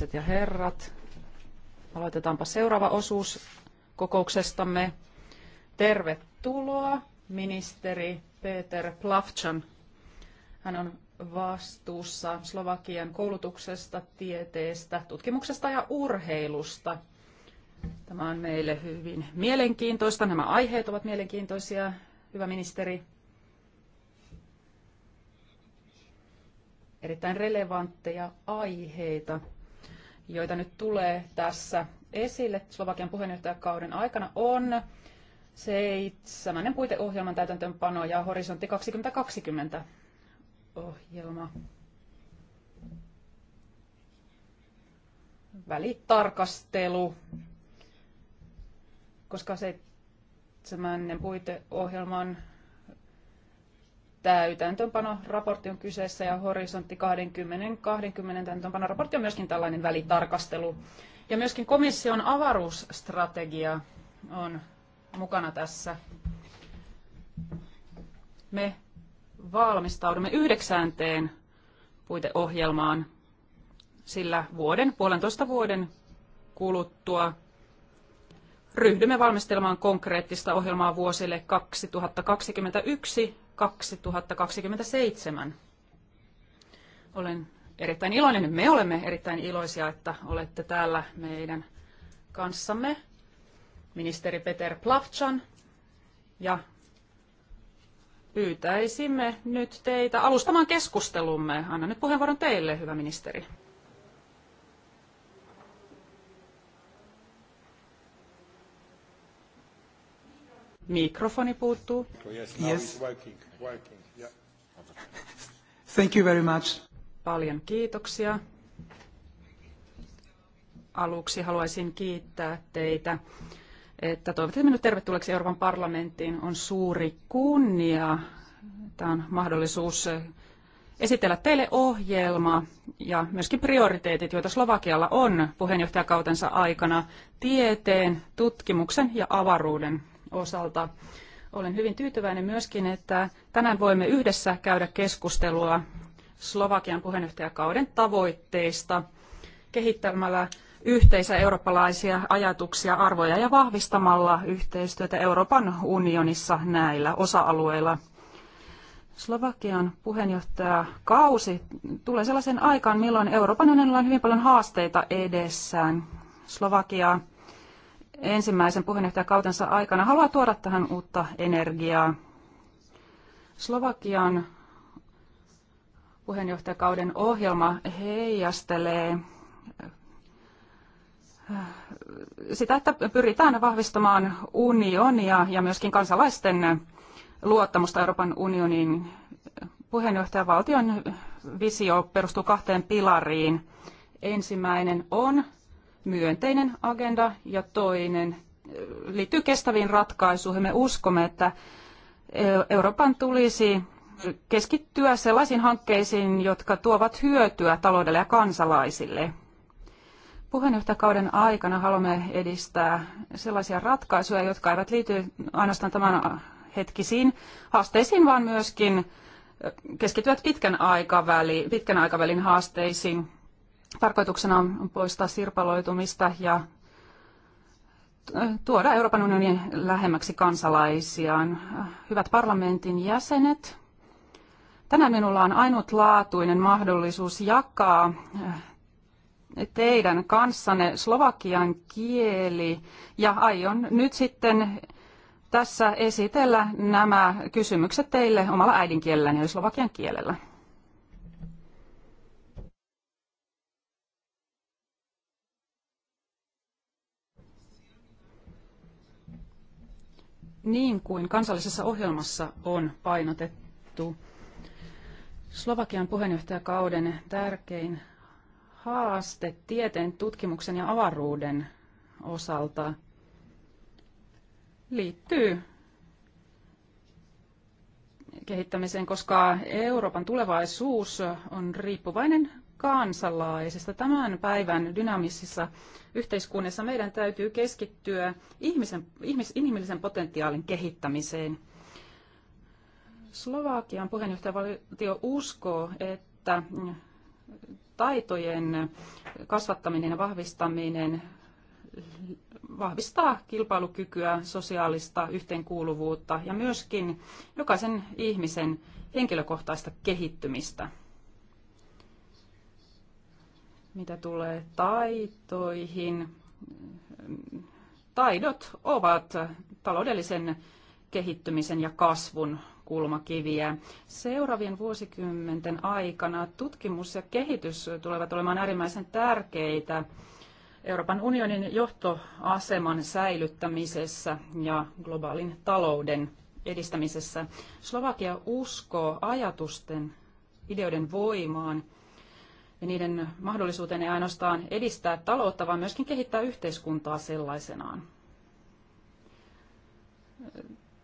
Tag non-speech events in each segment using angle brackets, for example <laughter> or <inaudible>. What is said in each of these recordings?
naiset ja herrat, aloitetaanpa seuraava osuus kokouksestamme. Tervetuloa ministeri Peter Plavchan. Hän on vastuussa Slovakian koulutuksesta, tieteestä, tutkimuksesta ja urheilusta. Tämä on meille hyvin mielenkiintoista. Nämä aiheet ovat mielenkiintoisia. Hyvä ministeri, erittäin relevantteja aiheita joita nyt tulee tässä esille Slovakian puheenjohtajakauden aikana, on seitsemännen puiteohjelman täytäntöönpano ja horisontti 2020 ohjelma. Välitarkastelu, koska seitsemännen puiteohjelman täytäntöönpanoraportti on kyseessä ja horisontti 2020 täytäntöönpanoraportti on myöskin tällainen välitarkastelu. Ja myöskin komission avaruusstrategia on mukana tässä. Me valmistaudumme yhdeksänteen puiteohjelmaan, sillä vuoden, puolentoista vuoden kuluttua ryhdymme valmistelemaan konkreettista ohjelmaa vuosille 2021 2027. Olen erittäin iloinen, me olemme erittäin iloisia, että olette täällä meidän kanssamme. Ministeri Peter Plavchan ja pyytäisimme nyt teitä alustamaan keskustelumme. Anna nyt puheenvuoron teille, hyvä ministeri. Mikrofoni puuttuu. Oh, yes. <laughs> Thank you very much. Paljon kiitoksia. Aluksi haluaisin kiittää teitä, että toivotatte minut tervetulleeksi Euroopan parlamenttiin. On suuri kunnia. Tämä on mahdollisuus esitellä teille ohjelma ja myöskin prioriteetit, joita Slovakialla on puheenjohtajakautensa aikana tieteen, tutkimuksen ja avaruuden osalta. Olen hyvin tyytyväinen myöskin, että tänään voimme yhdessä käydä keskustelua Slovakian puheenjohtajakauden tavoitteista kehittämällä yhteisiä eurooppalaisia ajatuksia, arvoja ja vahvistamalla yhteistyötä Euroopan unionissa näillä osa-alueilla. Slovakian puheenjohtajakausi tulee sellaisen aikaan, milloin Euroopan unionilla on hyvin paljon haasteita edessään. Slovakia ensimmäisen puheenjohtajakautensa aikana haluaa tuoda tähän uutta energiaa. Slovakian puheenjohtajakauden ohjelma heijastelee äh, sitä, että pyritään vahvistamaan unionia ja myöskin kansalaisten luottamusta Euroopan unionin puheenjohtajavaltion visio perustuu kahteen pilariin. Ensimmäinen on myönteinen agenda ja toinen liittyy kestäviin ratkaisuihin. Me uskomme, että e- Euroopan tulisi keskittyä sellaisiin hankkeisiin, jotka tuovat hyötyä taloudelle ja kansalaisille. Puheenjohtajakauden aikana haluamme edistää sellaisia ratkaisuja, jotka eivät liity ainoastaan tämän hetkisiin haasteisiin, vaan myöskin keskittyvät pitkän, aikaväli, pitkän aikavälin haasteisiin. Tarkoituksena on poistaa sirpaloitumista ja tuoda Euroopan unionin lähemmäksi kansalaisiaan. Hyvät parlamentin jäsenet, tänään minulla on ainutlaatuinen mahdollisuus jakaa teidän kanssanne slovakian kieli ja aion nyt sitten tässä esitellä nämä kysymykset teille omalla äidinkielelläni eli slovakian kielellä. niin kuin kansallisessa ohjelmassa on painotettu. Slovakian puheenjohtajakauden tärkein haaste tieteen, tutkimuksen ja avaruuden osalta liittyy kehittämiseen, koska Euroopan tulevaisuus on riippuvainen kansalaisista. Tämän päivän dynaamisessa yhteiskunnassa meidän täytyy keskittyä ihmisen, ihmis, inhimillisen potentiaalin kehittämiseen. Slovakian puheenjohtajavaltio uskoo, että taitojen kasvattaminen ja vahvistaminen vahvistaa kilpailukykyä, sosiaalista yhteenkuuluvuutta ja myöskin jokaisen ihmisen henkilökohtaista kehittymistä mitä tulee taitoihin, taidot ovat taloudellisen kehittymisen ja kasvun kulmakiviä. Seuraavien vuosikymmenten aikana tutkimus ja kehitys tulevat olemaan äärimmäisen tärkeitä Euroopan unionin johtoaseman säilyttämisessä ja globaalin talouden edistämisessä. Slovakia uskoo ajatusten, ideoiden voimaan – ja niiden mahdollisuuteen ei ainoastaan edistää taloutta, vaan myöskin kehittää yhteiskuntaa sellaisenaan.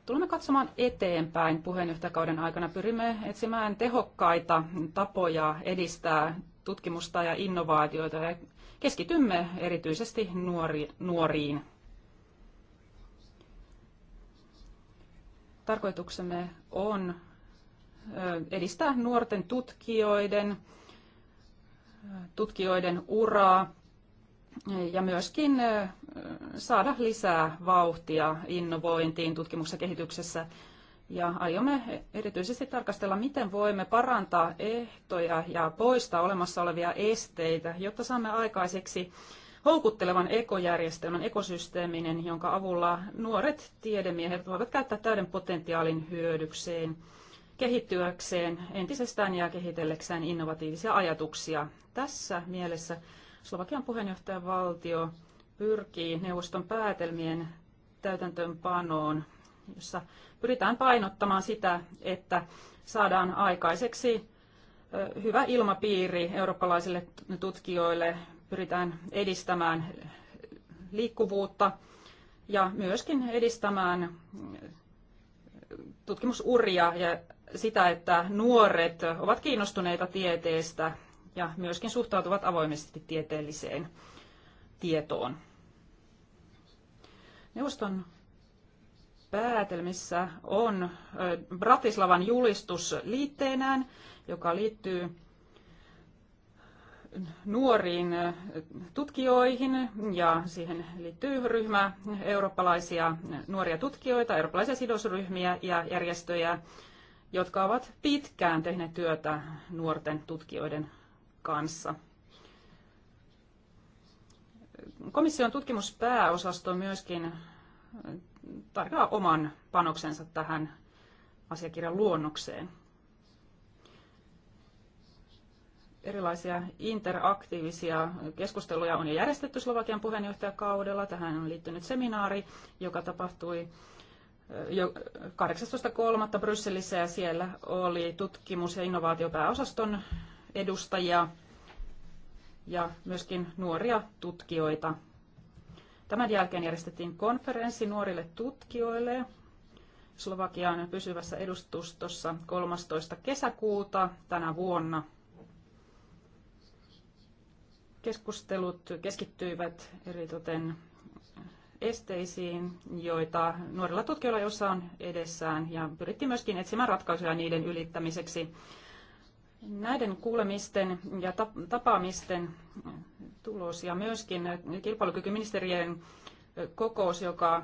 Tulemme katsomaan eteenpäin puheenjohtajakauden aikana. Pyrimme etsimään tehokkaita tapoja edistää tutkimusta ja innovaatioita ja keskitymme erityisesti nuori, nuoriin. Tarkoituksemme on edistää nuorten tutkijoiden tutkijoiden uraa ja myöskin saada lisää vauhtia innovointiin tutkimuksessa kehityksessä. Ja aiomme erityisesti tarkastella, miten voimme parantaa ehtoja ja poistaa olemassa olevia esteitä, jotta saamme aikaiseksi houkuttelevan ekojärjestelmän, ekosysteeminen, jonka avulla nuoret tiedemiehet voivat käyttää täyden potentiaalin hyödykseen kehittyäkseen entisestään ja kehitellekseen innovatiivisia ajatuksia. Tässä mielessä Slovakian puheenjohtajavaltio pyrkii neuvoston päätelmien täytäntöönpanoon, jossa pyritään painottamaan sitä, että saadaan aikaiseksi hyvä ilmapiiri eurooppalaisille tutkijoille, pyritään edistämään liikkuvuutta ja myöskin edistämään tutkimusuria ja sitä, että nuoret ovat kiinnostuneita tieteestä ja myöskin suhtautuvat avoimesti tieteelliseen tietoon. Neuvoston päätelmissä on Bratislavan julistus liitteenään, joka liittyy nuoriin tutkijoihin ja siihen liittyy ryhmä eurooppalaisia nuoria tutkijoita, eurooppalaisia sidosryhmiä ja järjestöjä jotka ovat pitkään tehneet työtä nuorten tutkijoiden kanssa. Komission tutkimuspääosasto myöskin tarjoaa oman panoksensa tähän asiakirjan luonnokseen. Erilaisia interaktiivisia keskusteluja on jo järjestetty Slovakian puheenjohtajakaudella. Tähän on liittynyt seminaari, joka tapahtui 18.3. Brysselissä ja siellä oli tutkimus- ja innovaatiopääosaston edustajia ja myöskin nuoria tutkijoita. Tämän jälkeen järjestettiin konferenssi nuorille tutkijoille Slovakian pysyvässä edustustossa 13. kesäkuuta tänä vuonna. Keskustelut keskittyivät eritoten esteisiin, joita nuorilla tutkijoilla jossa on edessään, ja pyrittiin myöskin etsimään ratkaisuja niiden ylittämiseksi. Näiden kuulemisten ja tapaamisten tulos ja myöskin kilpailukykyministerien kokous, joka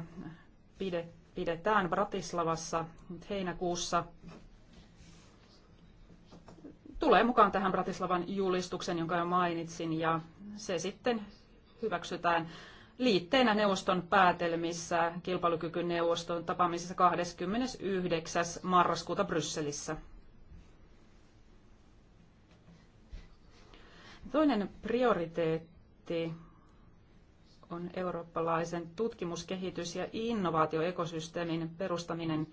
pidetään Bratislavassa heinäkuussa, tulee mukaan tähän Bratislavan julistuksen, jonka jo mainitsin, ja se sitten hyväksytään liitteinä neuvoston päätelmissä kilpailukykyneuvoston tapaamisessa 29. marraskuuta Brysselissä. Toinen prioriteetti on eurooppalaisen tutkimus-, kehitys- ja innovaatioekosysteemin perustaminen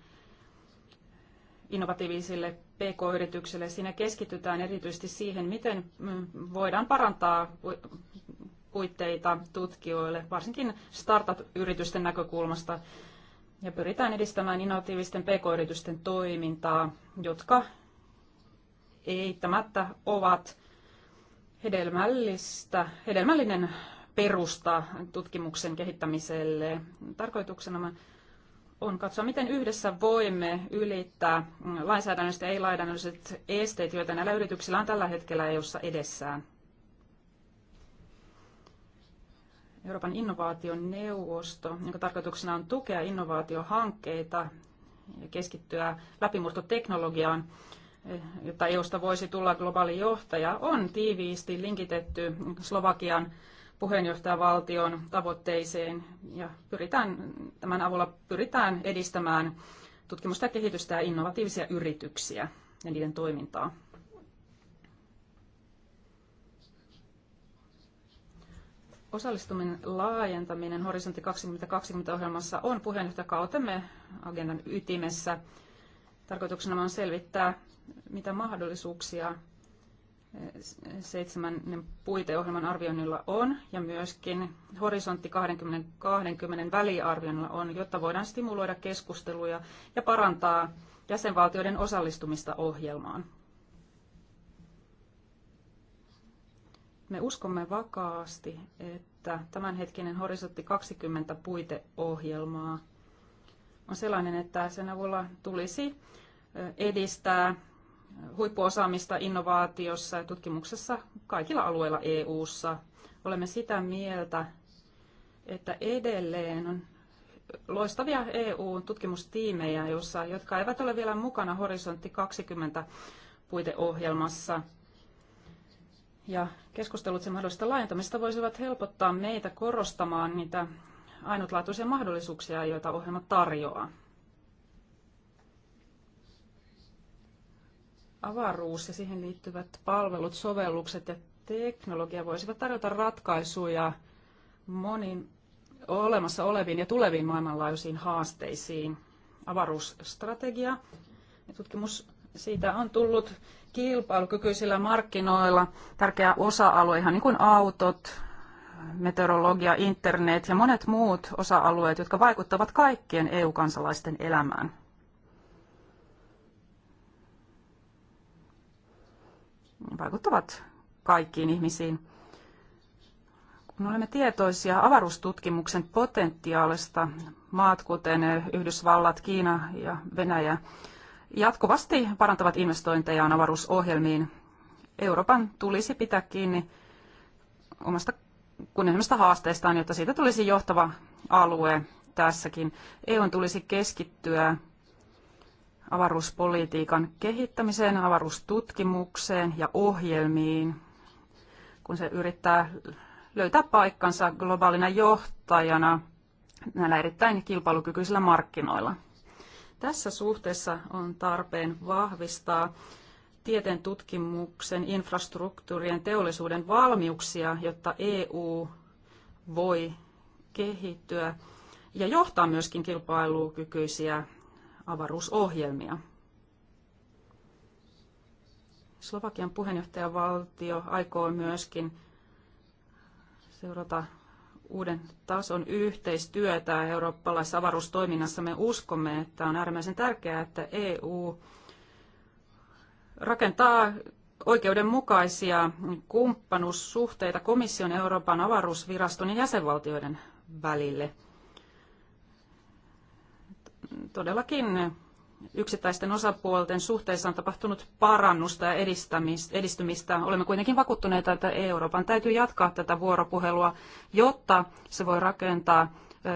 innovatiivisille PK-yrityksille. Siinä keskitytään erityisesti siihen, miten mm, voidaan parantaa puitteita tutkijoille, varsinkin startup-yritysten näkökulmasta, ja pyritään edistämään innovatiivisten pk-yritysten toimintaa, jotka eittämättä ovat hedelmällistä, hedelmällinen perusta tutkimuksen kehittämiselle. Tarkoituksena on katsoa, miten yhdessä voimme ylittää lainsäädännölliset ja ei-lainsäädännölliset esteet, joita näillä yrityksillä on tällä hetkellä EU:ssa edessään. Euroopan innovaationeuvosto, jonka tarkoituksena on tukea innovaatiohankkeita ja keskittyä läpimurtoteknologiaan, jotta EUsta voisi tulla globaali johtaja, on tiiviisti linkitetty Slovakian puheenjohtajavaltion tavoitteisiin ja pyritään, tämän avulla pyritään edistämään tutkimusta ja kehitystä ja innovatiivisia yrityksiä ja niiden toimintaa. Osallistuminen laajentaminen Horisontti 2020-ohjelmassa on puheenjohtajakautemme agendan ytimessä. Tarkoituksena on selvittää, mitä mahdollisuuksia eh, seitsemännen puiteohjelman arvioinnilla on ja myöskin horisontti 20, 20 väliarvioinnilla on, jotta voidaan stimuloida keskusteluja ja parantaa jäsenvaltioiden osallistumista ohjelmaan. Me uskomme vakaasti, että tämänhetkinen horisontti 20 puiteohjelmaa on sellainen, että sen avulla tulisi edistää huippuosaamista innovaatiossa ja tutkimuksessa kaikilla alueilla EU:ssa. Olemme sitä mieltä, että edelleen on loistavia EU-tutkimustiimejä, jossa, jotka eivät ole vielä mukana Horisontti 20 puiteohjelmassa – ja keskustelut sen mahdollisesta laajentamisesta voisivat helpottaa meitä korostamaan niitä ainutlaatuisia mahdollisuuksia, joita ohjelma tarjoaa. Avaruus ja siihen liittyvät palvelut, sovellukset ja teknologia voisivat tarjota ratkaisuja moniin olemassa oleviin ja tuleviin maailmanlaajuisiin haasteisiin. Avaruusstrategia ja tutkimus siitä on tullut kilpailukykyisillä markkinoilla tärkeä osa-alue, ihan niin kuin autot, meteorologia, internet ja monet muut osa-alueet, jotka vaikuttavat kaikkien EU-kansalaisten elämään. Vaikuttavat kaikkiin ihmisiin. Kun olemme tietoisia avaruustutkimuksen potentiaalista, maat kuten Yhdysvallat, Kiina ja Venäjä jatkuvasti parantavat investointejaan avaruusohjelmiin. Euroopan tulisi pitää kiinni omasta kunnianhimoisesta haasteestaan, jotta siitä tulisi johtava alue tässäkin. EUn tulisi keskittyä avaruuspolitiikan kehittämiseen, avaruustutkimukseen ja ohjelmiin, kun se yrittää löytää paikkansa globaalina johtajana näillä erittäin kilpailukykyisillä markkinoilla. Tässä suhteessa on tarpeen vahvistaa tieteen tutkimuksen, infrastruktuurien, teollisuuden valmiuksia, jotta EU voi kehittyä ja johtaa myöskin kilpailukykyisiä avaruusohjelmia. Slovakian puheenjohtajavaltio aikoo myöskin seurata uuden tason yhteistyötä eurooppalaisessa avaruustoiminnassa. Me uskomme, että on äärimmäisen tärkeää, että EU rakentaa oikeudenmukaisia kumppanuussuhteita komission, Euroopan avaruusviraston ja jäsenvaltioiden välille. Todellakin yksittäisten osapuolten suhteissa on tapahtunut parannusta ja edistymistä. Olemme kuitenkin vakuuttuneita, että Euroopan täytyy jatkaa tätä vuoropuhelua, jotta se voi rakentaa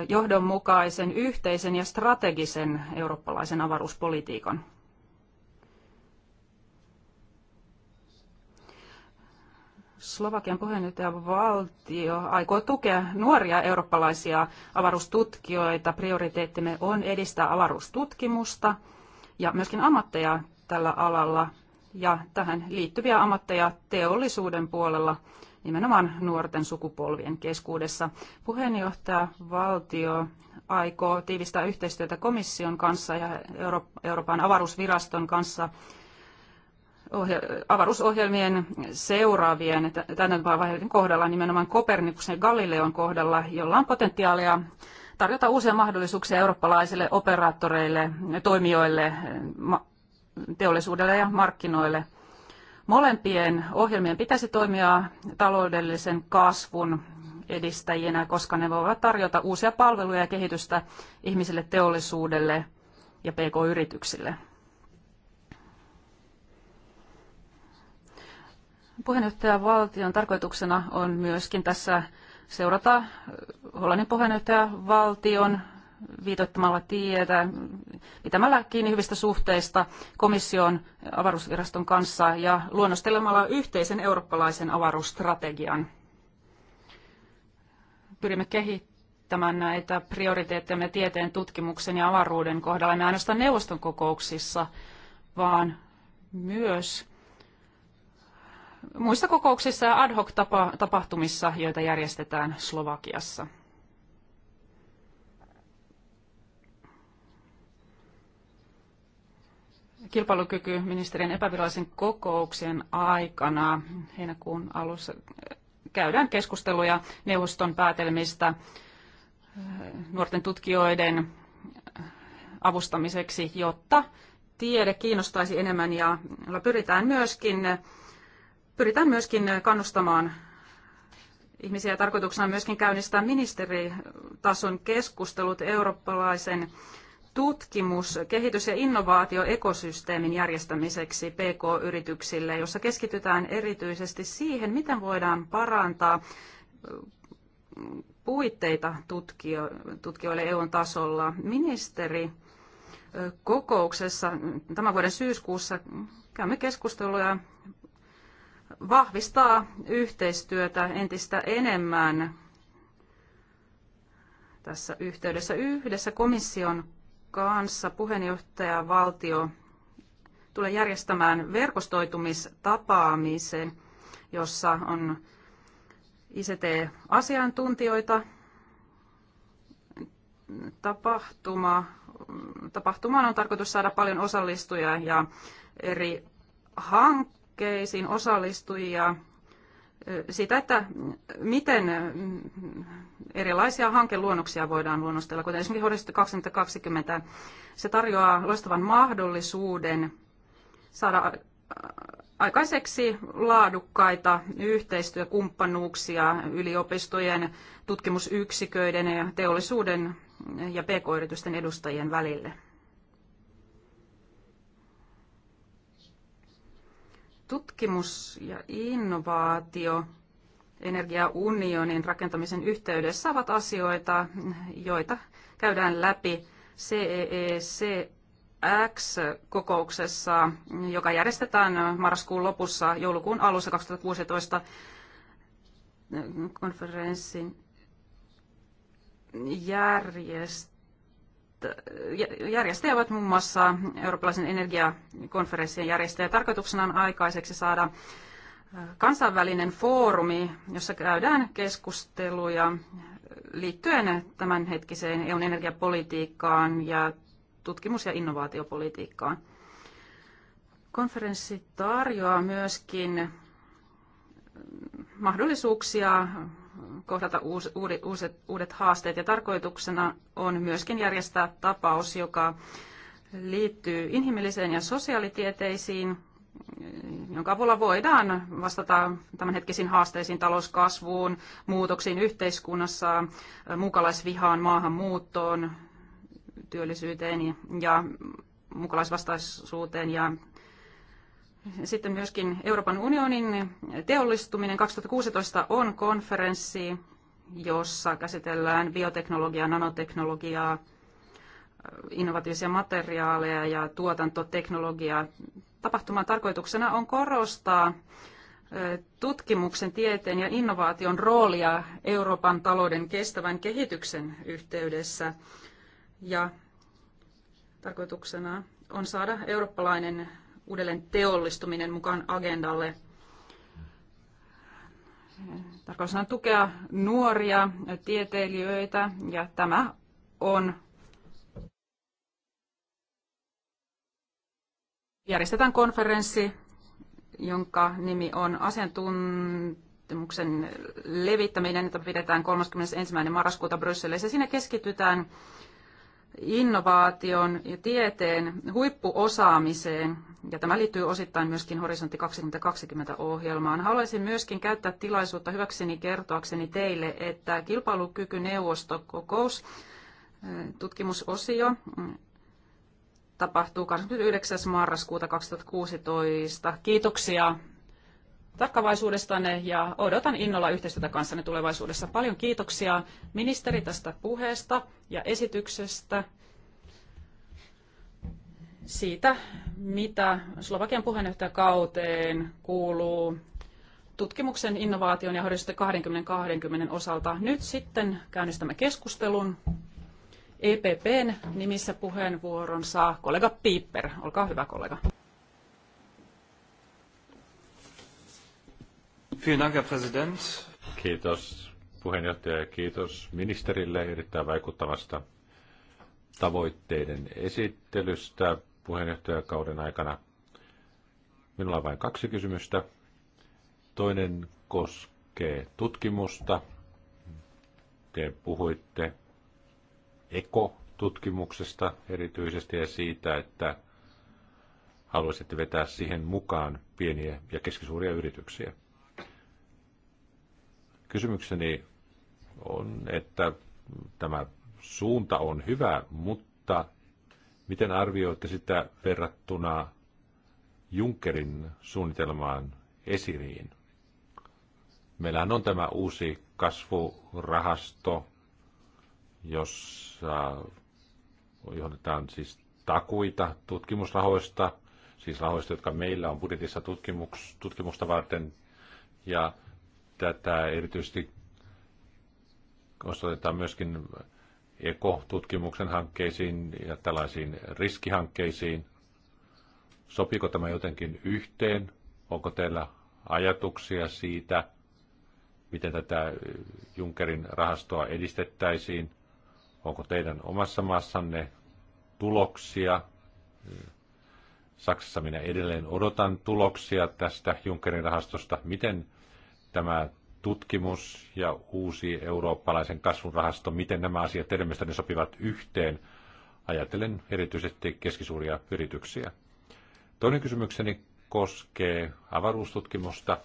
johdonmukaisen, yhteisen ja strategisen eurooppalaisen avaruuspolitiikan. Slovakian puheenjohtajavaltio aikoo tukea nuoria eurooppalaisia avaruustutkijoita. Prioriteettimme on edistää avaruustutkimusta ja myöskin ammatteja tällä alalla ja tähän liittyviä ammatteja teollisuuden puolella nimenomaan nuorten sukupolvien keskuudessa. Puheenjohtaja valtio aikoo tiivistää yhteistyötä komission kanssa ja Euroopan avaruusviraston kanssa ohje- avaruusohjelmien seuraavien tämän vaiheiden kohdalla, nimenomaan Kopernikuksen ja Galileon kohdalla, jolla on potentiaalia tarjota uusia mahdollisuuksia eurooppalaisille operaattoreille, toimijoille, teollisuudelle ja markkinoille. Molempien ohjelmien pitäisi toimia taloudellisen kasvun edistäjinä, koska ne voivat tarjota uusia palveluja ja kehitystä ihmisille, teollisuudelle ja pk-yrityksille. Puheenjohtajavaltion tarkoituksena on myöskin tässä seurata äh, Hollannin puheenjohtajavaltion viitoittamalla tietä, pitämällä kiinni hyvistä suhteista komission avaruusviraston kanssa ja luonnostelemalla yhteisen eurooppalaisen avaruusstrategian. Pyrimme kehittämään näitä prioriteettejamme tieteen, tutkimuksen ja avaruuden kohdalla, emme ainoastaan neuvoston kokouksissa, vaan myös muissa kokouksissa ja ad hoc tapahtumissa, joita järjestetään Slovakiassa. ministerien epävirallisen kokouksen aikana heinäkuun alussa käydään keskusteluja neuvoston päätelmistä eh, nuorten tutkijoiden eh, avustamiseksi, jotta tiede kiinnostaisi enemmän ja pyritään myöskin eh, Pyritään myöskin kannustamaan ihmisiä tarkoituksena myöskin käynnistää ministeritason keskustelut eurooppalaisen tutkimus-, kehitys- ja innovaatioekosysteemin järjestämiseksi PK-yrityksille, jossa keskitytään erityisesti siihen, miten voidaan parantaa puitteita tutkijo- tutkijoille EUn tasolla. Ministeri kokouksessa tämän vuoden syyskuussa käymme keskusteluja vahvistaa yhteistyötä entistä enemmän tässä yhteydessä yhdessä komission kanssa puheenjohtajavaltio tulee järjestämään verkostoitumistapaamisen, jossa on ICT-asiantuntijoita. Tapahtuma, tapahtumaan on tarkoitus saada paljon osallistujia ja eri hankkeita hankkeisiin osallistujia sitä, että miten erilaisia hankeluonnoksia voidaan luonnostella, kuten esimerkiksi Horisontti 2020. Se tarjoaa loistavan mahdollisuuden saada aikaiseksi laadukkaita yhteistyökumppanuuksia yliopistojen, tutkimusyksiköiden ja teollisuuden ja pk-yritysten edustajien välille. tutkimus ja innovaatio energiaunionin rakentamisen yhteydessä ovat asioita, joita käydään läpi CEECX-kokouksessa, joka järjestetään marraskuun lopussa joulukuun alussa 2016 konferenssin järjestä järjestäjä ovat muun muassa eurooppalaisen energiakonferenssin järjestäjä. Tarkoituksena on aikaiseksi saada kansainvälinen foorumi, jossa käydään keskusteluja liittyen tämänhetkiseen EUn energiapolitiikkaan ja tutkimus- ja innovaatiopolitiikkaan. Konferenssi tarjoaa myöskin mahdollisuuksia kohdata uus, uudet, uudet, uudet haasteet. Ja tarkoituksena on myöskin järjestää tapaus, joka liittyy inhimilliseen ja sosiaalitieteisiin, jonka avulla voidaan vastata tämänhetkisiin haasteisiin, talouskasvuun, muutoksiin yhteiskunnassa, mukalaisvihaan, maahanmuuttoon, työllisyyteen ja mukalaisvastaisuuteen ja sitten myöskin Euroopan unionin teollistuminen 2016 on konferenssi, jossa käsitellään bioteknologiaa, nanoteknologiaa, innovatiivisia materiaaleja ja tuotantoteknologiaa. Tapahtuman tarkoituksena on korostaa tutkimuksen, tieteen ja innovaation roolia Euroopan talouden kestävän kehityksen yhteydessä. Ja tarkoituksena on saada eurooppalainen uudelleen teollistuminen mukaan agendalle. Tarkoitus on tukea nuoria tieteilijöitä ja tämä on järjestetään konferenssi, jonka nimi on asiantuntemuksen levittäminen, jota pidetään 31. marraskuuta Brysselissä. Siinä keskitytään innovaation ja tieteen huippuosaamiseen, ja tämä liittyy osittain myöskin Horisontti 2020-ohjelmaan. Haluaisin myöskin käyttää tilaisuutta hyväkseni kertoakseni teille, että kilpailukykyneuvostokokous, eh, tutkimusosio, mm, tapahtuu 29. marraskuuta 2016. Kiitoksia tarkkavaisuudestanne ja odotan innolla yhteistyötä kanssanne tulevaisuudessa. Paljon kiitoksia ministeri tästä puheesta ja esityksestä siitä, mitä Slovakian puheenjohtajakauteen kuuluu tutkimuksen, innovaation ja horisontti 2020 osalta. Nyt sitten käynnistämme keskustelun. EPPn nimissä puheenvuoron saa kollega Piipper. Olkaa hyvä kollega. Kiitos puheenjohtaja ja kiitos ministerille erittäin vaikuttavasta tavoitteiden esittelystä puheenjohtajakauden aikana. Minulla on vain kaksi kysymystä. Toinen koskee tutkimusta. Te puhuitte ekotutkimuksesta erityisesti ja siitä, että haluaisitte vetää siihen mukaan pieniä ja keskisuuria yrityksiä. Kysymykseni on, että tämä suunta on hyvä, mutta miten arvioitte sitä verrattuna Junckerin suunnitelmaan esiriin? Meillähän on tämä uusi kasvurahasto, jossa johdetaan siis takuita tutkimusrahoista, siis rahoista, jotka meillä on budjetissa tutkimus tutkimusta varten. Ja tätä erityisesti osoitetaan myöskin ekotutkimuksen hankkeisiin ja tällaisiin riskihankkeisiin. Sopiiko tämä jotenkin yhteen? Onko teillä ajatuksia siitä, miten tätä Junckerin rahastoa edistettäisiin? Onko teidän omassa maassanne tuloksia? Saksassa minä edelleen odotan tuloksia tästä Junckerin rahastosta. Miten tämä tutkimus ja uusi eurooppalaisen kasvun rahasto, miten nämä asiat teidän ne sopivat yhteen, ajatellen erityisesti keskisuuria yrityksiä. Toinen kysymykseni koskee avaruustutkimusta.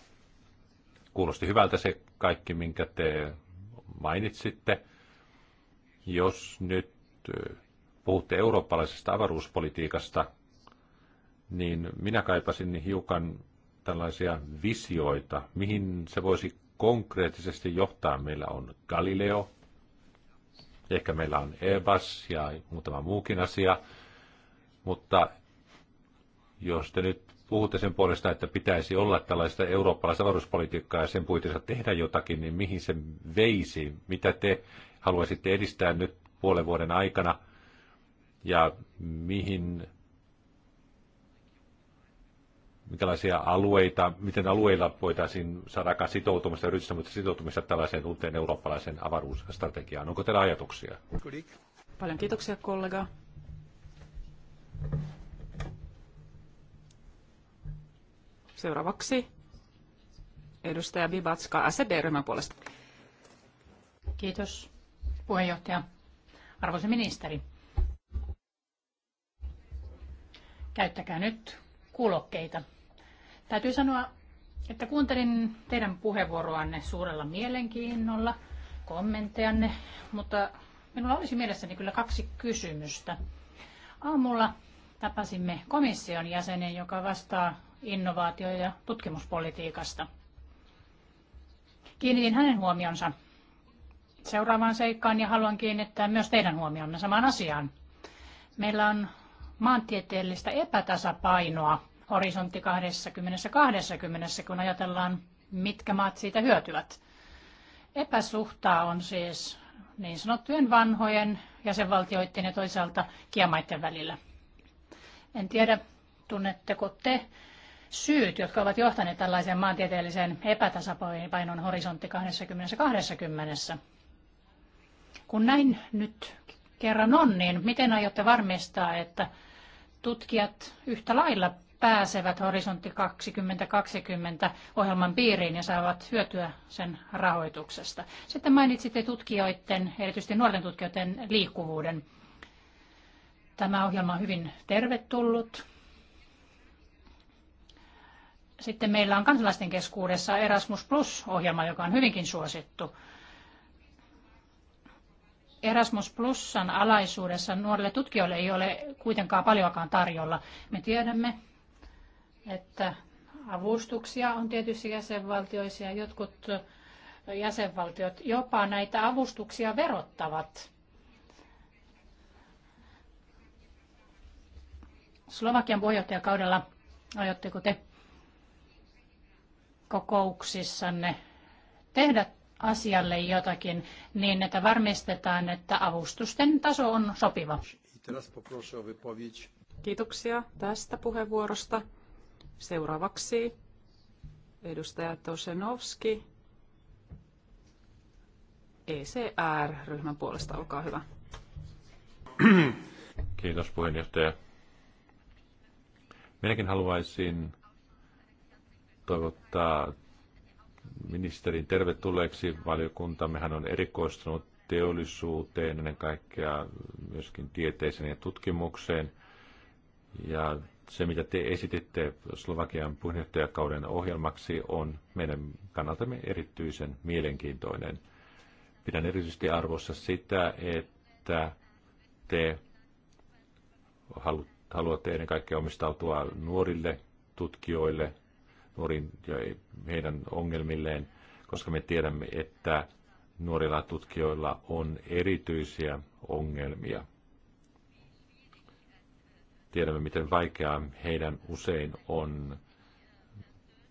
Kuulosti hyvältä se kaikki, minkä te mainitsitte. Jos nyt puhutte eurooppalaisesta avaruuspolitiikasta, niin minä kaipasin hiukan tällaisia visioita, mihin se voisi konkreettisesti johtaa. Meillä on Galileo, ehkä meillä on Ebas ja muutama muukin asia, mutta jos te nyt puhutte sen puolesta, että pitäisi olla tällaista eurooppalaista varuspolitiikkaa ja sen puitteissa tehdä jotakin, niin mihin se veisi? Mitä te haluaisitte edistää nyt puolen vuoden aikana ja mihin minkälaisia alueita, miten alueilla voitaisiin saada aikaan sitoutumista, yritystä, mutta sitoutumista tällaiseen uuteen eurooppalaiseen avaruusstrategiaan. Onko teillä ajatuksia? Paljon kiitoksia kollega. Seuraavaksi edustaja Bibatska SD-ryhmän puolesta. Kiitos puheenjohtaja. Arvoisa ministeri, käyttäkää nyt kuulokkeita. Täytyy sanoa, että kuuntelin teidän puheenvuoroanne suurella mielenkiinnolla, kommenttejanne, mutta minulla olisi mielessäni kyllä kaksi kysymystä. Aamulla tapasimme komission jäsenen, joka vastaa innovaatio- ja tutkimuspolitiikasta. Kiinnitin hänen huomionsa seuraavaan seikkaan ja haluan kiinnittää myös teidän huomionne samaan asiaan. Meillä on maantieteellistä epätasapainoa horisontti 20-20, kun ajatellaan, mitkä maat siitä hyötyvät. Epäsuhtaa on siis niin sanottujen vanhojen jäsenvaltioiden ja toisaalta kiemaiden välillä. En tiedä, tunnetteko te syyt, jotka ovat johtaneet tällaiseen maantieteelliseen epätasapainon horisontti 20-20. Kun näin nyt kerran on, niin miten aiotte varmistaa, että tutkijat yhtä lailla pääsevät Horisontti 2020 ohjelman piiriin ja saavat hyötyä sen rahoituksesta. Sitten mainitsitte tutkijoiden, erityisesti nuorten tutkijoiden liikkuvuuden. Tämä ohjelma on hyvin tervetullut. Sitten meillä on kansalaisten keskuudessa Erasmus Plus-ohjelma, joka on hyvinkin suosittu. Erasmus Plusan alaisuudessa nuorille tutkijoille ei ole kuitenkaan paljoakaan tarjolla. Me tiedämme, että avustuksia on tietyissä jäsenvaltioissa ja jotkut jäsenvaltiot jopa näitä avustuksia verottavat. Slovakian puheenjohtajakaudella aiotteko te kokouksissanne tehdä asialle jotakin niin, että varmistetaan, että avustusten taso on sopiva? Kiitoksia tästä puheenvuorosta. Seuraavaksi edustaja Tosenovski ECR-ryhmän puolesta. Olkaa hyvä. Kiitos puheenjohtaja. Minäkin haluaisin toivottaa ministerin tervetulleeksi. Valiokuntammehan on erikoistunut teollisuuteen, ennen kaikkea myöskin tieteeseen ja tutkimukseen. Ja se, mitä te esititte Slovakian puheenjohtajakauden ohjelmaksi, on meidän kannaltamme erityisen mielenkiintoinen. Pidän erityisesti arvossa sitä, että te haluatte ennen kaikkea omistautua nuorille tutkijoille, nuorin ja heidän ongelmilleen, koska me tiedämme, että nuorilla tutkijoilla on erityisiä ongelmia – Tiedämme, miten vaikeaa heidän usein on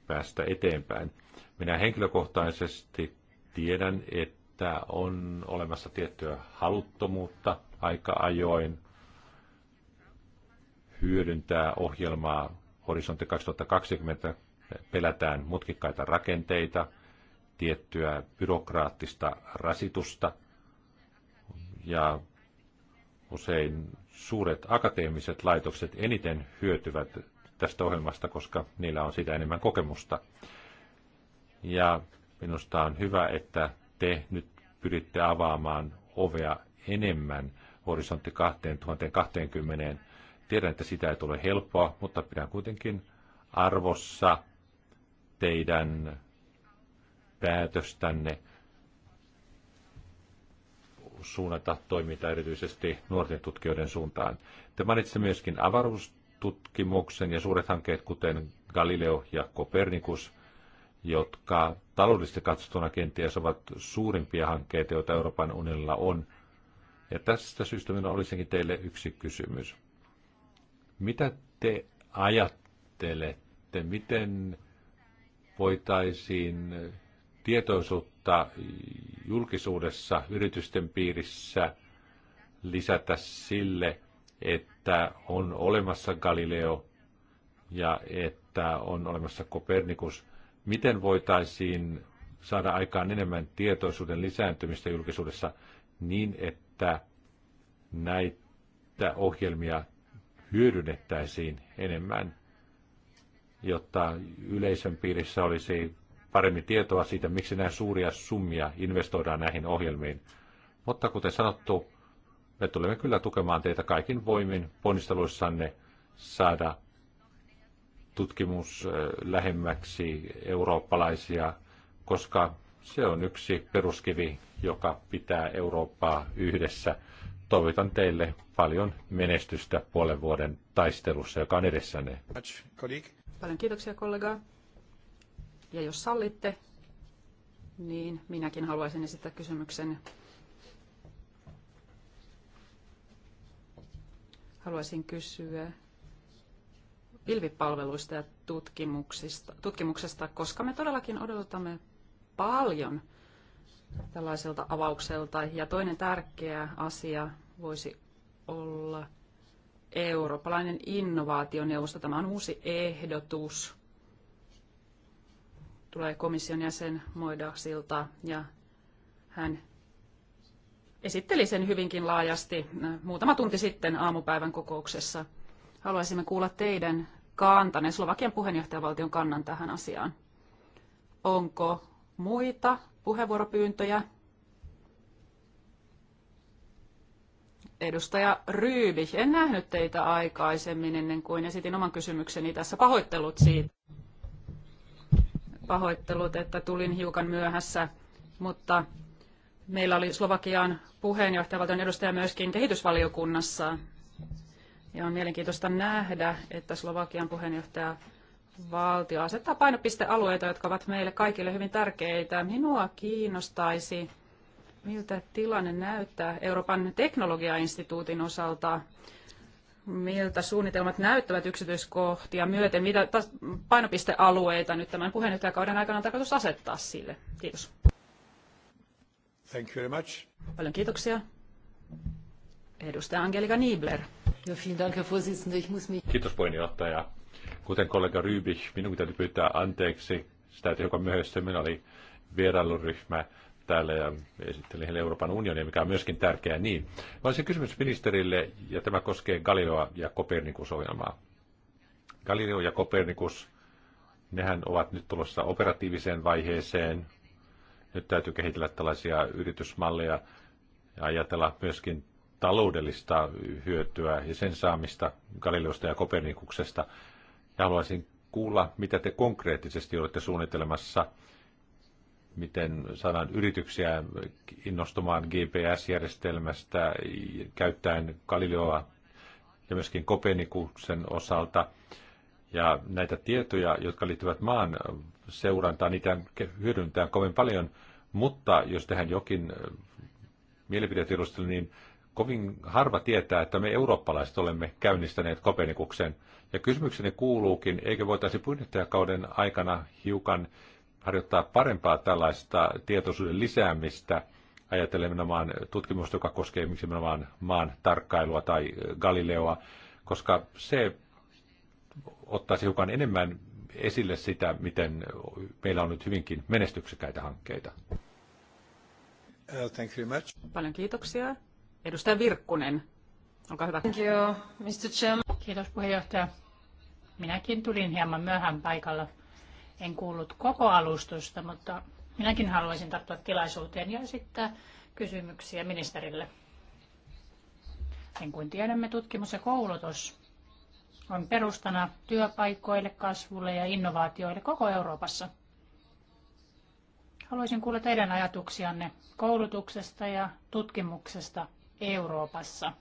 päästä eteenpäin. Minä henkilökohtaisesti tiedän, että on olemassa tiettyä haluttomuutta aika ajoin hyödyntää ohjelmaa Horisontti 2020. Pelätään mutkikkaita rakenteita, tiettyä byrokraattista rasitusta ja usein suuret akateemiset laitokset eniten hyötyvät tästä ohjelmasta, koska niillä on sitä enemmän kokemusta. Ja minusta on hyvä, että te nyt pyritte avaamaan ovea enemmän horisontti 2020. Tiedän, että sitä ei tule helppoa, mutta pidän kuitenkin arvossa teidän päätöstänne suunnata toimintaa erityisesti nuorten tutkijoiden suuntaan. Te mainitsitte myöskin avaruustutkimuksen ja suuret hankkeet, kuten Galileo ja Copernicus, jotka taloudellisesti katsottuna kenties ovat suurimpia hankkeita, joita Euroopan unionilla on. Ja tästä syystä minulla olisikin teille yksi kysymys. Mitä te ajattelette, miten voitaisiin tietoisuutta julkisuudessa yritysten piirissä lisätä sille, että on olemassa Galileo ja että on olemassa Kopernikus. Miten voitaisiin saada aikaan enemmän tietoisuuden lisääntymistä julkisuudessa niin, että näitä ohjelmia hyödynnettäisiin enemmän, jotta yleisön piirissä olisi paremmin tietoa siitä, miksi näin suuria summia investoidaan näihin ohjelmiin. Mutta kuten sanottu, me tulemme kyllä tukemaan teitä kaikin voimin ponnisteluissanne saada tutkimus lähemmäksi eurooppalaisia, koska se on yksi peruskivi, joka pitää Eurooppaa yhdessä. Toivotan teille paljon menestystä puolen vuoden taistelussa, joka on edessänne. Paljon kiitoksia kollega. Ja jos sallitte, niin minäkin haluaisin esittää kysymyksen. Haluaisin kysyä pilvipalveluista ja tutkimuksista, tutkimuksesta, koska me todellakin odotamme paljon tällaiselta avaukselta. Ja toinen tärkeä asia voisi olla eurooppalainen innovaationeuvosto. Tämä on uusi ehdotus tulee komission jäsen Moidaksilta ja hän esitteli sen hyvinkin laajasti äh, muutama tunti sitten aamupäivän kokouksessa. Haluaisimme kuulla teidän kantanne, Slovakian puheenjohtajavaltion kannan tähän asiaan. Onko muita puheenvuoropyyntöjä? Edustaja Ryybi, en nähnyt teitä aikaisemmin ennen kuin esitin oman kysymykseni tässä. Pahoittelut siitä. Pahoittelut, että tulin hiukan myöhässä, mutta meillä oli Slovakian puheenjohtajavaltion edustaja myöskin kehitysvaliokunnassa. Ja on mielenkiintoista nähdä, että Slovakian puheenjohtaja valtio asettaa painopistealueita, jotka ovat meille kaikille hyvin tärkeitä. Minua kiinnostaisi, miltä tilanne näyttää Euroopan teknologiainstituutin osalta miltä suunnitelmat näyttävät yksityiskohtia myöten, mitä painopistealueita nyt tämän puheenjohtajakauden aikana on tarkoitus asettaa sille. Kiitos. Thank you very much. Paljon kiitoksia. Edustaja Angelika Niebler. Kiitos puheenjohtaja. Kuten kollega Rybich, minun täytyy pyytää anteeksi sitä, että joka myöhemmin oli vierailuryhmä täällä ja esitteli heille Euroopan unionia, mikä on myöskin tärkeää. Niin, olisin kysymys ministerille, ja tämä koskee Galileoa ja Kopernikus-ohjelmaa. Galileo ja Kopernikus, nehän ovat nyt tulossa operatiiviseen vaiheeseen. Nyt täytyy kehitellä tällaisia yritysmalleja ja ajatella myöskin taloudellista hyötyä ja sen saamista Galileosta ja Kopernikuksesta. Ja haluaisin kuulla, mitä te konkreettisesti olette suunnittelemassa – miten saadaan yrityksiä innostumaan GPS-järjestelmästä käyttäen Galileoa ja myöskin Kopenikuksen osalta. Ja näitä tietoja, jotka liittyvät maan seurantaan, niitä hyödyntää kovin paljon, mutta jos tehdään jokin mielipidetiedustelu, niin kovin harva tietää, että me eurooppalaiset olemme käynnistäneet Kopenikuksen. Ja kysymykseni kuuluukin, eikö voitaisi kauden aikana hiukan harjoittaa parempaa tällaista tietoisuuden lisäämistä, ajatellen nimenomaan tutkimusta, joka koskee nimenomaan maan tarkkailua tai Galileoa, koska se ottaisi hiukan enemmän esille sitä, miten meillä on nyt hyvinkin menestyksekäitä hankkeita. Thank you very much. Paljon kiitoksia. Edustaja Virkkunen, olkaa hyvä. Thank you, Mr. Chairman. Kiitos puheenjohtaja. Minäkin tulin hieman myöhään paikalla en kuullut koko alustusta, mutta minäkin haluaisin tarttua tilaisuuteen ja esittää kysymyksiä ministerille. Niin kuin tiedämme, tutkimus ja koulutus on perustana työpaikoille, kasvulle ja innovaatioille koko Euroopassa. Haluaisin kuulla teidän ajatuksianne koulutuksesta ja tutkimuksesta Euroopassa.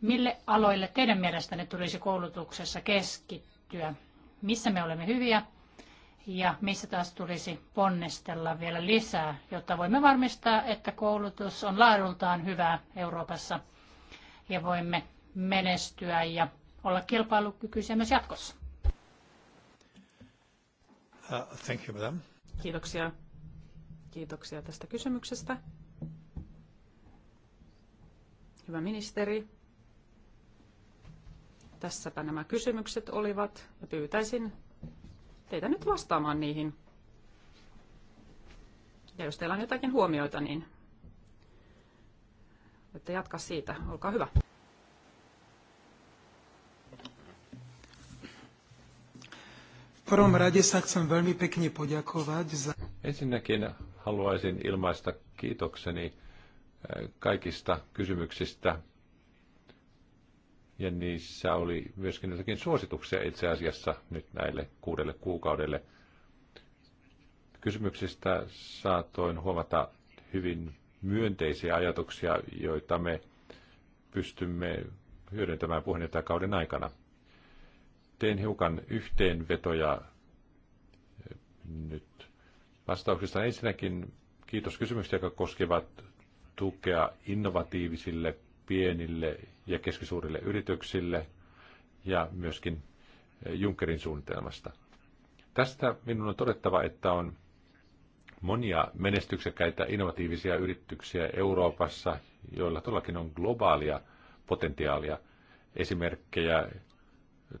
Mille aloille teidän mielestänne tulisi koulutuksessa keskittyä? missä me olemme hyviä ja missä taas tulisi ponnistella vielä lisää, jotta voimme varmistaa, että koulutus on laadultaan hyvää Euroopassa ja voimme menestyä ja olla kilpailukykyisiä myös jatkossa. Uh, thank you, madam. Kiitoksia. Kiitoksia tästä kysymyksestä. Hyvä ministeri. Tässäpä nämä kysymykset olivat ja pyytäisin teitä nyt vastaamaan niihin. Ja jos teillä on jotakin huomioita, niin voitte jatkaa siitä. Olkaa hyvä. Ensinnäkin haluaisin ilmaista kiitokseni eh, kaikista kysymyksistä, ja niissä oli myöskin jotakin suosituksia itse asiassa nyt näille kuudelle kuukaudelle. Kysymyksistä saatoin huomata hyvin myönteisiä ajatuksia, joita me pystymme hyödyntämään puheenjohtajakauden aikana. Tein hiukan yhteenvetoja eh, nyt vastauksista. Ensinnäkin kiitos kysymyksistä, jotka koskevat tukea innovatiivisille pienille ja keskisuurille yrityksille ja myöskin eh, Junckerin suunnitelmasta. Tästä minun on todettava, että on monia menestyksekkäitä innovatiivisia yrityksiä Euroopassa, joilla todellakin on globaalia potentiaalia. Esimerkkejä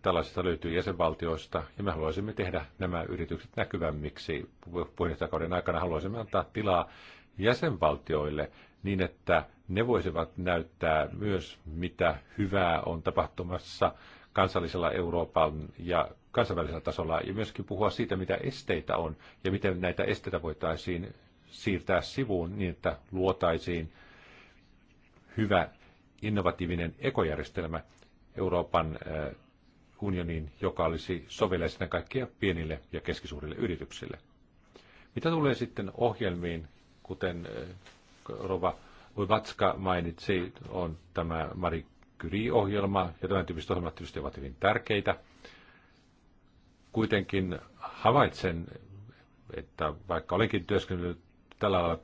tällaisista löytyy jäsenvaltioista, ja me haluaisimme tehdä nämä yritykset näkyvämmiksi. Puheenjohtajakauden aikana haluaisimme antaa tilaa jäsenvaltioille niin, että ne voisivat näyttää myös, mitä hyvää on tapahtumassa kansallisella Euroopan ja kansainvälisellä tasolla, ja myöskin puhua siitä, mitä esteitä on, ja miten näitä esteitä voitaisiin siirtää sivuun niin, että luotaisiin hyvä innovatiivinen ekojärjestelmä Euroopan unionin, joka olisi sovellaisena kaikkia pienille ja keskisuurille yrityksille. Mitä tulee sitten ohjelmiin, kuten Rova Vatska mainitsi, on tämä Marie Curie-ohjelma, ja tämän tyyppiset ohjelmat tietysti ovat hyvin tärkeitä. Kuitenkin havaitsen, että vaikka olenkin työskennellyt tällä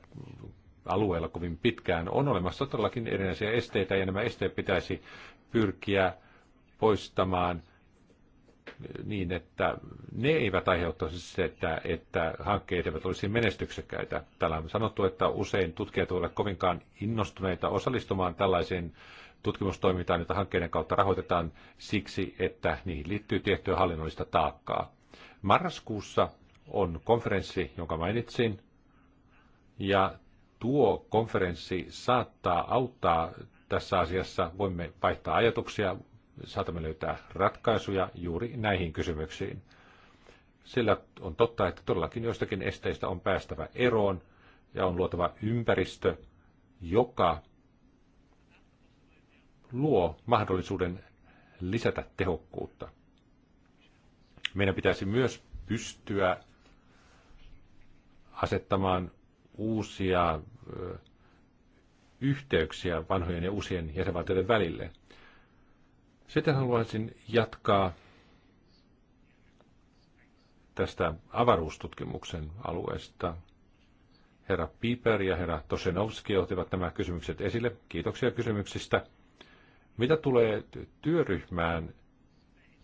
alueella kovin pitkään, on olemassa todellakin erinäisiä esteitä, ja nämä esteet pitäisi pyrkiä poistamaan – niin, että ne eivät aiheuttaisi sitä, että hankkeet eivät olisi menestyksekkäitä. Täällä on sanottu, että usein tutkijat ovat kovinkaan innostuneita osallistumaan tällaiseen tutkimustoimintaan, jota hankkeiden kautta rahoitetaan siksi, että niihin liittyy tiettyä hallinnollista taakkaa. Marraskuussa on konferenssi, jonka mainitsin, ja tuo konferenssi saattaa auttaa tässä asiassa. Voimme vaihtaa ajatuksia, saatamme löytää ratkaisuja juuri näihin kysymyksiin. Sillä on totta, että todellakin joistakin esteistä on päästävä eroon ja on luotava ympäristö, joka luo mahdollisuuden lisätä tehokkuutta. Meidän pitäisi myös pystyä asettamaan uusia yhteyksiä vanhojen ja uusien jäsenvaltioiden välille – sitten haluaisin jatkaa tästä avaruustutkimuksen alueesta. Herra Piper ja herra Tosenovski ottivat nämä kysymykset esille. Kiitoksia kysymyksistä. Mitä tulee työryhmään,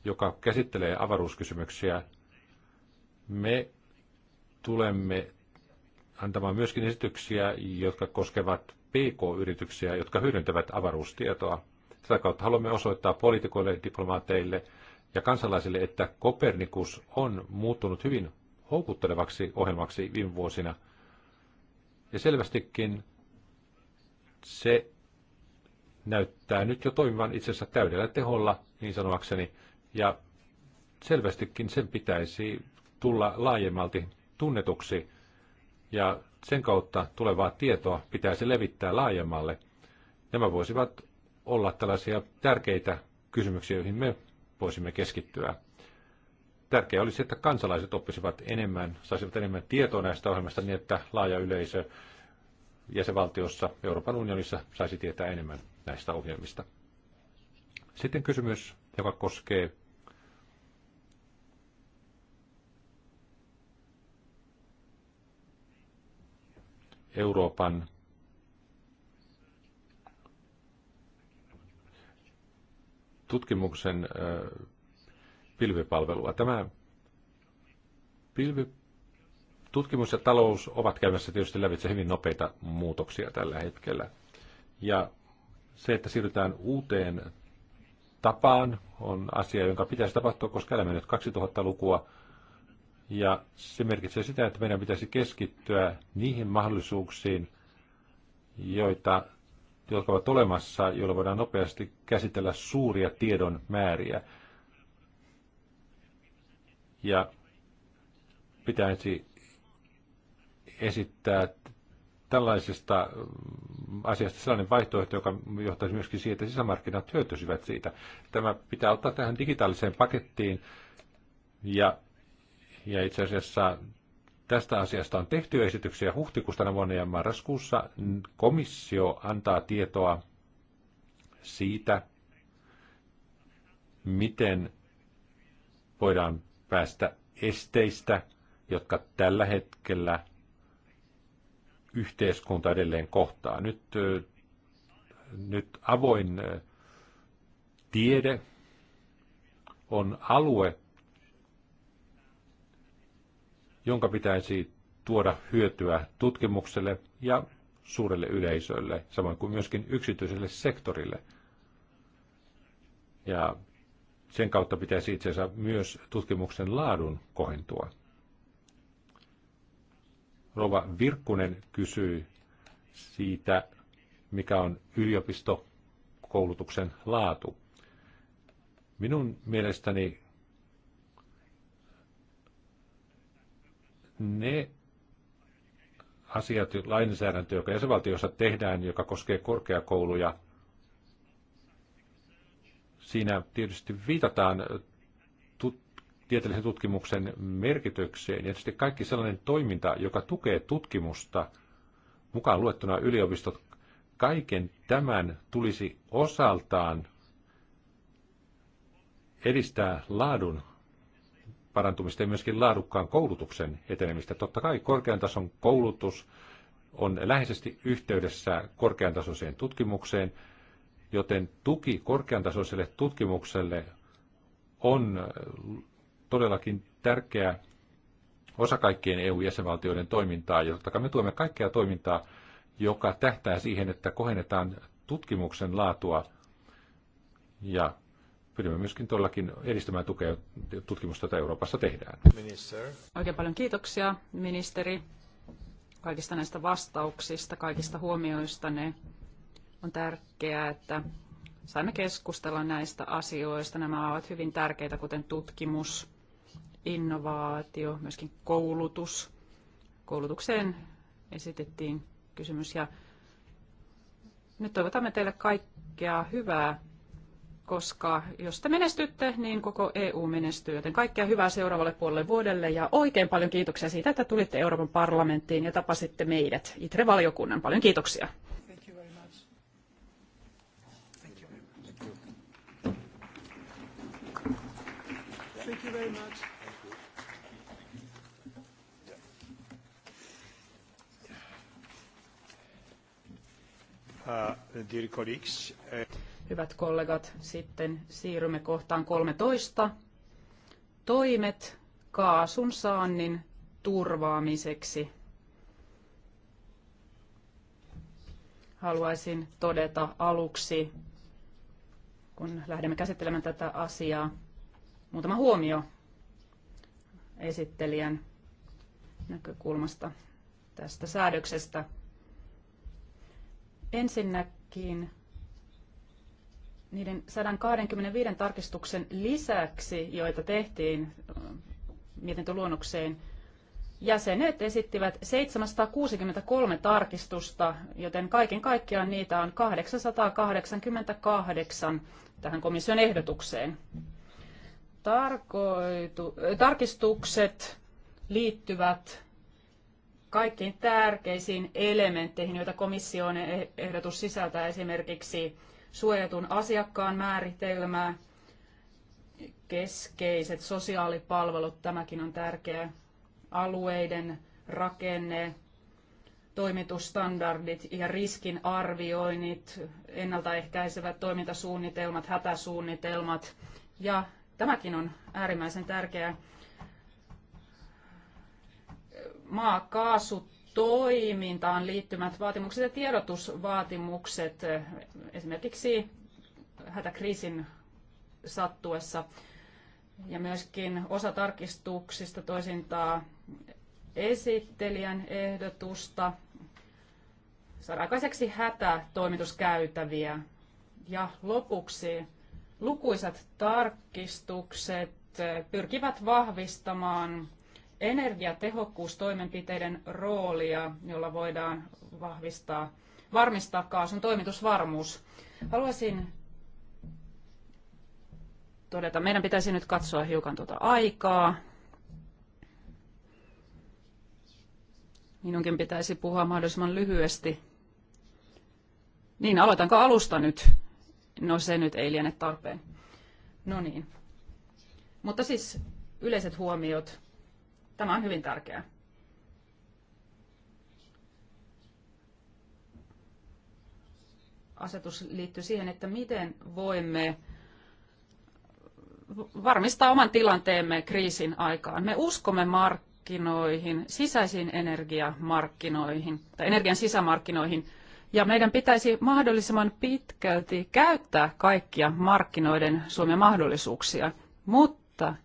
joka käsittelee avaruuskysymyksiä, me tulemme antamaan myöskin esityksiä, jotka koskevat PK-yrityksiä, jotka hyödyntävät avaruustietoa. Tätä kautta haluamme osoittaa poliitikoille, diplomaateille ja kansalaisille, että Kopernikus on muuttunut hyvin houkuttelevaksi ohjelmaksi viime vuosina. Ja selvästikin se näyttää nyt jo toimivan itse asiassa täydellä teholla, niin sanoakseni, ja selvästikin sen pitäisi tulla laajemmalti tunnetuksi, ja sen kautta tulevaa tietoa pitäisi levittää laajemmalle. Nämä voisivat olla tällaisia tärkeitä kysymyksiä, joihin me voisimme keskittyä. Tärkeää olisi, että kansalaiset oppisivat enemmän, saisivat enemmän tietoa näistä ohjelmista niin, että laaja yleisö jäsenvaltiossa Euroopan unionissa saisi tietää enemmän näistä ohjelmista. Sitten kysymys, joka koskee Euroopan tutkimuksen pilvipalvelua. Tämä pilvi, tutkimus ja talous ovat käymässä tietysti lävitse hyvin nopeita muutoksia tällä hetkellä. Ja se, että siirrytään uuteen tapaan, on asia, jonka pitäisi tapahtua, koska elämme nyt 2000-lukua. Ja se merkitsee sitä, että meidän pitäisi keskittyä niihin mahdollisuuksiin, joita jotka ovat olemassa, joilla voidaan nopeasti käsitellä suuria tiedon määriä. Ja pitäisi esittää tällaisesta mm, asiasta sellainen vaihtoehto, joka johtaisi myöskin siihen, että sisämarkkinat hyötyisivät siitä. Tämä pitää ottaa tähän digitaaliseen pakettiin ja, ja itse asiassa Tästä asiasta on tehty esityksiä huhtikuusta tänä vuonna ja marraskuussa komissio antaa tietoa siitä, miten voidaan päästä esteistä, jotka tällä hetkellä yhteiskunta edelleen kohtaa. Nyt, nyt avoin tiede on alue, jonka pitäisi tuoda hyötyä tutkimukselle ja suurelle yleisölle, samoin kuin myöskin yksityiselle sektorille. Ja sen kautta pitäisi itse asiassa myös tutkimuksen laadun kohentua. Rova Virkkunen kysyi siitä, mikä on yliopistokoulutuksen laatu. Minun mielestäni ne asiat, lainsäädäntö, joka jäsenvaltiossa tehdään, joka koskee korkeakouluja, siinä tietysti viitataan tut- tieteellisen tutkimuksen merkitykseen. Ja tietysti kaikki sellainen toiminta, joka tukee tutkimusta, mukaan luettuna yliopistot, kaiken tämän tulisi osaltaan edistää laadun parantumista ja myöskin laadukkaan koulutuksen etenemistä. Totta kai korkean tason koulutus on läheisesti yhteydessä korkean tasoiseen tutkimukseen, joten tuki korkean tasoiselle tutkimukselle on todellakin tärkeä osa kaikkien EU-jäsenvaltioiden toimintaa, jotta me tuemme kaikkea toimintaa, joka tähtää siihen, että kohennetaan tutkimuksen laatua ja pyrimme myöskin todellakin edistämään tukea tutkimusta, jota Euroopassa tehdään. Minister. Oikein paljon kiitoksia, ministeri, kaikista näistä vastauksista, kaikista huomioista. Ne on tärkeää, että saimme keskustella näistä asioista. Nämä ovat hyvin tärkeitä, kuten tutkimus, innovaatio, myöskin koulutus. Koulutukseen esitettiin kysymys ja nyt toivotamme teille kaikkea hyvää koska jos te menestytte, niin koko EU menestyy. Joten kaikkea hyvää seuraavalle puolelle vuodelle ja oikein paljon kiitoksia siitä, että tulitte Euroopan parlamenttiin ja tapasitte meidät, ITRE-valiokunnan. Paljon kiitoksia. Thank you very much. Uh, dear colleagues, uh... Hyvät kollegat, sitten siirrymme kohtaan 13. Toimet kaasun saannin turvaamiseksi. Haluaisin todeta aluksi, kun lähdemme käsittelemään tätä asiaa, muutama huomio esittelijän näkökulmasta tästä säädöksestä. Ensinnäkin niiden 125 tarkistuksen lisäksi, joita tehtiin äh, mietintöluonnokseen, jäsenet esittivät 763 tarkistusta, joten kaiken kaikkiaan niitä on 888 tähän komission ehdotukseen. Tarkoitu, äh, tarkistukset liittyvät kaikkiin tärkeisiin elementteihin, joita komission e-, ehdotus sisältää esimerkiksi suojatun asiakkaan määritelmää, keskeiset sosiaalipalvelut, tämäkin on tärkeä, alueiden rakenne, toimitusstandardit ja riskin arvioinnit, ennaltaehkäisevät toimintasuunnitelmat, hätäsuunnitelmat. Ja tämäkin on äärimmäisen tärkeää. Maakaasut toimintaan liittymät vaatimukset ja tiedotusvaatimukset esimerkiksi hätäkriisin sattuessa. Ja myöskin osa tarkistuksista toisintaa esittelijän ehdotusta saadaan aikaiseksi hätätoimituskäytäviä. Ja lopuksi lukuisat tarkistukset pyrkivät vahvistamaan energiatehokkuustoimenpiteiden roolia, jolla voidaan vahvistaa, varmistaa kaasun toimitusvarmuus. Haluaisin todeta, meidän pitäisi nyt katsoa hiukan tuota aikaa. Minunkin pitäisi puhua mahdollisimman lyhyesti. Niin, aloitanko alusta nyt? No se nyt ei liene tarpeen. No niin. Mutta siis yleiset huomiot Tämä on hyvin tärkeää. Asetus liittyy siihen, että miten voimme varmistaa oman tilanteemme kriisin aikaan. Me uskomme markkinoihin, sisäisiin energiamarkkinoihin tai energian sisämarkkinoihin, ja meidän pitäisi mahdollisimman pitkälti käyttää kaikkia markkinoiden Suomen mahdollisuuksia, mutta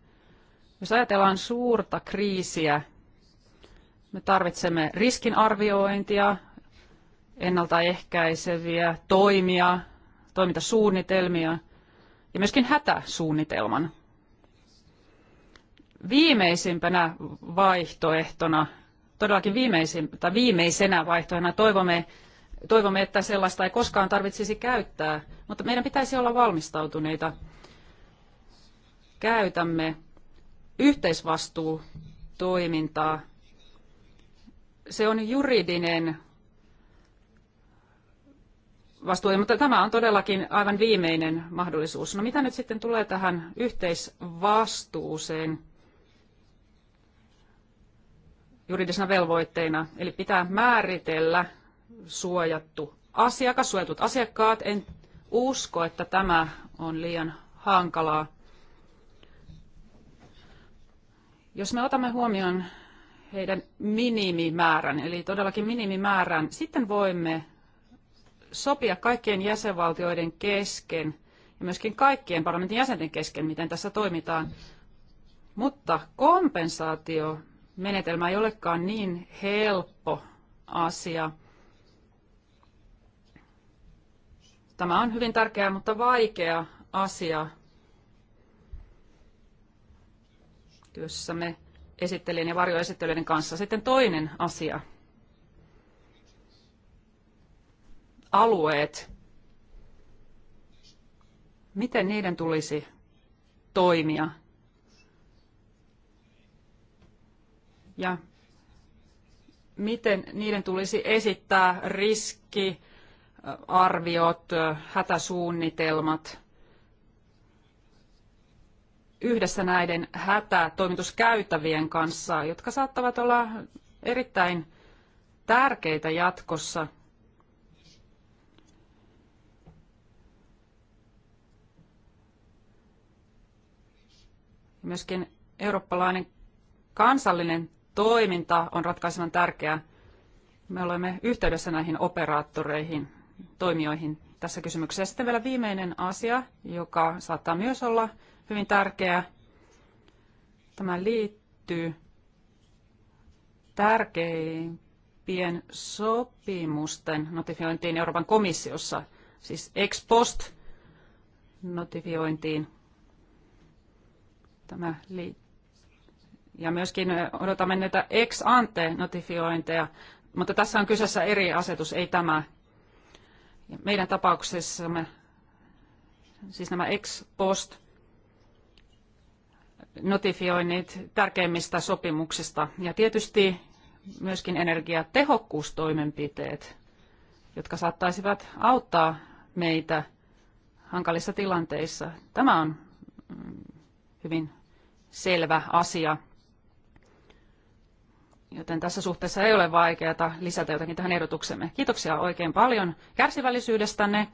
jos ajatellaan suurta kriisiä, me tarvitsemme riskinarviointia, ennaltaehkäiseviä toimia, toimintasuunnitelmia ja myöskin hätäsuunnitelman. Viimeisimpänä vaihtoehtona, todellakin tai viimeisenä vaihtoehtona toivomme, toivomme, että sellaista ei koskaan tarvitsisi käyttää, mutta meidän pitäisi olla valmistautuneita. Käytämme yhteisvastuutoimintaa. Se on juridinen vastuu, mutta tämä on todellakin aivan viimeinen mahdollisuus. No mitä nyt sitten tulee tähän yhteisvastuuseen juridisena velvoitteena? Eli pitää määritellä suojattu asiakas, suojatut asiakkaat. En usko, että tämä on liian hankalaa. Jos me otamme huomioon heidän minimimäärän, eli todellakin minimimäärän, sitten voimme sopia kaikkien jäsenvaltioiden kesken ja myöskin kaikkien parlamentin jäsenten kesken, miten tässä toimitaan. Mutta kompensaatiomenetelmä ei olekaan niin helppo asia. Tämä on hyvin tärkeä, mutta vaikea asia me esittelijän ja varjoesittelijöiden kanssa. Sitten toinen asia. Alueet. Miten niiden tulisi toimia? Ja miten niiden tulisi esittää riski, arviot, hätäsuunnitelmat – yhdessä näiden hätätoimituskäytävien kanssa, jotka saattavat olla erittäin tärkeitä jatkossa. Myöskin eurooppalainen kansallinen toiminta on ratkaisevan tärkeää. Me olemme yhteydessä näihin operaattoreihin, toimijoihin tässä kysymyksessä. Sitten vielä viimeinen asia, joka saattaa myös olla hyvin tärkeä. Tämä liittyy tärkeimpien sopimusten notifiointiin Euroopan komissiossa, siis ex post notifiointiin. Tämä liittyy ja myöskin odotamme näitä ex ante notifiointeja, mutta tässä on kyseessä eri asetus, ei tämä. Meidän tapauksessamme siis nämä ex post notifioinnit tärkeimmistä sopimuksista ja tietysti myöskin energiatehokkuustoimenpiteet, jotka saattaisivat auttaa meitä hankalissa tilanteissa. Tämä on mm, hyvin selvä asia. Joten tässä suhteessa ei ole vaikeaa lisätä jotakin tähän ehdotuksemme. Kiitoksia oikein paljon kärsivällisyydestänne.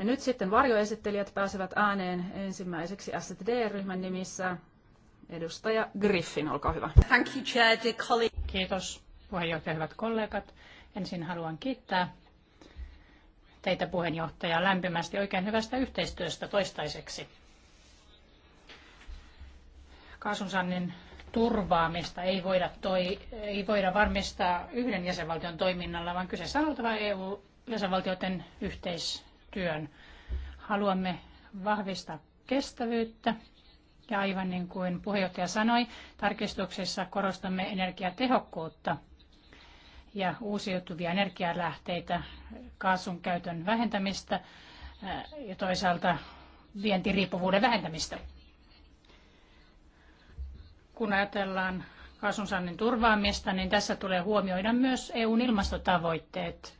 Ja nyt sitten varjoesittelijät pääsevät ääneen ensimmäiseksi SD-ryhmän nimissä. Edustaja Griffin, olkaa hyvä. Thank you, Chair, Kiitos puheenjohtaja, hyvät kollegat. Ensin haluan kiittää teitä puheenjohtaja lämpimästi oikein hyvästä yhteistyöstä toistaiseksi. Kaasunsannin turvaamista ei voida, toi, ei voida varmistaa yhden jäsenvaltion toiminnalla, vaan kyseessä on oltava EU-jäsenvaltioiden yhteistyö työn. Haluamme vahvistaa kestävyyttä ja aivan niin kuin puheenjohtaja sanoi, tarkistuksessa korostamme energiatehokkuutta ja uusiutuvia energialähteitä, kaasun käytön vähentämistä ja toisaalta vientiriippuvuuden vähentämistä. Kun ajatellaan saannin turvaamista, niin tässä tulee huomioida myös EUn ilmastotavoitteet.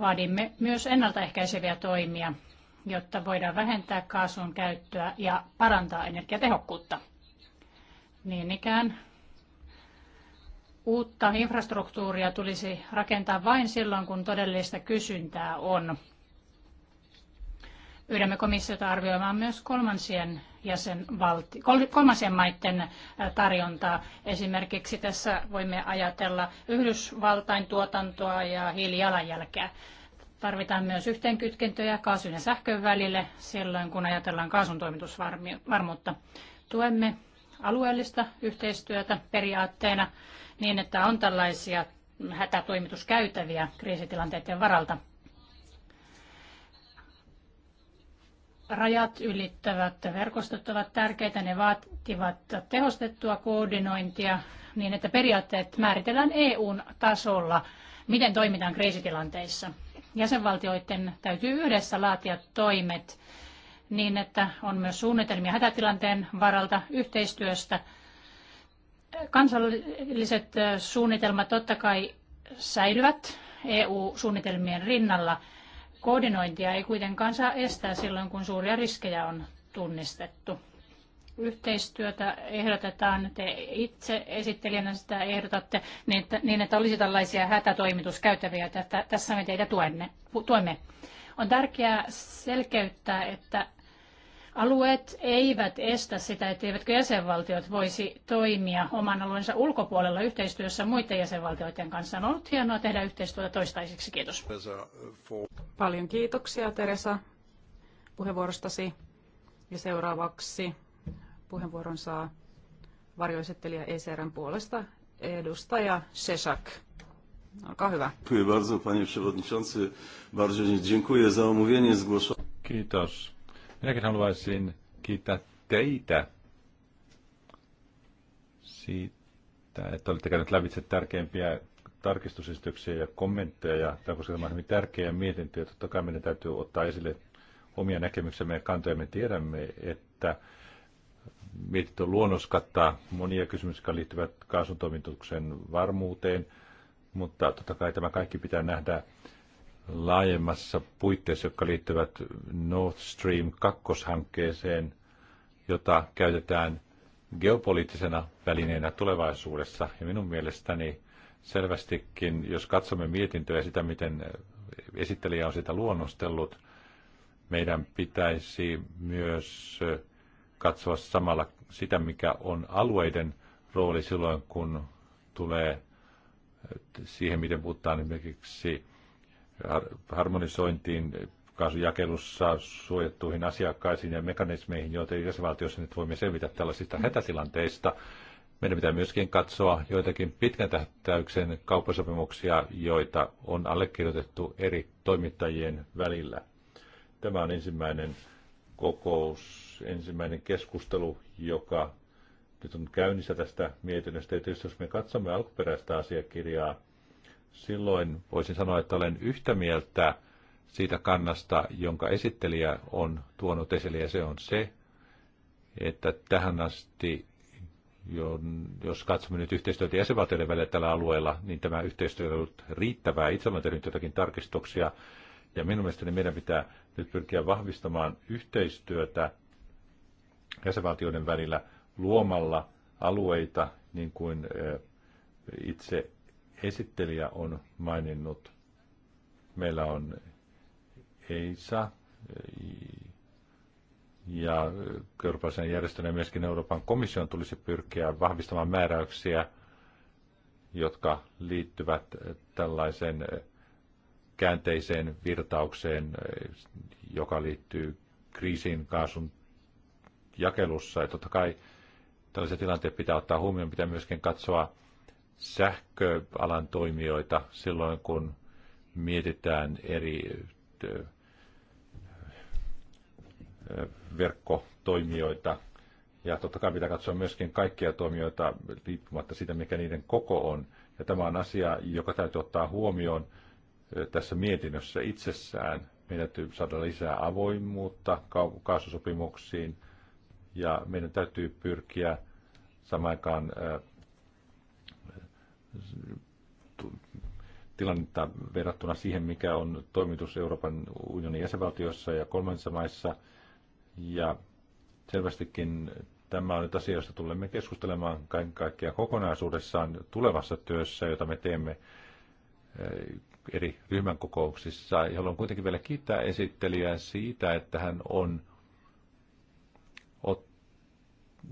Vaadimme myös ennaltaehkäiseviä toimia, jotta voidaan vähentää kaasun käyttöä ja parantaa energiatehokkuutta. Niin ikään uutta infrastruktuuria tulisi rakentaa vain silloin, kun todellista kysyntää on Pyydämme komissiota arvioimaan myös kolmansien, jäsenvalti- kolmansien maiden tarjontaa. Esimerkiksi tässä voimme ajatella Yhdysvaltain tuotantoa ja hiilijalanjälkeä. Tarvitaan myös yhteenkytkentöjä kaasun ja sähkön välille silloin, kun ajatellaan kaasun toimitusvarmuutta. Tuemme alueellista yhteistyötä periaatteena niin, että on tällaisia hätätoimituskäytäviä kriisitilanteiden varalta. rajat ylittävät verkostot ovat tärkeitä. Ne vaativat tehostettua koordinointia niin, että periaatteet määritellään EUn tasolla, miten toimitaan kriisitilanteissa. Jäsenvaltioiden täytyy yhdessä laatia toimet niin, että on myös suunnitelmia hätätilanteen varalta yhteistyöstä. Kansalliset suunnitelmat totta kai säilyvät EU-suunnitelmien rinnalla – Koordinointia ei kuitenkaan saa estää silloin, kun suuria riskejä on tunnistettu. Yhteistyötä ehdotetaan, te itse esittelijänä sitä ehdotatte, niin että, niin että olisi tällaisia hätätoimituskäytäviä, että tässä me teitä tuenne, tuemme. On tärkeää selkeyttää, että Alueet eivät estä sitä, etteivätkö jäsenvaltiot voisi toimia oman alueensa ulkopuolella yhteistyössä muiden jäsenvaltioiden kanssa. On ollut hienoa tehdä yhteistyötä toistaiseksi. Kiitos. Paljon kiitoksia Teresa puheenvuorostasi. Ja seuraavaksi puheenvuoron saa varjoesittelijä ECRn puolesta edustaja Sesak Olkaa hyvä. Kiitos Minäkin haluaisin kiittää teitä siitä, että olette käyneet lävitse tärkeimpiä tarkistusesityksiä ja kommentteja. Ja tämä koska tämä on hyvin tärkeä mietintö ja totta kai meidän täytyy ottaa esille omia näkemyksemme ja kantoja. Me tiedämme, että mietintö luonnos kattaa monia kysymyksiä, jotka liittyvät kaasuntoimituksen varmuuteen, mutta totta kai tämä kaikki pitää nähdä laajemmassa puitteissa, jotka liittyvät Nord Stream 2-hankkeeseen, jota käytetään geopoliittisena välineenä tulevaisuudessa. Ja minun mielestäni selvästikin, jos katsomme mietintöä ja sitä, miten esittelijä on sitä luonnostellut, meidän pitäisi myös katsoa samalla sitä, mikä on alueiden rooli silloin, kun tulee siihen, miten puhutaan esimerkiksi harmonisointiin kaasujakelussa suojattuihin asiakkaisiin ja mekanismeihin, joita jäsenvaltioissa nyt voimme selvitä tällaisista hätätilanteista. Meidän pitää myöskin katsoa joitakin pitkän tähtäyksen kauppasopimuksia, joita on allekirjoitettu eri toimittajien välillä. Tämä on ensimmäinen kokous, ensimmäinen keskustelu, joka nyt on käynnissä tästä mietinnöstä. Ja tietysti jos me katsomme alkuperäistä asiakirjaa, silloin voisin sanoa, että olen yhtä mieltä siitä kannasta, jonka esittelijä on tuonut esille, ja se on se, että tähän asti, jos katsomme nyt yhteistyötä jäsenvaltioiden välillä tällä alueella, niin tämä yhteistyö on ollut riittävää. Itse olen tehnyt jotakin tarkistuksia, ja minun mielestäni meidän pitää nyt pyrkiä vahvistamaan yhteistyötä jäsenvaltioiden välillä luomalla alueita, niin kuin itse esittelijä on maininnut. Meillä on EISA ja Euroopan järjestön ja myöskin Euroopan komission tulisi pyrkiä vahvistamaan määräyksiä, jotka liittyvät tällaiseen käänteiseen virtaukseen, joka liittyy kriisiin kaasun jakelussa. Ja totta kai tällaisia tilanteita pitää ottaa huomioon, pitää myöskin katsoa sähköalan toimijoita silloin, kun mietitään eri verkkotoimijoita. Ja totta kai pitää katsoa myöskin kaikkia toimijoita riippumatta siitä, mikä niiden koko on. Ja tämä on asia, joka täytyy ottaa huomioon tässä mietinnössä itsessään. Meidän täytyy saada lisää avoimuutta kaasusopimuksiin ja meidän täytyy pyrkiä samaan aikaan tilannetta verrattuna siihen, mikä on toimitus Euroopan unionin jäsenvaltioissa ja kolmansissa maissa. Ja selvästikin tämä on nyt asia, josta tulemme keskustelemaan kaiken kaikkiaan kokonaisuudessaan tulevassa työssä, jota me teemme eh, eri ryhmän kokouksissa. Ja haluan kuitenkin vielä kiittää esittelijää siitä, että hän on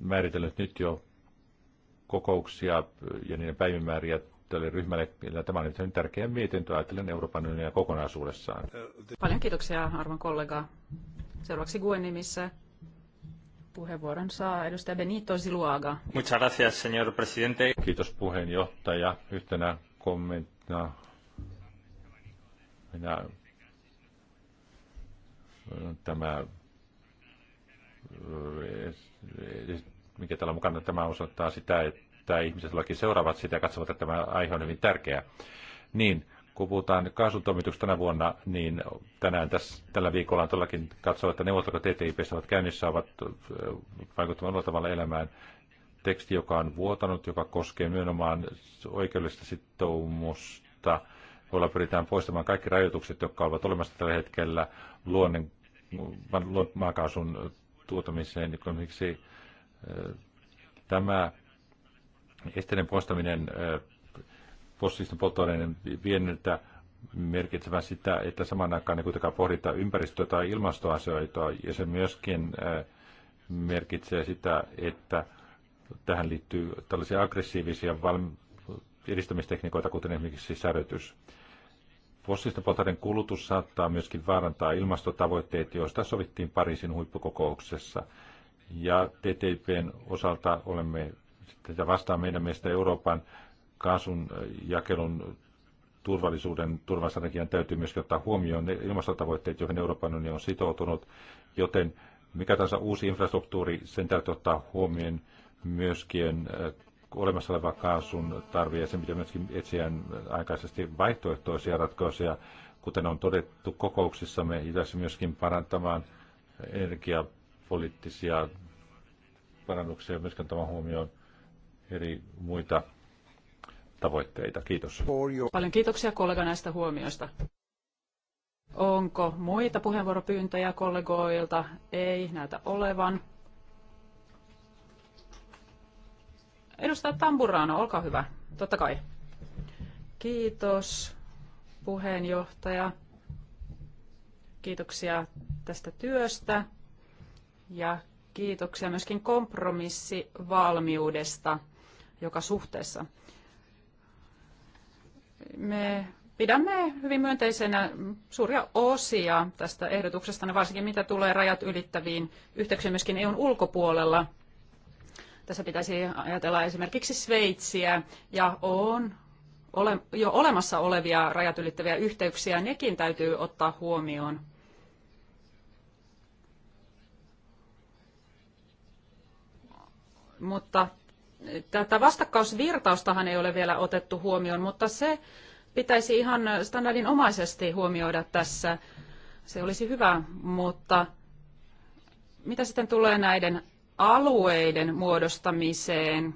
määritellyt nyt jo kokouksia ja niiden päivimääriä tälle ryhmälle. Tämä on nyt tärkeä mietintö ajatellen Euroopan unionia kokonaisuudessaan. Paljon kiitoksia arvon kollega. Seuraavaksi Guen nimissä puheenvuoron saa edustaja Benito Ziluaga. Muchas gracias, señor presidente. Kiitos puheenjohtaja. Yhtenä kommenttina minä äh, tämä äh, mikä täällä on mukana, tämä osoittaa sitä, että ihmiset laki seuraavat sitä ja katsovat, että tämä aihe on hyvin tärkeä. Niin, kun puhutaan kaasutoimituksesta tänä vuonna, niin tänään tässä, tällä viikolla on todellakin katsoa, että neuvottelut TTIP ovat käynnissä, ovat äh, vaikuttamaan tavalla elämään. Teksti, joka on vuotanut, joka koskee myönomaan oikeudellista sitoumusta, jolla pyritään poistamaan kaikki rajoitukset, jotka ovat olemassa tällä hetkellä luonnon maakaasun tuotamiseen, esimerkiksi Tämä esteiden poistaminen fossiilisten polttoaineiden vienniltä merkitsevän sitä, että saman aikaan ei kuitenkaan pohdita ympäristö- tai ilmastoasioita, ja se myöskin merkitsee sitä, että tähän liittyy tällaisia aggressiivisia edistämistekniikoita, kuten esimerkiksi särötys. Fossiilisten polttoaineiden kulutus saattaa myöskin vaarantaa ilmastotavoitteet, joista sovittiin Pariisin huippukokouksessa ja TTIPn osalta olemme sitä vastaan meidän mielestä Euroopan kaasun äh, jakelun turvallisuuden turvastrategian täytyy myöskin ottaa huomioon ne ilmastotavoitteet, joihin Euroopan unioni on sitoutunut, joten mikä tahansa uusi infrastruktuuri, sen täytyy ottaa huomioon myöskin äh, olemassa oleva kaasun tarve ja sen pitää myöskin etsiä aikaisesti vaihtoehtoisia ratkaisuja, kuten on todettu kokouksissamme, ja myöskin parantamaan energia poliittisia parannuksia myöskin tämä huomioon eri muita tavoitteita. Kiitos. Paljon kiitoksia kollega näistä huomioista. Onko muita puheenvuoropyyntöjä kollegoilta? Ei näytä olevan. Edustaja Tamburano, olkaa hyvä. Totta kai. Kiitos puheenjohtaja. Kiitoksia tästä työstä ja kiitoksia myöskin kompromissivalmiudesta joka suhteessa. Me pidämme hyvin myönteisenä suuria osia tästä ehdotuksesta, varsinkin mitä tulee rajat ylittäviin yhteyksiin myöskin EUn ulkopuolella. Tässä pitäisi ajatella esimerkiksi Sveitsiä ja on ole, jo olemassa olevia rajat ylittäviä yhteyksiä, nekin täytyy ottaa huomioon. mutta tätä vastakkausvirtaustahan ei ole vielä otettu huomioon, mutta se pitäisi ihan standardinomaisesti huomioida tässä. Se olisi hyvä, mutta mitä sitten tulee näiden alueiden muodostamiseen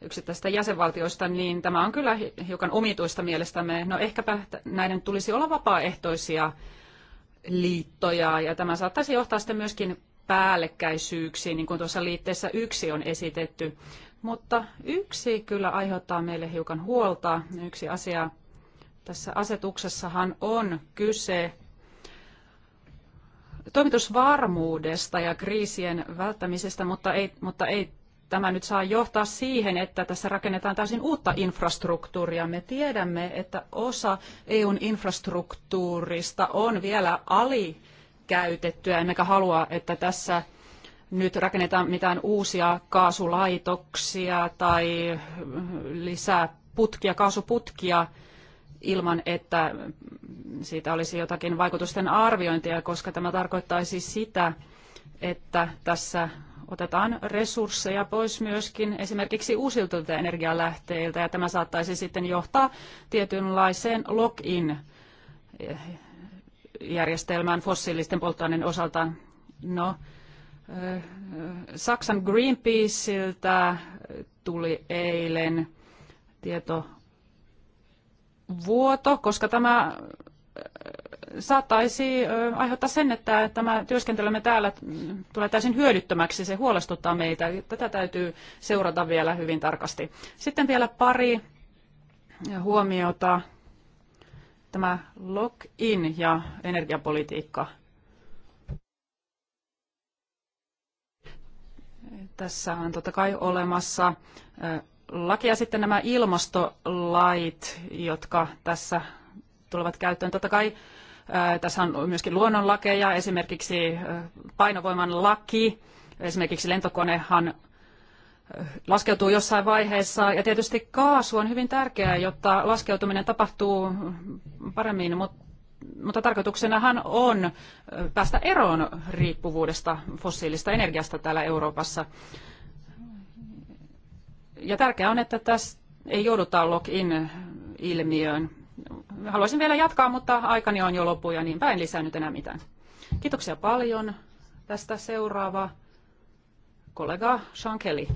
yksittäisistä jäsenvaltioista, niin tämä on kyllä hiukan omituista mielestämme. No ehkäpä näiden tulisi olla vapaaehtoisia liittoja, ja tämä saattaisi johtaa sitten myöskin päällekkäisyyksiin, niin kuin tuossa liitteessä yksi on esitetty. Mutta yksi kyllä aiheuttaa meille hiukan huolta. Yksi asia tässä asetuksessahan on kyse toimitusvarmuudesta ja kriisien välttämisestä, mutta ei, mutta ei tämä nyt saa johtaa siihen, että tässä rakennetaan täysin uutta infrastruktuuria. Me tiedämme, että osa EUn infrastruktuurista on vielä ali käytettyä, emmekä halua, että tässä nyt rakennetaan mitään uusia kaasulaitoksia tai lisää putkia, kaasuputkia ilman, että siitä olisi jotakin vaikutusten arviointia, koska tämä tarkoittaisi sitä, että tässä otetaan resursseja pois myöskin esimerkiksi uusiutuvilta energialähteiltä, ja tämä saattaisi sitten johtaa tietynlaiseen lock-in järjestelmään fossiilisten polttoaineiden osalta. No, eh, Saksan Greenpeaceiltä tuli eilen tieto vuoto, koska tämä eh, saattaisi eh, aiheuttaa sen, että tämä työskentelymme täällä tulee täysin hyödyttömäksi. Se huolestuttaa meitä. Tätä täytyy seurata vielä hyvin tarkasti. Sitten vielä pari huomiota tämä lock-in ja energiapolitiikka. Tässä on totta kai olemassa laki ja sitten nämä ilmastolait, jotka tässä tulevat käyttöön. Totta kai tässä on myöskin luonnonlakeja, esimerkiksi painovoiman laki. Esimerkiksi lentokonehan laskeutuu jossain vaiheessa. Ja tietysti kaasu on hyvin tärkeää, jotta laskeutuminen tapahtuu paremmin, mutta mutta tarkoituksenahan on päästä eroon riippuvuudesta fossiilista energiasta täällä Euroopassa. Ja tärkeää on, että tässä ei jouduta lock-in-ilmiöön. Haluaisin vielä jatkaa, mutta aikani on jo loppu ja niin päin lisää nyt enää mitään. Kiitoksia paljon. Tästä seuraava kollega Sean Kelly.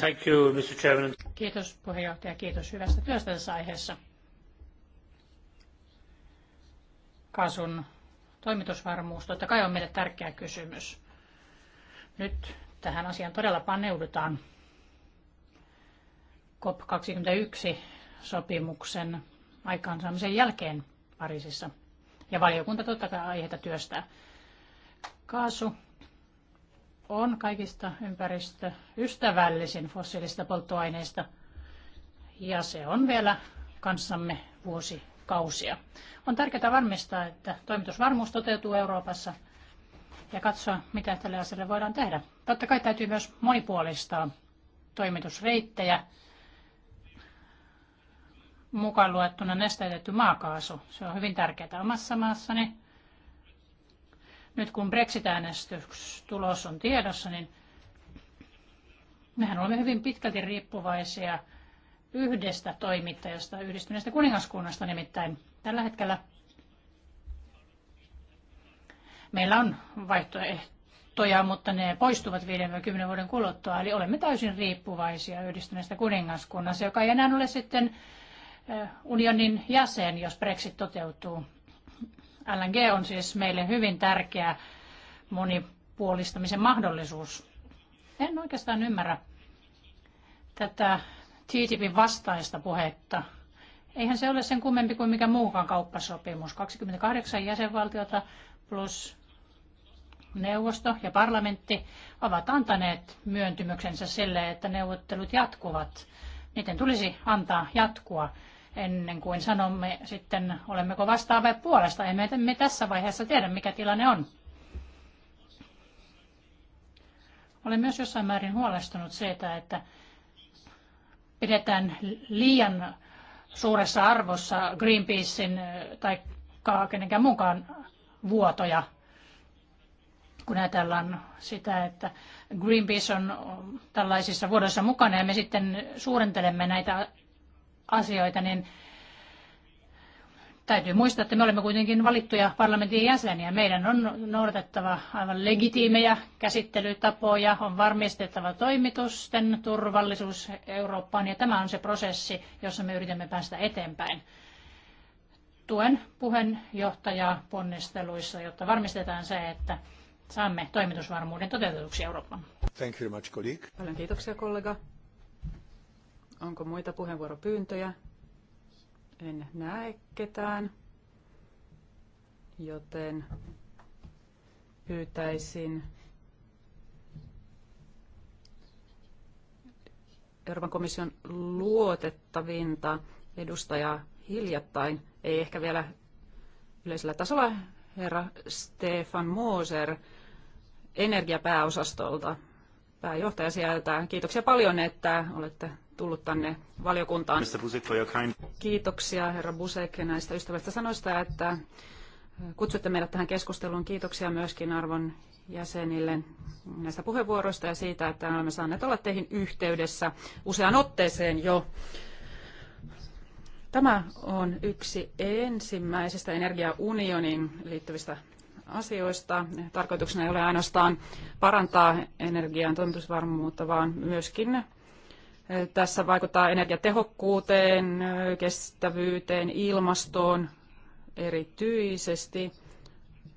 Thank you, Mr. Chairman. Kiitos puheenjohtaja, kiitos hyvästä työstä tässä aiheessa. Kaasun toimitusvarmuus totta kai on meille tärkeä kysymys. Nyt tähän asiaan todella paneudutaan. COP21 sopimuksen aikaansaamisen jälkeen Pariisissa. Ja valiokunta totta kai aiheita työstää. Kaasu on kaikista ympäristöystävällisin fossiilista polttoaineista ja se on vielä kanssamme vuosikausia. On tärkeää varmistaa, että toimitusvarmuus toteutuu Euroopassa ja katsoa, mitä tälle asialle voidaan tehdä. Totta kai täytyy myös monipuolistaa toimitusreittejä mukaan luettuna nesteytetty maakaasu. Se on hyvin tärkeää omassa maassani. Nyt kun Brexit-äänestystulos on tiedossa, niin mehän olemme hyvin pitkälti riippuvaisia yhdestä toimittajasta, yhdistyneestä kuningaskunnasta nimittäin. Tällä hetkellä meillä on vaihtoehtoja, mutta ne poistuvat 50 vuoden kuluttua. Eli olemme täysin riippuvaisia yhdistyneestä kuningaskunnasta, joka ei enää ole sitten unionin jäsen, jos Brexit toteutuu. LNG on siis meille hyvin tärkeä monipuolistamisen mahdollisuus. En oikeastaan ymmärrä tätä TTIPin vastaista puhetta. Eihän se ole sen kummempi kuin mikä muukaan kauppasopimus. 28 jäsenvaltiota plus neuvosto ja parlamentti ovat antaneet myöntymyksensä sille, että neuvottelut jatkuvat. Niiden tulisi antaa jatkua ennen kuin sanomme sitten, olemmeko vastaan vai puolesta. Emme me tässä vaiheessa tiedä, mikä tilanne on. Olen myös jossain määrin huolestunut siitä, että pidetään liian suuressa arvossa Greenpeacein tai kenenkään mukaan vuotoja, kun ajatellaan sitä, että Greenpeace on tällaisissa vuodoissa mukana ja me sitten suurentelemme näitä asioita, niin täytyy muistaa, että me olemme kuitenkin valittuja parlamentin jäseniä. Meidän on noudatettava aivan legitiimejä käsittelytapoja, on varmistettava toimitusten turvallisuus Eurooppaan ja tämä on se prosessi, jossa me yritämme päästä eteenpäin. Tuen puheenjohtajaa ponnisteluissa, jotta varmistetaan se, että saamme toimitusvarmuuden toteutetuksi Eurooppaan. Thank you very much, colleague. Paljon kiitoksia kollega. Onko muita puheenvuoropyyntöjä? En näe ketään, joten pyytäisin Euroopan komission luotettavinta edustajaa hiljattain, ei ehkä vielä yleisellä tasolla, herra Stefan Moser energiapääosastolta, pääjohtaja sieltä. Kiitoksia paljon, että olette tullut tänne valiokuntaan. Kiitoksia herra Busek näistä ystävistä sanoista, että kutsutte meidät tähän keskusteluun. Kiitoksia myöskin arvon jäsenille näistä puheenvuoroista ja siitä, että olemme saaneet olla teihin yhteydessä useaan otteeseen jo. Tämä on yksi ensimmäisistä energiaunionin liittyvistä asioista. Tarkoituksena ei ole ainoastaan parantaa energian toimitusvarmuutta, vaan myöskin tässä vaikuttaa energiatehokkuuteen, kestävyyteen, ilmastoon erityisesti.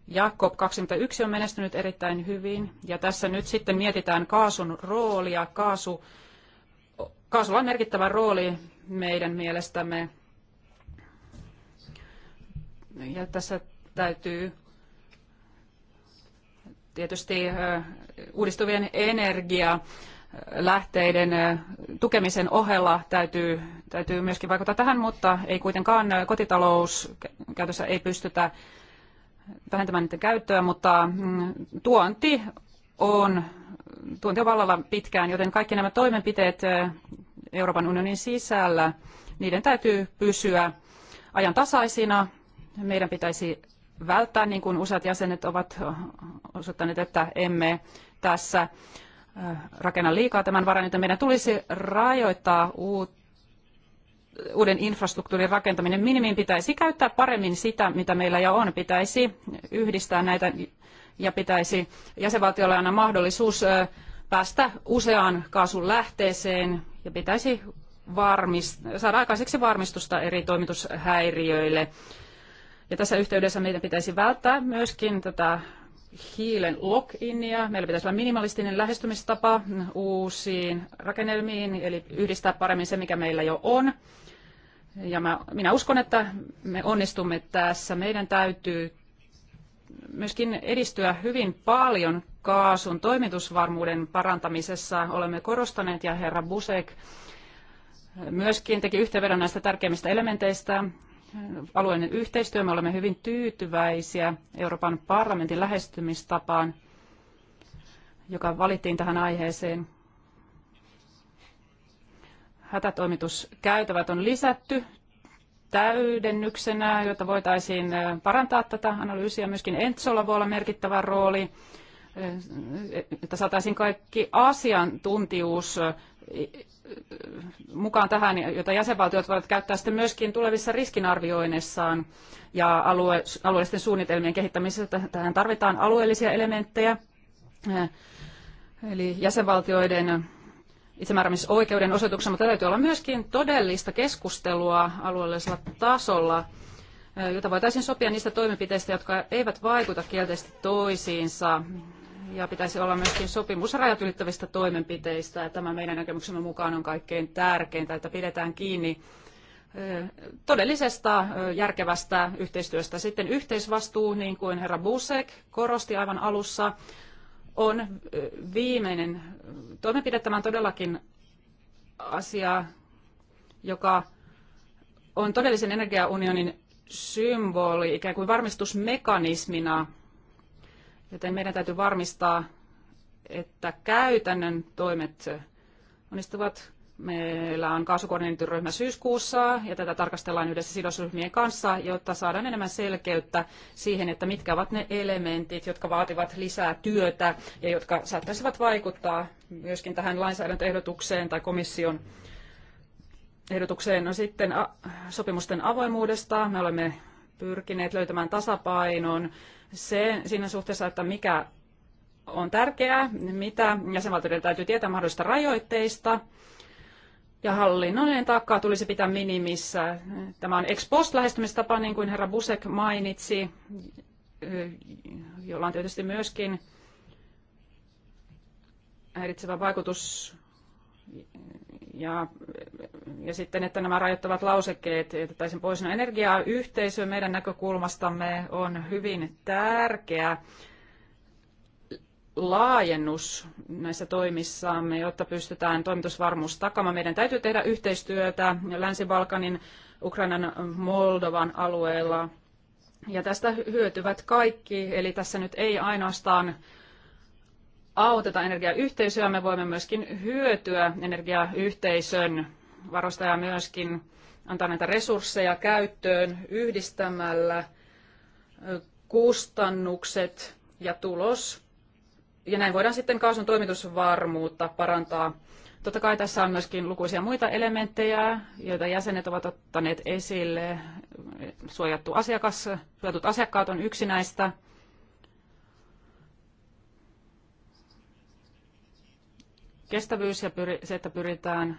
Ja COP21 on menestynyt erittäin hyvin. Ja tässä nyt sitten mietitään kaasun roolia. Kaasu, kaasulla on merkittävä rooli meidän mielestämme. Ja tässä täytyy tietysti uudistuvien energia lähteiden tukemisen ohella täytyy, täytyy myöskin vaikuttaa tähän, mutta ei kuitenkaan kotitalous käytössä ei pystytä vähentämään niiden käyttöä, mutta mm, tuonti on, tuonti on vallalla pitkään, joten kaikki nämä toimenpiteet Euroopan unionin sisällä, niiden täytyy pysyä ajan tasaisina, Meidän pitäisi välttää, niin kuin useat jäsenet ovat osoittaneet, että emme tässä Äh, rakenna liikaa tämän varan, joten meidän tulisi rajoittaa uuden infrastruktuurin rakentaminen. Minimiin pitäisi käyttää paremmin sitä, mitä meillä jo on. Pitäisi yhdistää näitä ja pitäisi jäsenvaltiolle aina mahdollisuus äh, päästä useaan kaasun lähteeseen ja pitäisi varmist- saada aikaiseksi varmistusta eri toimitushäiriöille. Ja tässä yhteydessä meidän pitäisi välttää myöskin tätä hiilen lock-inia. Meillä pitäisi olla minimalistinen lähestymistapa uusiin rakennelmiin, eli yhdistää paremmin se, mikä meillä jo on. Ja mä, minä uskon, että me onnistumme tässä. Meidän täytyy myöskin edistyä hyvin paljon kaasun toimitusvarmuuden parantamisessa. Olemme korostaneet, ja herra Busek myöskin teki yhteenvedon näistä tärkeimmistä elementeistä, alueellinen yhteistyö. Me olemme hyvin tyytyväisiä Euroopan parlamentin lähestymistapaan, joka valittiin tähän aiheeseen. Hätätoimituskäytävät on lisätty täydennyksenä, jotta voitaisiin parantaa tätä analyysiä. Myöskin Entsolla voi olla merkittävä rooli, että saataisiin kaikki asiantuntijuus mukaan tähän, jota jäsenvaltiot voivat käyttää sitten myöskin tulevissa riskinarvioinneissaan ja alue, alueellisten suunnitelmien kehittämisessä. Tähän tarvitaan alueellisia elementtejä, eh, eli jäsenvaltioiden itsemääräämisoikeuden osoituksen, mutta täytyy olla myöskin todellista keskustelua alueellisella tasolla, eh, jota voitaisiin sopia niistä toimenpiteistä, jotka eivät vaikuta kielteisesti toisiinsa ja pitäisi olla myöskin sopimus rajat ylittävistä toimenpiteistä. Ja tämä meidän näkemyksemme mukaan on kaikkein tärkeintä, että pidetään kiinni todellisesta järkevästä yhteistyöstä. Sitten yhteisvastuu, niin kuin herra Busek korosti aivan alussa, on viimeinen toimenpide. Tämä on todellakin asia, joka on todellisen energiaunionin symboli, ikään kuin varmistusmekanismina – Joten meidän täytyy varmistaa, että käytännön toimet onnistuvat. Meillä on kaasukoordinaatioryhmä syyskuussa ja tätä tarkastellaan yhdessä sidosryhmien kanssa, jotta saadaan enemmän selkeyttä siihen, että mitkä ovat ne elementit, jotka vaativat lisää työtä ja jotka saattaisivat vaikuttaa myöskin tähän lainsäädäntöehdotukseen tai komission ehdotukseen. No sitten sopimusten avoimuudesta me olemme pyrkineet löytämään tasapainon se, siinä suhteessa, että mikä on tärkeää, mitä jäsenvaltioiden täytyy tietää mahdollisista rajoitteista, ja hallinnollinen taakkaa tulisi pitää minimissä. Tämä on ex post lähestymistapa, niin kuin herra Busek mainitsi, jolla on tietysti myöskin häiritsevä vaikutus ja, ja sitten, että nämä rajoittavat lausekkeet jätettäisiin pois. No, energiayhteisö meidän näkökulmastamme on hyvin tärkeä laajennus näissä toimissamme, jotta pystytään toimitusvarmuus takamaan. Meidän täytyy tehdä yhteistyötä Länsi-Balkanin, Ukrainan, Moldovan alueella. Ja tästä hyötyvät kaikki, eli tässä nyt ei ainoastaan auteta energiayhteisöä, me voimme myöskin hyötyä energiayhteisön varoista ja myöskin antaa näitä resursseja käyttöön yhdistämällä kustannukset ja tulos. Ja näin voidaan sitten kaasun toimitusvarmuutta parantaa. Totta kai tässä on myöskin lukuisia muita elementtejä, joita jäsenet ovat ottaneet esille. Suojattu asiakas, suojatut asiakkaat on yksi näistä. kestävyys ja pyri, se, että pyritään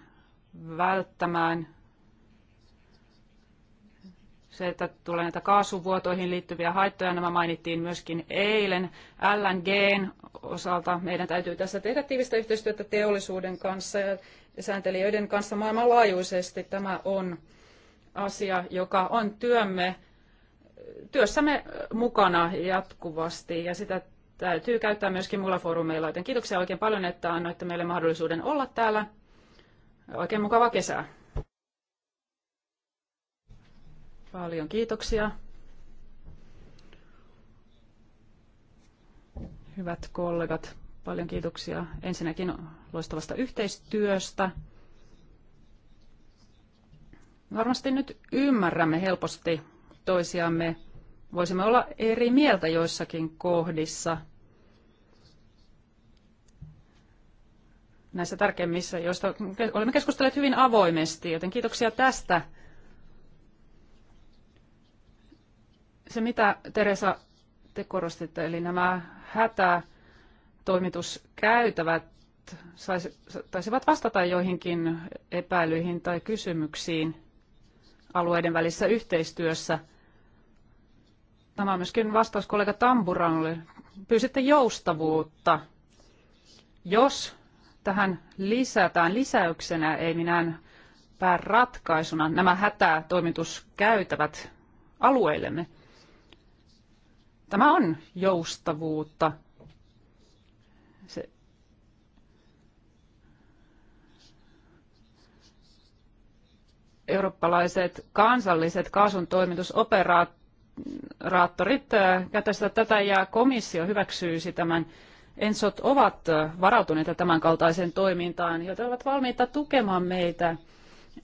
välttämään se, että tulee näitä kaasuvuotoihin liittyviä haittoja, nämä mainittiin myöskin eilen. LNGn osalta meidän täytyy tässä tehdä tiivistä yhteistyötä teollisuuden kanssa ja sääntelijöiden kanssa maailmanlaajuisesti. Tämä on asia, joka on työmme, työssämme mukana jatkuvasti ja sitä täytyy käyttää myöskin muilla foorumeilla, joten kiitoksia oikein paljon, että annoitte meille mahdollisuuden olla täällä. Oikein mukavaa kesää. Paljon kiitoksia. Hyvät kollegat, paljon kiitoksia ensinnäkin loistavasta yhteistyöstä. Varmasti nyt ymmärrämme helposti toisiamme voisimme olla eri mieltä joissakin kohdissa, näissä tärkeimmissä, joista olemme keskustelleet hyvin avoimesti, joten kiitoksia tästä. Se, mitä Teresa te korostitte, eli nämä hätätoimituskäytävät taisivat vastata joihinkin epäilyihin tai kysymyksiin alueiden välissä yhteistyössä – Tämä on myöskin vastaus kollega Tamburalle. Pyysitte joustavuutta. Jos tähän lisätään lisäyksenä, ei minään pääratkaisuna, nämä hätätoimituskäytävät alueillemme. Tämä on joustavuutta. Se eurooppalaiset kansalliset kaasun toimitusoperaat raattorit äh, käyttäisivät tätä ja komissio hyväksyisi tämän. Ensot ovat äh, varautuneita tämän kaltaiseen toimintaan, joten ovat valmiita tukemaan meitä.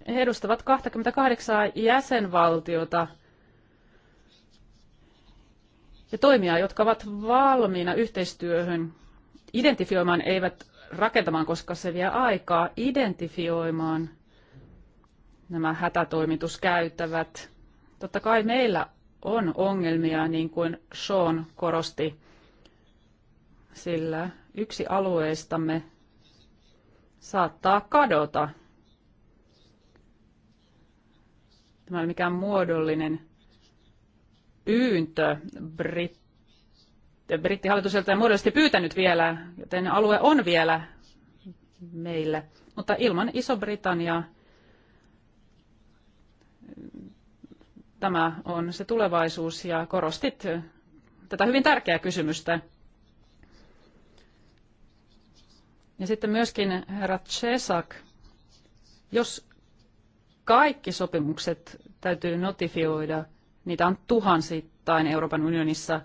He edustavat 28 jäsenvaltiota ja toimia, jotka ovat valmiina yhteistyöhön identifioimaan, eivät rakentamaan, koska se vie aikaa identifioimaan nämä hätätoimituskäyttävät. Totta kai meillä on ongelmia, niin kuin Sean korosti, sillä yksi alueistamme saattaa kadota. Tämä ei ole mikään muodollinen pyyntö. Brit, brittihallitus ei muodollisesti pyytänyt vielä, joten alue on vielä meillä. Mutta ilman Iso-Britanniaa Tämä on se tulevaisuus ja korostit tätä hyvin tärkeää kysymystä. Ja sitten myöskin herra Cesak, jos kaikki sopimukset täytyy notifioida, niitä on tuhansittain Euroopan unionissa,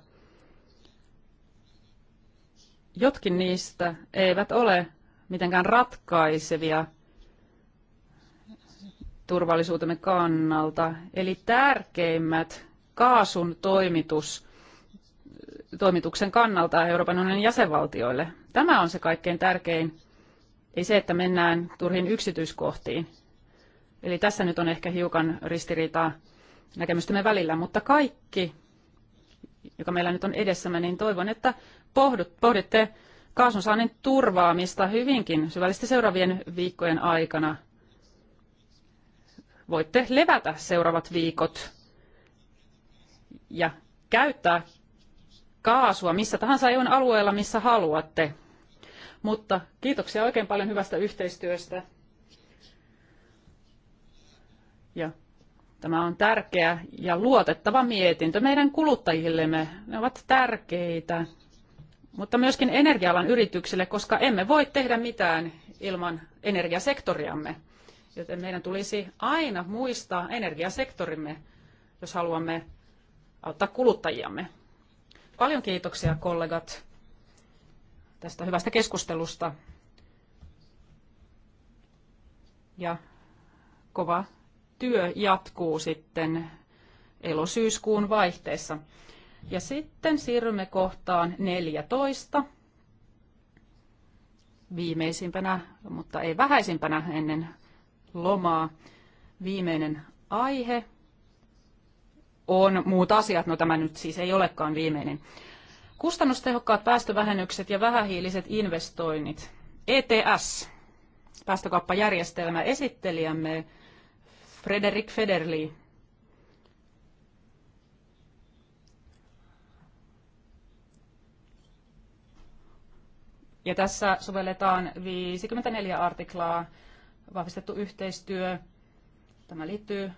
jotkin niistä eivät ole mitenkään ratkaisevia turvallisuutemme kannalta. Eli tärkeimmät kaasun toimitus, toimituksen kannalta Euroopan unionin jäsenvaltioille. Tämä on se kaikkein tärkein, ei se, että mennään turhin yksityiskohtiin. Eli tässä nyt on ehkä hiukan ristiriitaa näkemystämme välillä, mutta kaikki, joka meillä nyt on edessämme, niin toivon, että pohdut, pohditte saannin turvaamista hyvinkin syvällisesti seuraavien viikkojen aikana – voitte levätä seuraavat viikot ja käyttää kaasua missä tahansa EUn alueella, missä haluatte. Mutta kiitoksia oikein paljon hyvästä yhteistyöstä. Ja tämä on tärkeä ja luotettava mietintö meidän kuluttajillemme. Ne ovat tärkeitä, mutta myöskin energialan yrityksille, koska emme voi tehdä mitään ilman energiasektoriamme. Joten meidän tulisi aina muistaa energiasektorimme, jos haluamme auttaa kuluttajiamme. Paljon kiitoksia kollegat tästä hyvästä keskustelusta. Ja kova työ jatkuu sitten elosyyskuun vaihteessa. Ja sitten siirrymme kohtaan 14. Viimeisimpänä, mutta ei vähäisimpänä ennen lomaa. Viimeinen aihe on muut asiat, no tämä nyt siis ei olekaan viimeinen. Kustannustehokkaat päästövähennykset ja vähähiiliset investoinnit. ETS, päästökauppajärjestelmä, esittelijämme Frederik Federli. Ja tässä sovelletaan 54 artiklaa vahvistettu yhteistyö. Tämä liittyy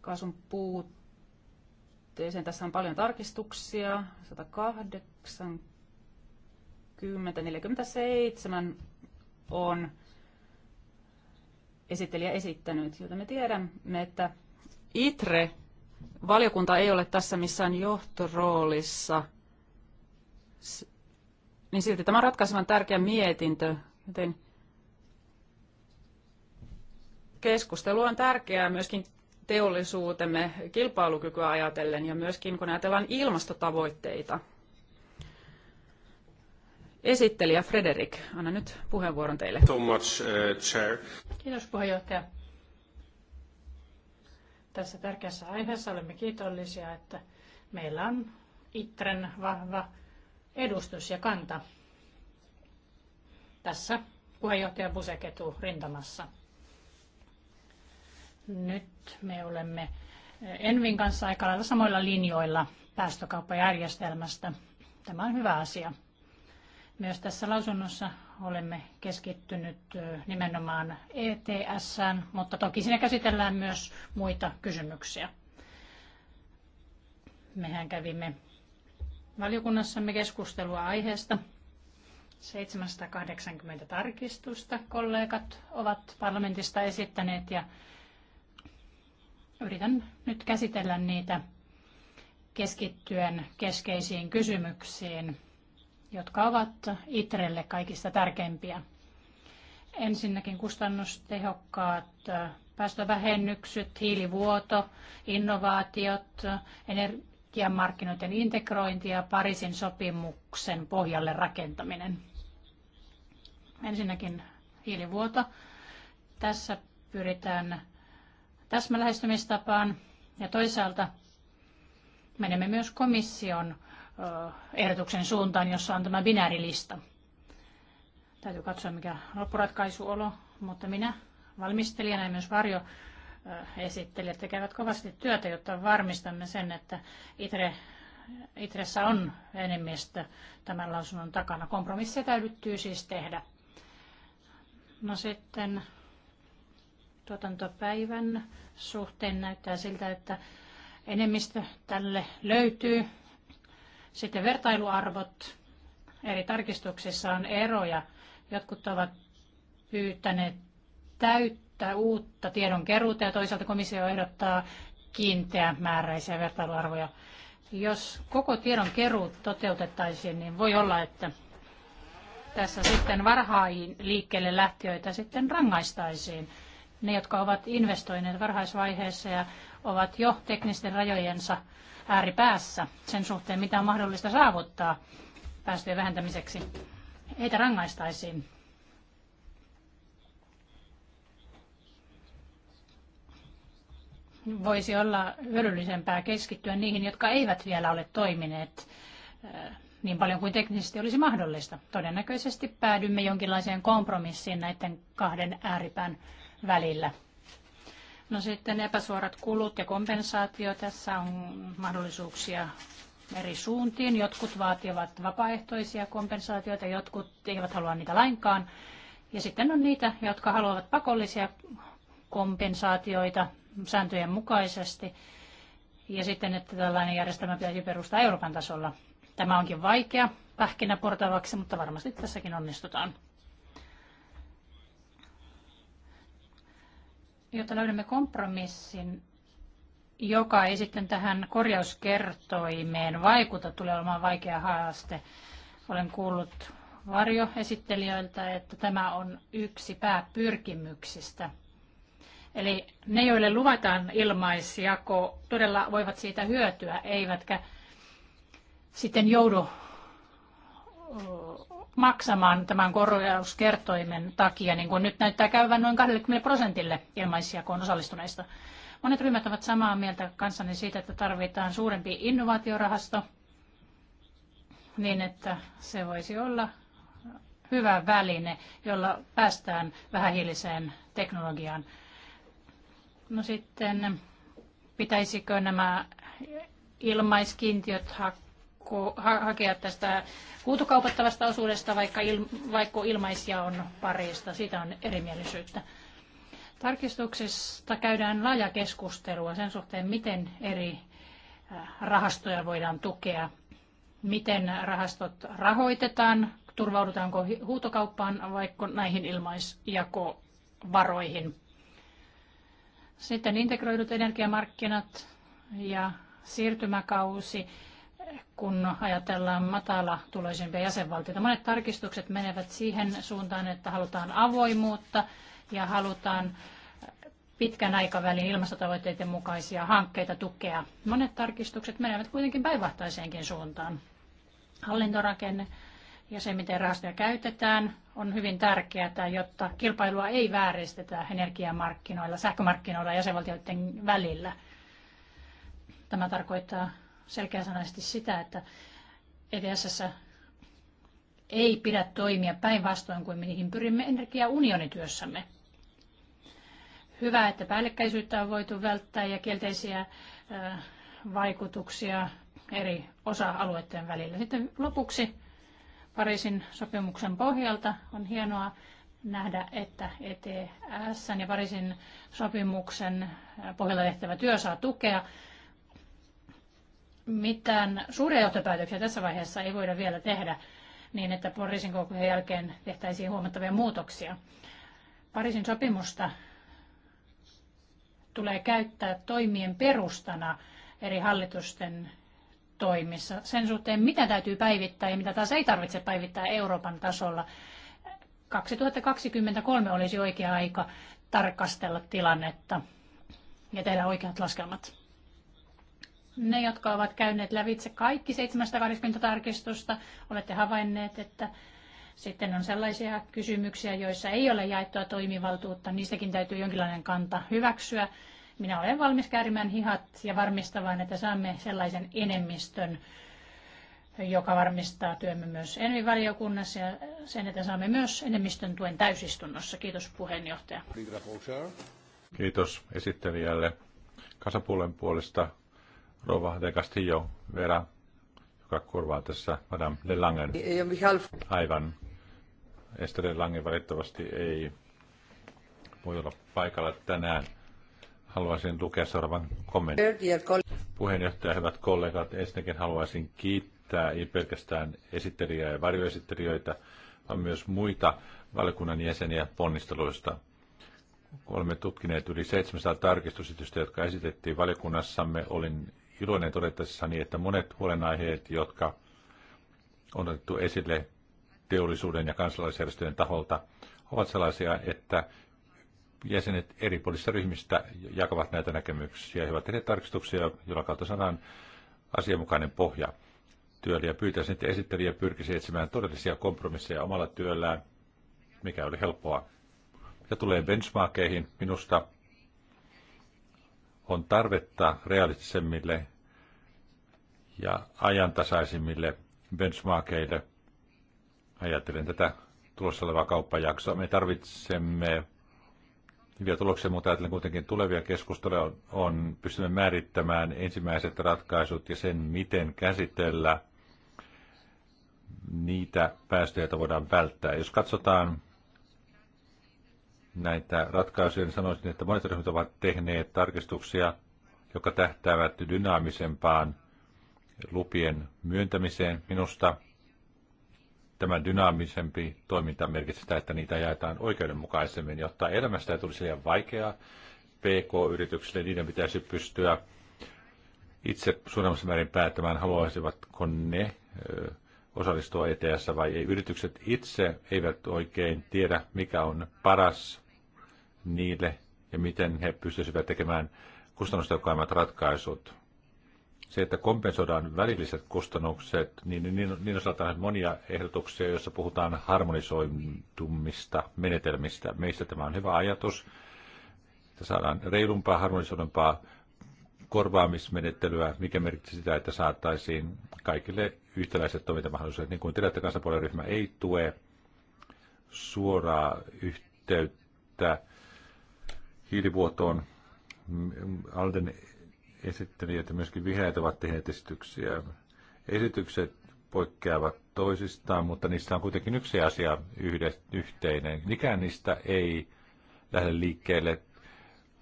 kaasun puutteeseen. Tässä on paljon tarkistuksia. 180, 47 on esittelijä esittänyt, joten me tiedämme, että ITRE valiokunta ei ole tässä missään johtoroolissa, niin silti tämä on ratkaisevan tärkeä mietintö, joten keskustelu on tärkeää myöskin teollisuutemme kilpailukykyä ajatellen ja myöskin kun ajatellaan ilmastotavoitteita. Esittelijä Frederik, anna nyt puheenvuoron teille. So much, uh, chair. Kiitos puheenjohtaja. Tässä tärkeässä aiheessa olemme kiitollisia, että meillä on Itren vahva edustus ja kanta tässä puheenjohtaja Buseketu rintamassa. Nyt me olemme eh, Envin kanssa aika lailla samoilla linjoilla päästökauppajärjestelmästä. Tämä on hyvä asia. Myös tässä lausunnossa olemme keskittynyt eh, nimenomaan ETS, mutta toki siinä käsitellään myös muita kysymyksiä. Mehän kävimme valiokunnassamme keskustelua aiheesta. 780 tarkistusta kollegat ovat parlamentista esittäneet ja Yritän nyt käsitellä niitä keskittyen keskeisiin kysymyksiin, jotka ovat ITRElle kaikista tärkeimpiä. Ensinnäkin kustannustehokkaat päästövähennykset, hiilivuoto, innovaatiot, energiamarkkinoiden integrointi ja Pariisin sopimuksen pohjalle rakentaminen. Ensinnäkin hiilivuoto. Tässä pyritään täsmälähestymistapaan ja toisaalta menemme myös komission ehdotuksen suuntaan, jossa on tämä binäärilista. Täytyy katsoa, mikä loppuratkaisuolo, mutta minä valmistelijana ja myös varjo esittelijät tekevät kovasti työtä, jotta varmistamme sen, että ITRE, ITREssä on enemmistö tämän lausunnon takana. Kompromisseja täytyy siis tehdä. No sitten tuotantopäivän suhteen näyttää siltä, että enemmistö tälle löytyy. Sitten vertailuarvot. Eri tarkistuksissa on eroja. Jotkut ovat pyytäneet täyttää uutta tiedonkeruuta ja toisaalta komissio ehdottaa määräisiä vertailuarvoja. Jos koko tiedon keruu toteutettaisiin, niin voi olla, että tässä sitten varhain liikkeelle lähtiöitä sitten rangaistaisiin ne, jotka ovat investoineet varhaisvaiheessa ja ovat jo teknisten rajojensa ääripäässä sen suhteen, mitä on mahdollista saavuttaa päästöjen vähentämiseksi, heitä rangaistaisiin. Voisi olla hyödyllisempää keskittyä niihin, jotka eivät vielä ole toimineet eh, niin paljon kuin teknisesti olisi mahdollista. Todennäköisesti päädymme jonkinlaiseen kompromissiin näiden kahden ääripään välillä. No sitten epäsuorat kulut ja kompensaatio. Tässä on mahdollisuuksia eri suuntiin. Jotkut vaativat vapaaehtoisia kompensaatioita, jotkut eivät halua niitä lainkaan. Ja sitten on niitä, jotka haluavat pakollisia kompensaatioita sääntöjen mukaisesti. Ja sitten, että tällainen järjestelmä pitäisi perustaa Euroopan tasolla. Tämä onkin vaikea pähkinä portavaksi, mutta varmasti tässäkin onnistutaan. jotta löydämme kompromissin, joka ei sitten tähän korjauskertoimeen vaikuta, tulee olemaan vaikea haaste. Olen kuullut varjoesittelijöiltä, että tämä on yksi pääpyrkimyksistä. Eli ne, joille luvataan ilmaisjako, todella voivat siitä hyötyä, eivätkä sitten joudu maksamaan tämän korjauskertoimen takia, niin kuin nyt näyttää käyvän noin 20 prosentille ilmaisjakoon osallistuneista. Monet ryhmät ovat samaa mieltä kanssani siitä, että tarvitaan suurempi innovaatiorahasto niin, että se voisi olla hyvä väline, jolla päästään vähähiiliseen teknologiaan. No sitten pitäisikö nämä ilmaiskiintiöt hakea tästä huutokaupattavasta osuudesta, vaikka, il, vaikka ilmaisia on pareista. Siitä on erimielisyyttä. Tarkistuksesta käydään laaja keskustelua sen suhteen, miten eri äh, rahastoja voidaan tukea, miten rahastot rahoitetaan, turvaudutaanko huutokauppaan vaikka näihin ilmaisjakovaroihin. Sitten integroidut energiamarkkinat ja siirtymäkausi kun ajatellaan matala tuloisempia jäsenvaltioita. Monet tarkistukset menevät siihen suuntaan, että halutaan avoimuutta ja halutaan pitkän aikavälin ilmastotavoitteiden mukaisia hankkeita tukea. Monet tarkistukset menevät kuitenkin päinvastaiseenkin suuntaan. Hallintorakenne ja se, miten rahastoja käytetään, on hyvin tärkeää, jotta kilpailua ei vääristetä energiamarkkinoilla, sähkömarkkinoilla ja jäsenvaltioiden välillä. Tämä tarkoittaa selkeäsanaisesti sitä, että EDSS ei pidä toimia päinvastoin kuin mihin pyrimme energiaunionityössämme. Hyvä, että päällekkäisyyttä on voitu välttää ja kielteisiä vaikutuksia eri osa-alueiden välillä. Sitten lopuksi Pariisin sopimuksen pohjalta on hienoa nähdä, että ETS ja Pariisin sopimuksen pohjalta tehtävä työ saa tukea mitään suuria johtopäätöksiä tässä vaiheessa ei voida vielä tehdä niin, että Pariisin kokouksen jälkeen tehtäisiin huomattavia muutoksia. Pariisin sopimusta tulee käyttää toimien perustana eri hallitusten toimissa sen suhteen, mitä täytyy päivittää ja mitä taas ei tarvitse päivittää Euroopan tasolla. 2023 olisi oikea aika tarkastella tilannetta ja tehdä oikeat laskelmat. Ne, jotka ovat käyneet lävitse kaikki 720 tarkistusta, olette havainneet, että sitten on sellaisia kysymyksiä, joissa ei ole jaettua toimivaltuutta. Niistäkin täytyy jonkinlainen kanta hyväksyä. Minä olen valmis käärimään hihat ja varmistamaan, että saamme sellaisen enemmistön, joka varmistaa työmme myös ENVI-valiokunnassa ja sen, että saamme myös enemmistön tuen täysistunnossa. Kiitos puheenjohtaja. Kiitos esittelijälle. Kasapuolen puolesta Rova de Castillo, Vera, joka kurvaa tässä Madame de Langen. Aivan. Esther de Langen valitettavasti ei voi olla paikalla tänään. Haluaisin lukea seuraavan kommentin. Puheenjohtaja, hyvät kollegat, ensinnäkin haluaisin kiittää ei pelkästään esittelijää ja varjoesittelijöitä, vaan myös muita valiokunnan jäseniä ponnisteluista. Olemme tutkineet yli 700 tarkistusitystä, jotka esitettiin valiokunnassamme. Olin iloinen niin, että monet huolenaiheet, jotka on otettu esille teollisuuden ja kansalaisjärjestöjen taholta, ovat sellaisia, että jäsenet eri poliittisista ryhmistä jakavat näitä näkemyksiä ja ovat tehneet tarkistuksia, joilla kautta saadaan asianmukainen pohja työlle. Ja pyytäisin, että esittelijä pyrkisi etsimään todellisia kompromisseja omalla työllään, mikä oli helppoa. Ja tulee benchmarkeihin, minusta on tarvetta realistisemmille ja ajantasaisimmille benchmarkeille. Ajattelen tätä tulossa olevaa kauppajaksoa. Me tarvitsemme hyviä tuloksia, mutta ajattelen kuitenkin tulevia keskusteluja on, on pystymme määrittämään ensimmäiset ratkaisut ja sen, miten käsitellä niitä päästöjä, joita voidaan välttää. Jos katsotaan näitä ratkaisuja, niin sanoisin, että monet ryhmät ovat tehneet tarkistuksia, jotka tähtäävät dynaamisempaan lupien myöntämiseen. Minusta tämä dynaamisempi toiminta merkitsee sitä, että niitä jaetaan oikeudenmukaisemmin, jotta elämästä ei tulisi liian vaikeaa. PK-yrityksille niiden pitäisi pystyä itse suuremmassa määrin päättämään, haluaisivatko ne osallistua ETS vai ei. Yritykset itse eivät oikein tiedä, mikä on paras niille ja miten he pystyisivät tekemään kustannustehokkaimmat ratkaisut se, että kompensoidaan välilliset kustannukset, niin, niin, niin, niin osaltaan monia ehdotuksia, joissa puhutaan harmonisoitumista menetelmistä. Meistä tämä on hyvä ajatus, että saadaan reilumpaa, harmonisoidumpaa korvaamismenettelyä, mikä merkitsee sitä, että saattaisiin kaikille yhtäläiset toimintamahdollisuudet. Niin kuin tiedätte, kansanpuolueryhmä ei tue suoraa yhteyttä hiilivuotoon. Alden esittäneet, että myöskin vihreät ovat tehneet esityksiä. Esitykset poikkeavat toisistaan, mutta niissä on kuitenkin yksi asia yhde, yhteinen. Mikään niistä ei lähde liikkeelle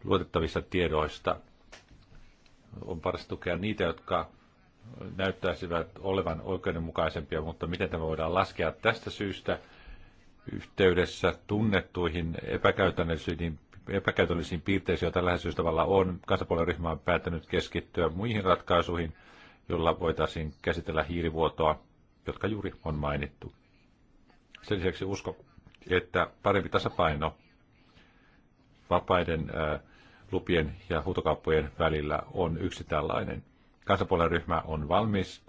luotettavista tiedoista. On paras tukea niitä, jotka näyttäisivät olevan oikeudenmukaisempia, mutta miten tämä voidaan laskea tästä syystä yhteydessä tunnettuihin epäkäytännöllisiin epäkäytöllisiin piirteisiin, joita läheisyystavalla on. Kansapuolen ryhmä on päättänyt keskittyä muihin ratkaisuihin, joilla voitaisiin käsitellä hiilivuotoa, jotka juuri on mainittu. Sen lisäksi usko, että parempi tasapaino vapaiden lupien ja huutokauppojen välillä on yksi tällainen. Kansapuolen ryhmä on valmis,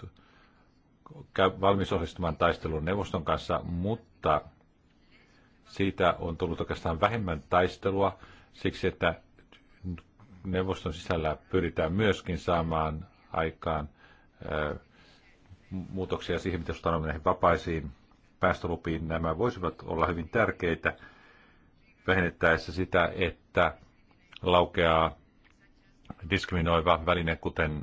valmis osallistumaan taistelun neuvoston kanssa, mutta siitä on tullut oikeastaan vähemmän taistelua siksi, että neuvoston sisällä pyritään myöskin saamaan aikaan muutoksia siihen, mitä suhtaudumme näihin vapaisiin päästölupiin. Nämä voisivat olla hyvin tärkeitä vähennettäessä sitä, että laukeaa diskriminoiva väline, kuten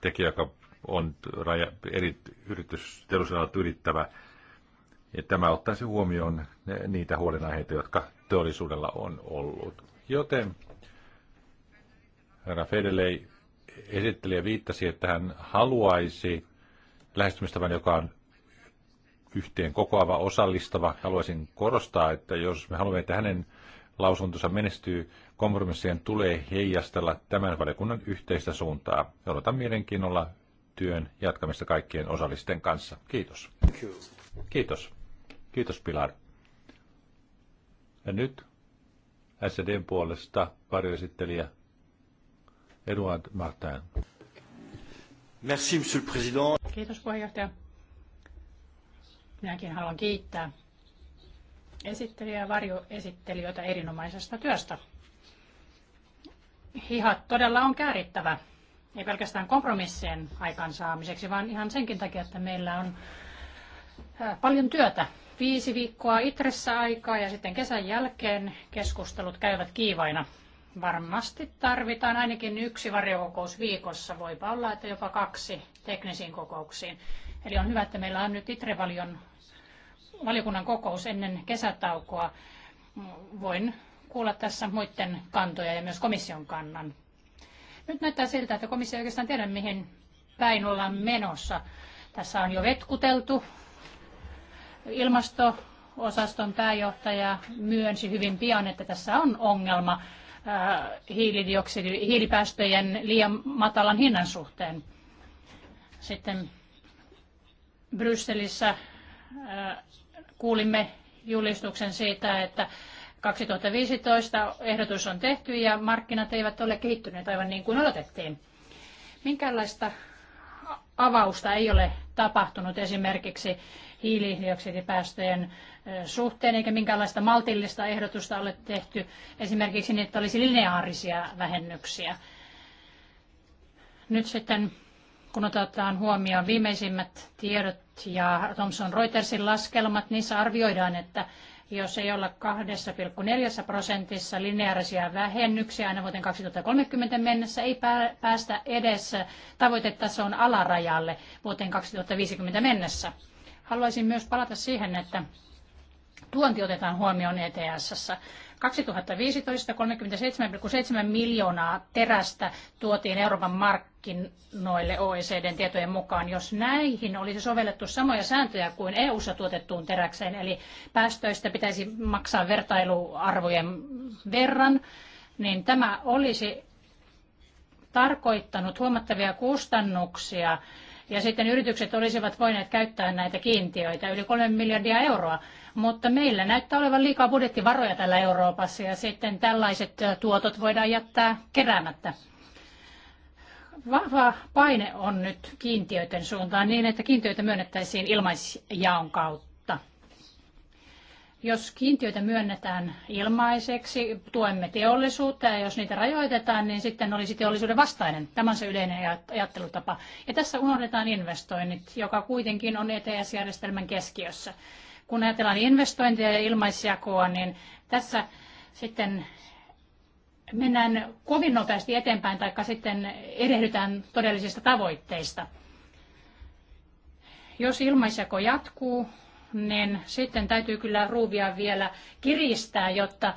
tekijä, joka on eri yritys, teollisuudenalat ylittävä tämä ottaisi huomioon niitä huolenaiheita, jotka teollisuudella on ollut. Joten herra Fedelei ja viittasi, että hän haluaisi lähestymistavan, joka on yhteen kokoava, osallistava. Haluaisin korostaa, että jos me haluamme, että hänen lausuntonsa menestyy, kompromissien tulee heijastella tämän valiokunnan yhteistä suuntaa. Odotan mielenkiinnolla työn jatkamista kaikkien osallisten kanssa. Kiitos. Kiitos. Kiitos Pilar. Ja nyt SDn puolesta varjoesittelijä Eduard Martin. Merci, monsieur le président. Kiitos puheenjohtaja. Minäkin haluan kiittää esittelijä ja varjoesittelijöitä erinomaisesta työstä. Hihat todella on käärittävä, ei pelkästään kompromissien aikaansaamiseksi, vaan ihan senkin takia, että meillä on paljon työtä viisi viikkoa Itressä aikaa ja sitten kesän jälkeen keskustelut käyvät kiivaina. Varmasti tarvitaan ainakin yksi varjokokous viikossa, voipa olla, että jopa kaksi teknisiin kokouksiin. Eli on hyvä, että meillä on nyt Itrevalion valiokunnan kokous ennen kesätaukoa. Voin kuulla tässä muiden kantoja ja myös komission kannan. Nyt näyttää siltä, että komissio ei oikeastaan tiedä, mihin päin ollaan menossa. Tässä on jo vetkuteltu Ilmasto-osaston pääjohtaja myönsi hyvin pian, että tässä on ongelma äh, hiilipäästöjen liian matalan hinnan suhteen. Sitten Brysselissä äh, kuulimme julistuksen siitä, että 2015 ehdotus on tehty ja markkinat eivät ole kehittyneet aivan niin kuin odotettiin. Minkälaista avausta ei ole tapahtunut esimerkiksi hiilidioksidipäästöjen suhteen, eikä minkäänlaista maltillista ehdotusta ole tehty esimerkiksi niin, että olisi lineaarisia vähennyksiä. Nyt sitten kun otetaan huomioon viimeisimmät tiedot ja Thomson Reutersin laskelmat, niissä arvioidaan, että jos ei olla 2,4 prosentissa lineaarisia vähennyksiä aina vuoteen 2030 mennessä, ei päästä edes tavoitetasoon alarajalle vuoteen 2050 mennessä. Haluaisin myös palata siihen, että tuonti otetaan huomioon ets 2015 37,7 miljoonaa terästä tuotiin Euroopan markkinoille OECDn tietojen mukaan. Jos näihin olisi sovellettu samoja sääntöjä kuin EU-ssa tuotettuun teräkseen, eli päästöistä pitäisi maksaa vertailuarvojen verran, niin tämä olisi tarkoittanut huomattavia kustannuksia ja sitten yritykset olisivat voineet käyttää näitä kiintiöitä yli 3 miljardia euroa. Mutta meillä näyttää olevan liikaa budjettivaroja täällä Euroopassa ja sitten tällaiset tuotot voidaan jättää keräämättä. Vahva paine on nyt kiintiöiden suuntaan niin, että kiintiöitä myönnettäisiin ilmaisjaon kautta jos kiintiöitä myönnetään ilmaiseksi, tuemme teollisuutta ja jos niitä rajoitetaan, niin sitten olisi teollisuuden vastainen. Tämä on se yleinen ajattelutapa. Ja tässä unohdetaan investoinnit, joka kuitenkin on ETS-järjestelmän keskiössä. Kun ajatellaan investointeja ja ilmaisjakoa, niin tässä sitten mennään kovin nopeasti eteenpäin tai sitten erehdytään todellisista tavoitteista. Jos ilmaisjako jatkuu, niin sitten täytyy kyllä ruuvia vielä kiristää, jotta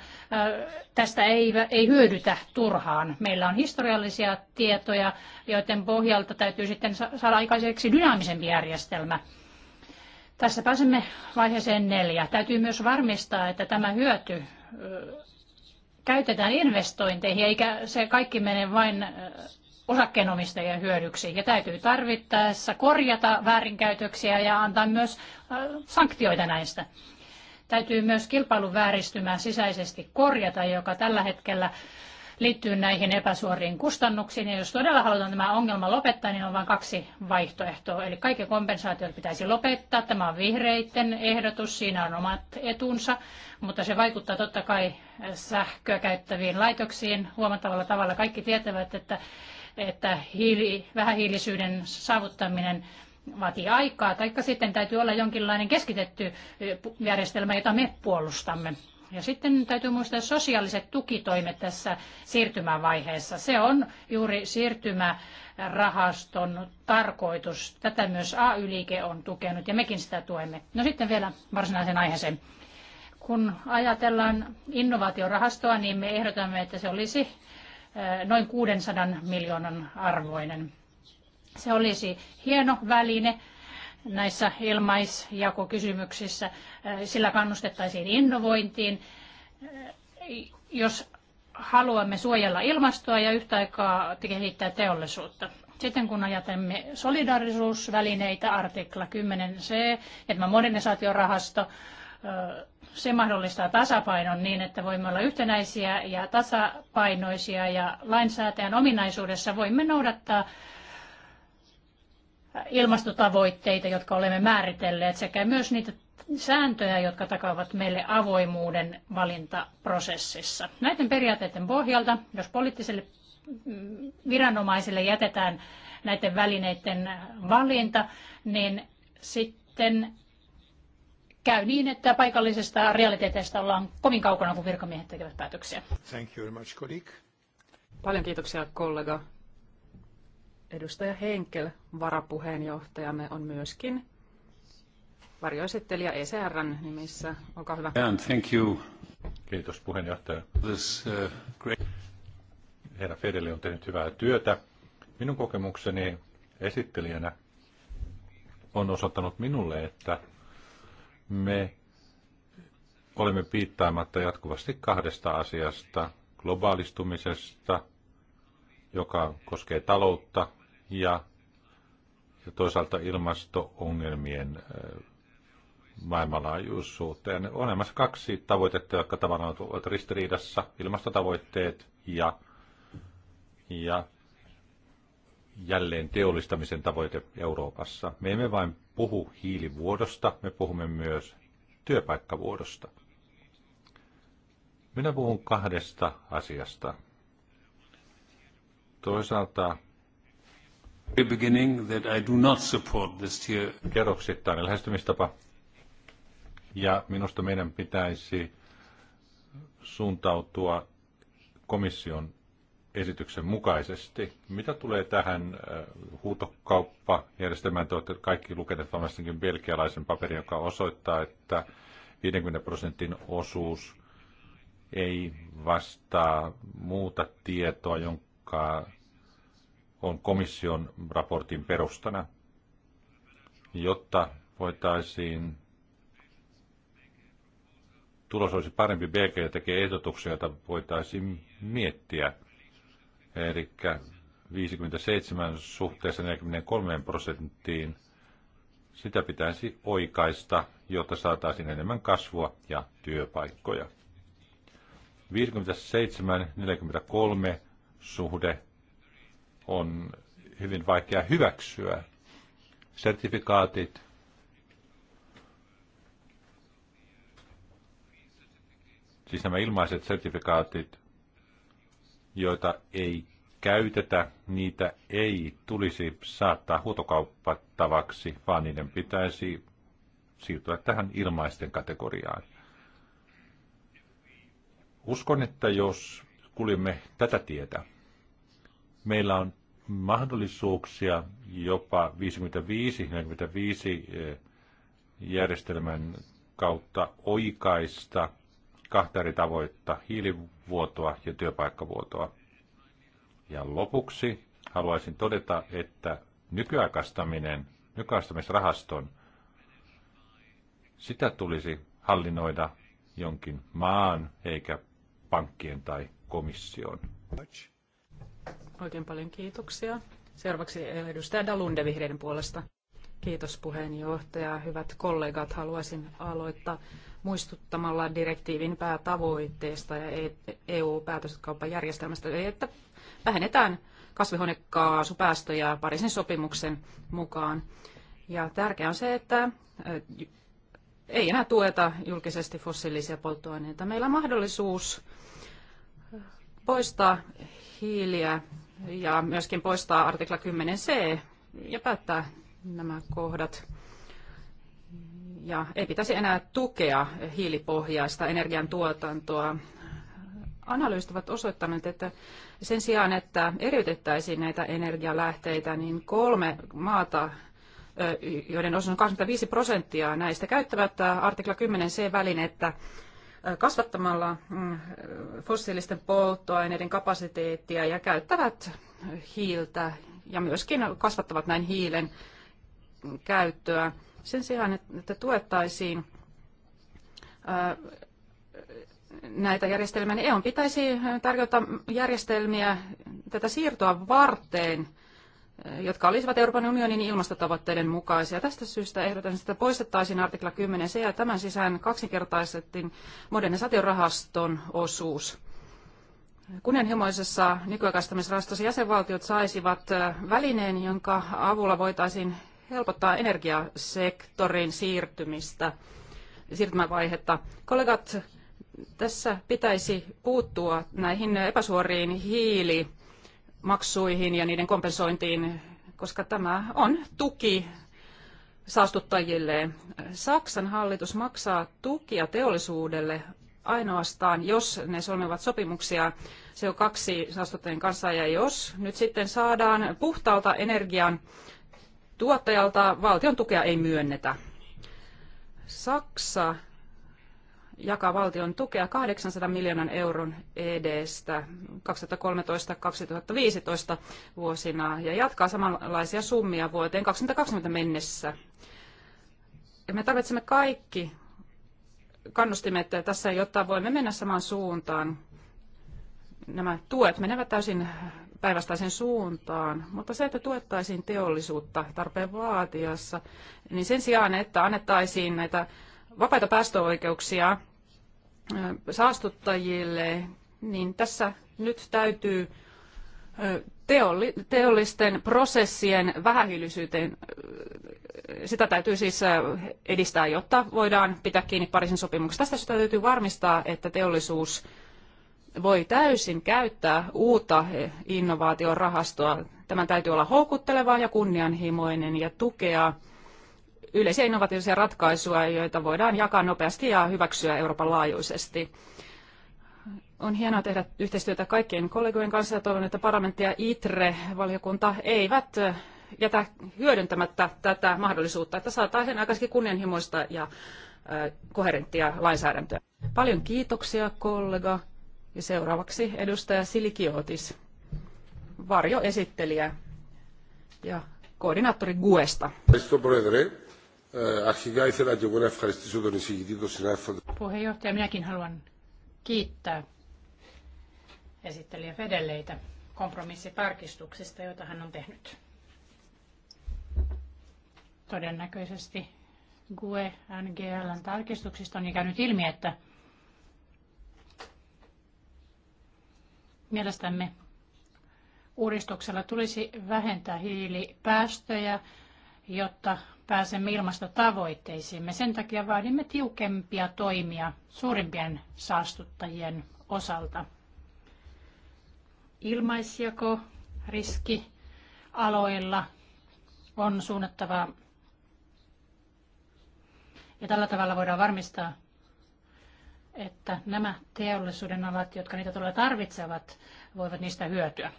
tästä ei, ei hyödytä turhaan. Meillä on historiallisia tietoja, joiden pohjalta täytyy sitten saada aikaiseksi dynaamisempi järjestelmä. Tässä pääsemme vaiheeseen neljä. Täytyy myös varmistaa, että tämä hyöty käytetään investointeihin, eikä se kaikki mene vain osakkeenomistajien hyödyksi. Ja täytyy tarvittaessa korjata väärinkäytöksiä ja antaa myös äh, sanktioita näistä. Täytyy myös kilpailun vääristymää sisäisesti korjata, joka tällä hetkellä liittyy näihin epäsuoriin kustannuksiin. Ja jos todella halutaan tämä ongelma lopettaa, niin on vain kaksi vaihtoehtoa. Eli kaikki kompensaatiot pitäisi lopettaa. Tämä on vihreiden ehdotus, siinä on omat etunsa, mutta se vaikuttaa totta kai sähköä käyttäviin laitoksiin huomattavalla tavalla. Kaikki tietävät, että että hiili, vähähiilisyyden saavuttaminen vaatii aikaa, tai sitten täytyy olla jonkinlainen keskitetty eh, järjestelmä, jota me puolustamme. Ja sitten täytyy muistaa sosiaaliset tukitoimet tässä siirtymävaiheessa. Se on juuri siirtymärahaston tarkoitus. Tätä myös AY-liike on tukenut ja mekin sitä tuemme. No sitten vielä varsinaisen aiheeseen. Kun ajatellaan innovaatiorahastoa, niin me ehdotamme, että se olisi Eh, noin 600 miljoonan arvoinen. Se olisi hieno väline näissä ilmaisjakokysymyksissä. Eh, sillä kannustettaisiin innovointiin. Eh, jos haluamme suojella ilmastoa ja yhtä aikaa kehittää teollisuutta. Sitten kun ajatemme solidarisuusvälineitä, artikla 10c ja modernisaatiorahasto, se mahdollistaa tasapainon niin, että voimme olla yhtenäisiä ja tasapainoisia ja lainsäätäjän ominaisuudessa voimme noudattaa ilmastotavoitteita, jotka olemme määritelleet, sekä myös niitä sääntöjä, jotka takaavat meille avoimuuden valintaprosessissa. Näiden periaatteiden pohjalta, jos poliittiselle mm, viranomaisille jätetään näiden välineiden valinta, niin sitten käy niin, että paikallisesta realiteeteista ollaan kovin kaukana, kun virkamiehet tekevät päätöksiä. Thank you very much, colleague. Paljon kiitoksia, kollega. Edustaja Henkel, varapuheenjohtajamme, on myöskin varjoesittelijä ECRn nimissä. Olkaa hyvä. And thank you. Kiitos puheenjohtaja. This, uh, great. Herra Fedeli on tehnyt hyvää työtä. Minun kokemukseni esittelijänä on osoittanut minulle, että me olemme piittaamatta jatkuvasti kahdesta asiasta, globaalistumisesta, joka koskee taloutta, ja, ja toisaalta ilmasto-ongelmien maailmanlaajuisuuteen. On olemassa kaksi tavoitetta, jotka tavallaan ovat ristiriidassa, ilmastotavoitteet ja, ja jälleen teollistamisen tavoite Euroopassa. Me emme vain puhu hiilivuodosta, me puhumme myös työpaikkavuodosta. Minä puhun kahdesta asiasta. Toisaalta beginning that I do not support this tier. kerroksittainen lähestymistapa. Ja minusta meidän pitäisi suuntautua komission esityksen mukaisesti. Mitä tulee tähän äh, huutokauppajärjestelmään, te olette kaikki lukeneet varmastikin belgialaisen paperin, joka osoittaa, että 50 prosentin osuus ei vastaa muuta tietoa, jonka on komission raportin perustana, jotta voitaisiin tulos olisi parempi, BG tekee ehdotuksia, joita voitaisiin miettiä – eli 57 suhteessa 43 prosenttiin. Sitä pitäisi oikaista, jotta saataisiin enemmän kasvua ja työpaikkoja. 57-43 suhde on hyvin vaikea hyväksyä. Sertifikaatit siis nämä ilmaiset sertifikaatit joita ei käytetä, niitä ei tulisi saattaa huutokauppattavaksi, vaan niiden pitäisi siirtyä tähän ilmaisten kategoriaan. Uskon, että jos kuljemme tätä tietä, meillä on mahdollisuuksia jopa 55-45 eh, järjestelmän kautta oikaista kahta eri tavoitta, hiilivuotoa vuotoa ja työpaikkavuotoa. Ja lopuksi haluaisin todeta, että nykyaikaistaminen, nykyaikaistamisrahaston, sitä tulisi hallinnoida jonkin maan eikä pankkien tai komission. Oikein paljon kiitoksia. Seuraavaksi edustaja Dalunde vihreiden puolesta. Kiitos puheenjohtaja. Hyvät kollegat, haluaisin aloittaa muistuttamalla direktiivin päätavoitteesta ja EU-päätöskauppajärjestelmästä, e järjestelmästä, että vähennetään kasvihuonekaasupäästöjä Pariisin sopimuksen mukaan. Ja tärkeää on se, että ei enää tueta julkisesti fossiilisia polttoaineita. Meillä on mahdollisuus poistaa hiiliä ja myöskin poistaa artikla 10c ja päättää nämä kohdat ja ei pitäisi enää tukea hiilipohjaista energiantuotantoa. Analyysit ovat osoittaneet, että sen sijaan, että eriytettäisiin näitä energialähteitä, niin kolme maata, joiden osuus on 25 prosenttia näistä, käyttävät artikla 10c-välinettä kasvattamalla mm, fossiilisten polttoaineiden kapasiteettia ja käyttävät hiiltä ja myöskin kasvattavat näin hiilen käyttöä. Sen sijaan, että tuettaisiin näitä järjestelmiä, niin EUn pitäisi tarjota järjestelmiä tätä siirtoa varten, jotka olisivat Euroopan unionin ilmastotavoitteiden mukaisia. Tästä syystä ehdotan, että poistettaisiin artikla 10 ja tämän sisään kaksinkertaistettiin modernisaatiorahaston osuus. Kunnianhimoisessa nykyaikaistamisrahastossa jäsenvaltiot saisivat välineen, jonka avulla voitaisiin helpottaa energiasektorin siirtymistä, siirtymävaihetta. Kollegat, tässä pitäisi puuttua näihin epäsuoriin hiilimaksuihin ja niiden kompensointiin, koska tämä on tuki saastuttajille. Saksan hallitus maksaa tukia teollisuudelle ainoastaan, jos ne solmivat sopimuksia CO2-saastuttajien kanssa ja jos nyt sitten saadaan puhtaalta energian tuottajalta valtion tukea ei myönnetä. Saksa jakaa valtion tukea 800 miljoonan euron edestä 2013-2015 vuosina ja jatkaa samanlaisia summia vuoteen 2020 mennessä. Ja me tarvitsemme kaikki kannustimet tässä, jotta voimme mennä samaan suuntaan. Nämä tuet menevät täysin päinvastaisen suuntaan, mutta se, että tuettaisiin teollisuutta tarpeen vaatiassa, niin sen sijaan, että annettaisiin näitä vapaita päästöoikeuksia saastuttajille, niin tässä nyt täytyy teollisten prosessien vähähiilisyyteen, sitä täytyy siis edistää, jotta voidaan pitää kiinni Pariisin sopimuksesta. Tästä täytyy varmistaa, että teollisuus voi täysin käyttää uutta innovaatiorahastoa. Tämän täytyy olla houkuttelevaa ja kunnianhimoinen ja tukea yleisiä innovatiivisia ratkaisuja, joita voidaan jakaa nopeasti ja hyväksyä Euroopan laajuisesti. On hienoa tehdä yhteistyötä kaikkien kollegojen kanssa ja toivon, että parlamentti ja ITRE-valiokunta eivät jätä hyödyntämättä tätä mahdollisuutta, että saataisiin aikaisemmin kunnianhimoista ja koherenttia lainsäädäntöä. Paljon kiitoksia kollega. Ja seuraavaksi edustaja Silikiotis, varjoesittelijä ja koordinaattori GUEsta. Puheenjohtaja, minäkin haluan kiittää esittelijä Fedeleitä kompromissitarkistuksista, joita hän on tehnyt. Todennäköisesti GUE NGLn tarkistuksista on jo käynyt ilmi, että Mielestämme uudistuksella tulisi vähentää hiilipäästöjä, jotta pääsemme ilmastotavoitteisiimme. Sen takia vaadimme tiukempia toimia suurimpien saastuttajien osalta. Ilmaisjako riski aloilla on suunnattava ja tällä tavalla voidaan varmistaa että nämä teollisuuden alat, jotka niitä todella tarvitsevat, voivat niistä hyötyä.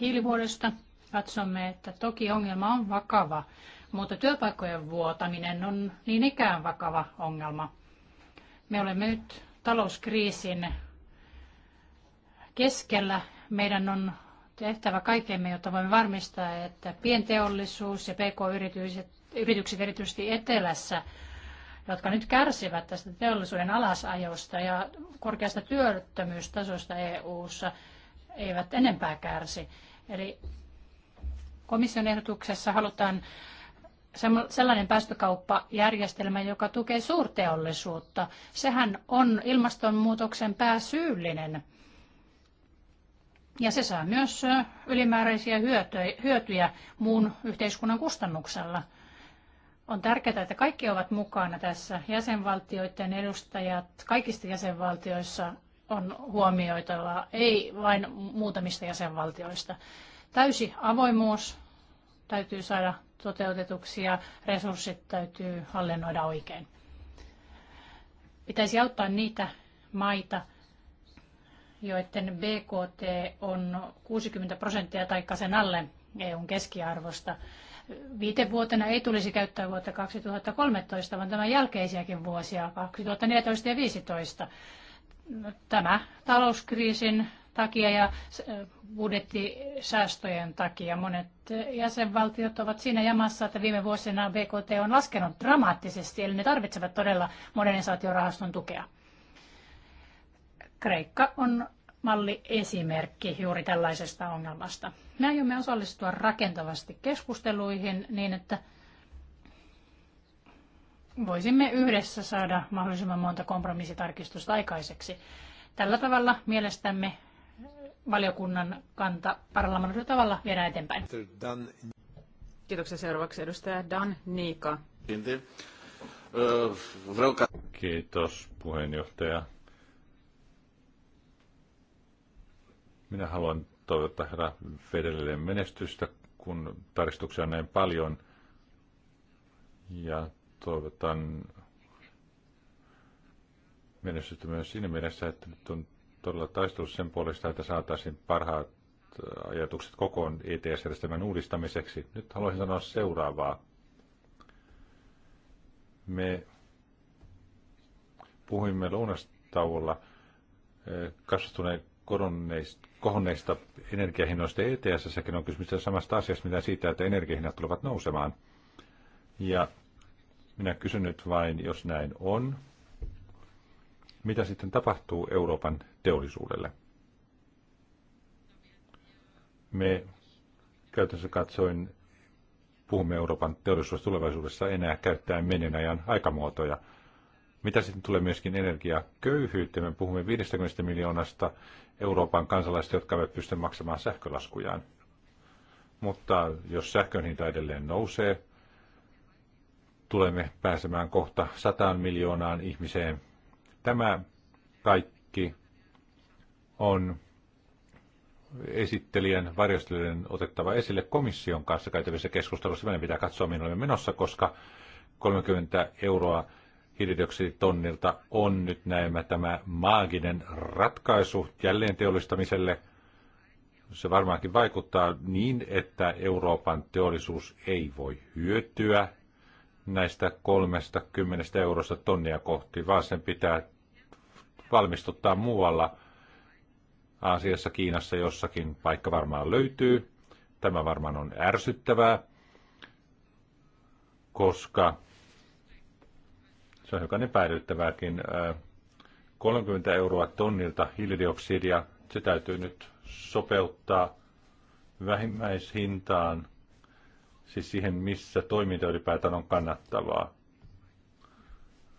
Hiilivuodosta katsomme, että toki ongelma on vakava, mutta työpaikkojen vuotaminen on niin ikään vakava ongelma. Me olemme nyt talouskriisin keskellä. Meidän on tehtävä kaikemme, jotta voimme varmistaa, että pienteollisuus ja pk-yritykset erityisesti etelässä jotka nyt kärsivät tästä teollisuuden alasajosta ja korkeasta työttömyystasosta EU-ssa, eivät enempää kärsi. Eli komission ehdotuksessa halutaan sellainen päästökauppajärjestelmä, joka tukee suurteollisuutta. Sehän on ilmastonmuutoksen pääsyyllinen. Ja se saa myös ylimääräisiä hyötyjä muun yhteiskunnan kustannuksella. On tärkeää, että kaikki ovat mukana tässä. Jäsenvaltioiden edustajat kaikista jäsenvaltioissa on huomioitava, ei vain muutamista jäsenvaltioista. Täysi avoimuus täytyy saada toteutetuksi ja resurssit täytyy hallinnoida oikein. Pitäisi auttaa niitä maita, joiden BKT on 60 prosenttia tai sen alle EUn keskiarvosta viitevuotena ei tulisi käyttää vuotta 2013, vaan tämän jälkeisiäkin vuosia 2014 ja 2015. Tämä talouskriisin takia ja budjettisäästöjen takia monet jäsenvaltiot ovat siinä jamassa, että viime vuosina BKT on laskenut dramaattisesti, eli ne tarvitsevat todella modernisaatiorahaston tukea. Kreikka on malliesimerkki juuri tällaisesta ongelmasta. Me aiomme osallistua rakentavasti keskusteluihin niin, että voisimme yhdessä saada mahdollisimman monta kompromissitarkistusta aikaiseksi. Tällä tavalla mielestämme valiokunnan kanta parlamentaarisella tavalla viedään eteenpäin. Kiitoksia seuraavaksi edustaja Dan Niika. Kiitos puheenjohtaja. Minä haluan toivottaa herra Federelle menestystä, kun tarkistuksia on näin paljon. Ja toivotan menestystä myös siinä mielessä, että nyt on todella taistelu sen puolesta, että saataisiin parhaat ajatukset kokoon ETS-järjestelmän uudistamiseksi. Nyt haluaisin sanoa seuraavaa. Me puhuimme lounastauolla eh, kasvatuneen kohonneista energiahinnoista ETS-säkin on kysymys samasta asiasta, mitä siitä, että energiahinnat tulevat nousemaan. Ja minä kysyn nyt vain, jos näin on, mitä sitten tapahtuu Euroopan teollisuudelle? Me käytännössä katsoin puhumme Euroopan teollisuudessa tulevaisuudessa enää käyttäen menen ajan aikamuotoja – mitä sitten tulee myöskin energiaköyhyyttä? me puhumme 50 miljoonasta Euroopan kansalaisista, jotka eivät pysty maksamaan sähkölaskujaan. Mutta jos sähkön hinta edelleen nousee, tulemme pääsemään kohta 100 miljoonaan ihmiseen. Tämä kaikki on esittelijän varjostelijan otettava esille komission kanssa käytävissä keskustelussa. Meidän pitää katsoa, minne olemme menossa, koska 30 euroa hiilidioksiditonnilta on nyt näemme tämä maaginen ratkaisu jälleen teollistamiselle. Se varmaankin vaikuttaa niin, että Euroopan teollisuus ei voi hyötyä näistä 30 eurosta tonnia kohti, vaan sen pitää valmistuttaa muualla Aasiassa, Kiinassa jossakin paikka varmaan löytyy. Tämä varmaan on ärsyttävää, koska se on hiukan epäilyttävääkin. 30 euroa tonnilta hiilidioksidia, se täytyy nyt sopeuttaa vähimmäishintaan, siis siihen, missä toiminta ylipäätään on kannattavaa.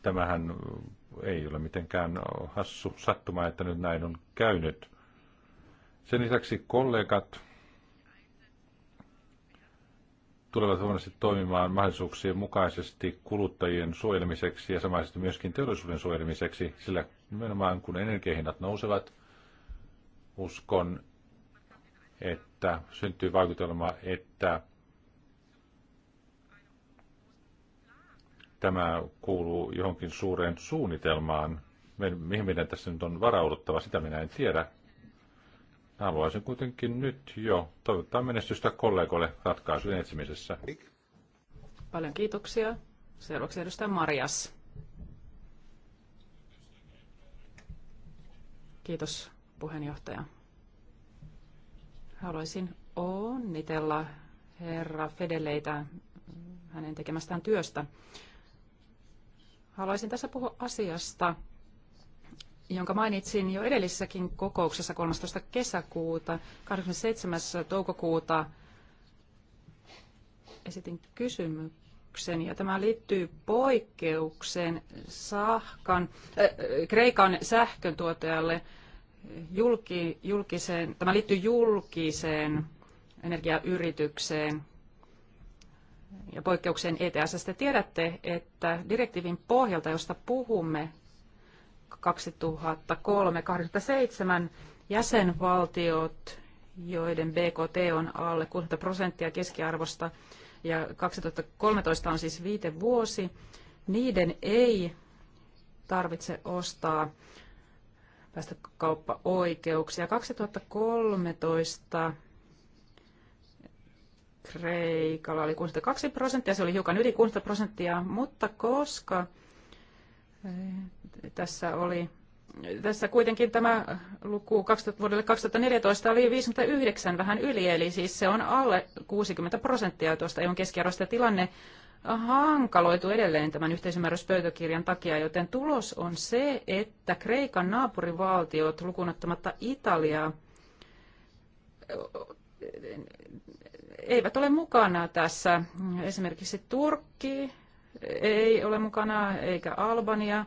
Tämähän ei ole mitenkään hassu sattuma, että nyt näin on käynyt. Sen lisäksi kollegat tulevat varmasti toimimaan mahdollisuuksien mukaisesti kuluttajien suojelmiseksi ja samaisesti myöskin teollisuuden suojelmiseksi, sillä nimenomaan kun energiahinnat nousevat, uskon, että syntyy vaikutelma, että tämä kuuluu johonkin suureen suunnitelmaan, mihin meidän tässä nyt on varauduttava, sitä minä en tiedä, Haluaisin kuitenkin nyt jo toivottaa menestystä kollegoille ratkaisujen etsimisessä. Paljon kiitoksia. Seuraavaksi edustaja Marias. Kiitos puheenjohtaja. Haluaisin onnitella herra Fedeleitä hänen tekemästään työstä. Haluaisin tässä puhua asiasta, jonka mainitsin jo edellisessäkin kokouksessa 13. kesäkuuta, 27. toukokuuta esitin kysymyksen, ja tämä liittyy poikkeukseen sahkan, äh, Kreikan sähköntuottajalle julki, julkiseen, tämä liittyy julkiseen energiayritykseen ja poikkeukseen ETS. Te tiedätte, että direktiivin pohjalta, josta puhumme, 2003 87 jäsenvaltiot, joiden BKT on alle 60 prosenttia keskiarvosta, ja 2013 on siis viite vuosi, niiden ei tarvitse ostaa päästökauppaoikeuksia. 2013 Kreikalla oli 62 prosenttia, se oli hiukan yli 60 prosenttia, mutta koska tässä oli tässä kuitenkin tämä luku 20, vuodelle 2014 oli 59 vähän yli, eli siis se on alle 60 prosenttia tuosta EUn keskiarvosta. Tilanne hankaloitu edelleen tämän yhteisymmärryspöytäkirjan takia, joten tulos on se, että Kreikan naapurivaltiot, lukunottamatta Italiaa, eivät ole mukana tässä. Esimerkiksi Turkki ei ole mukana, eikä Albania,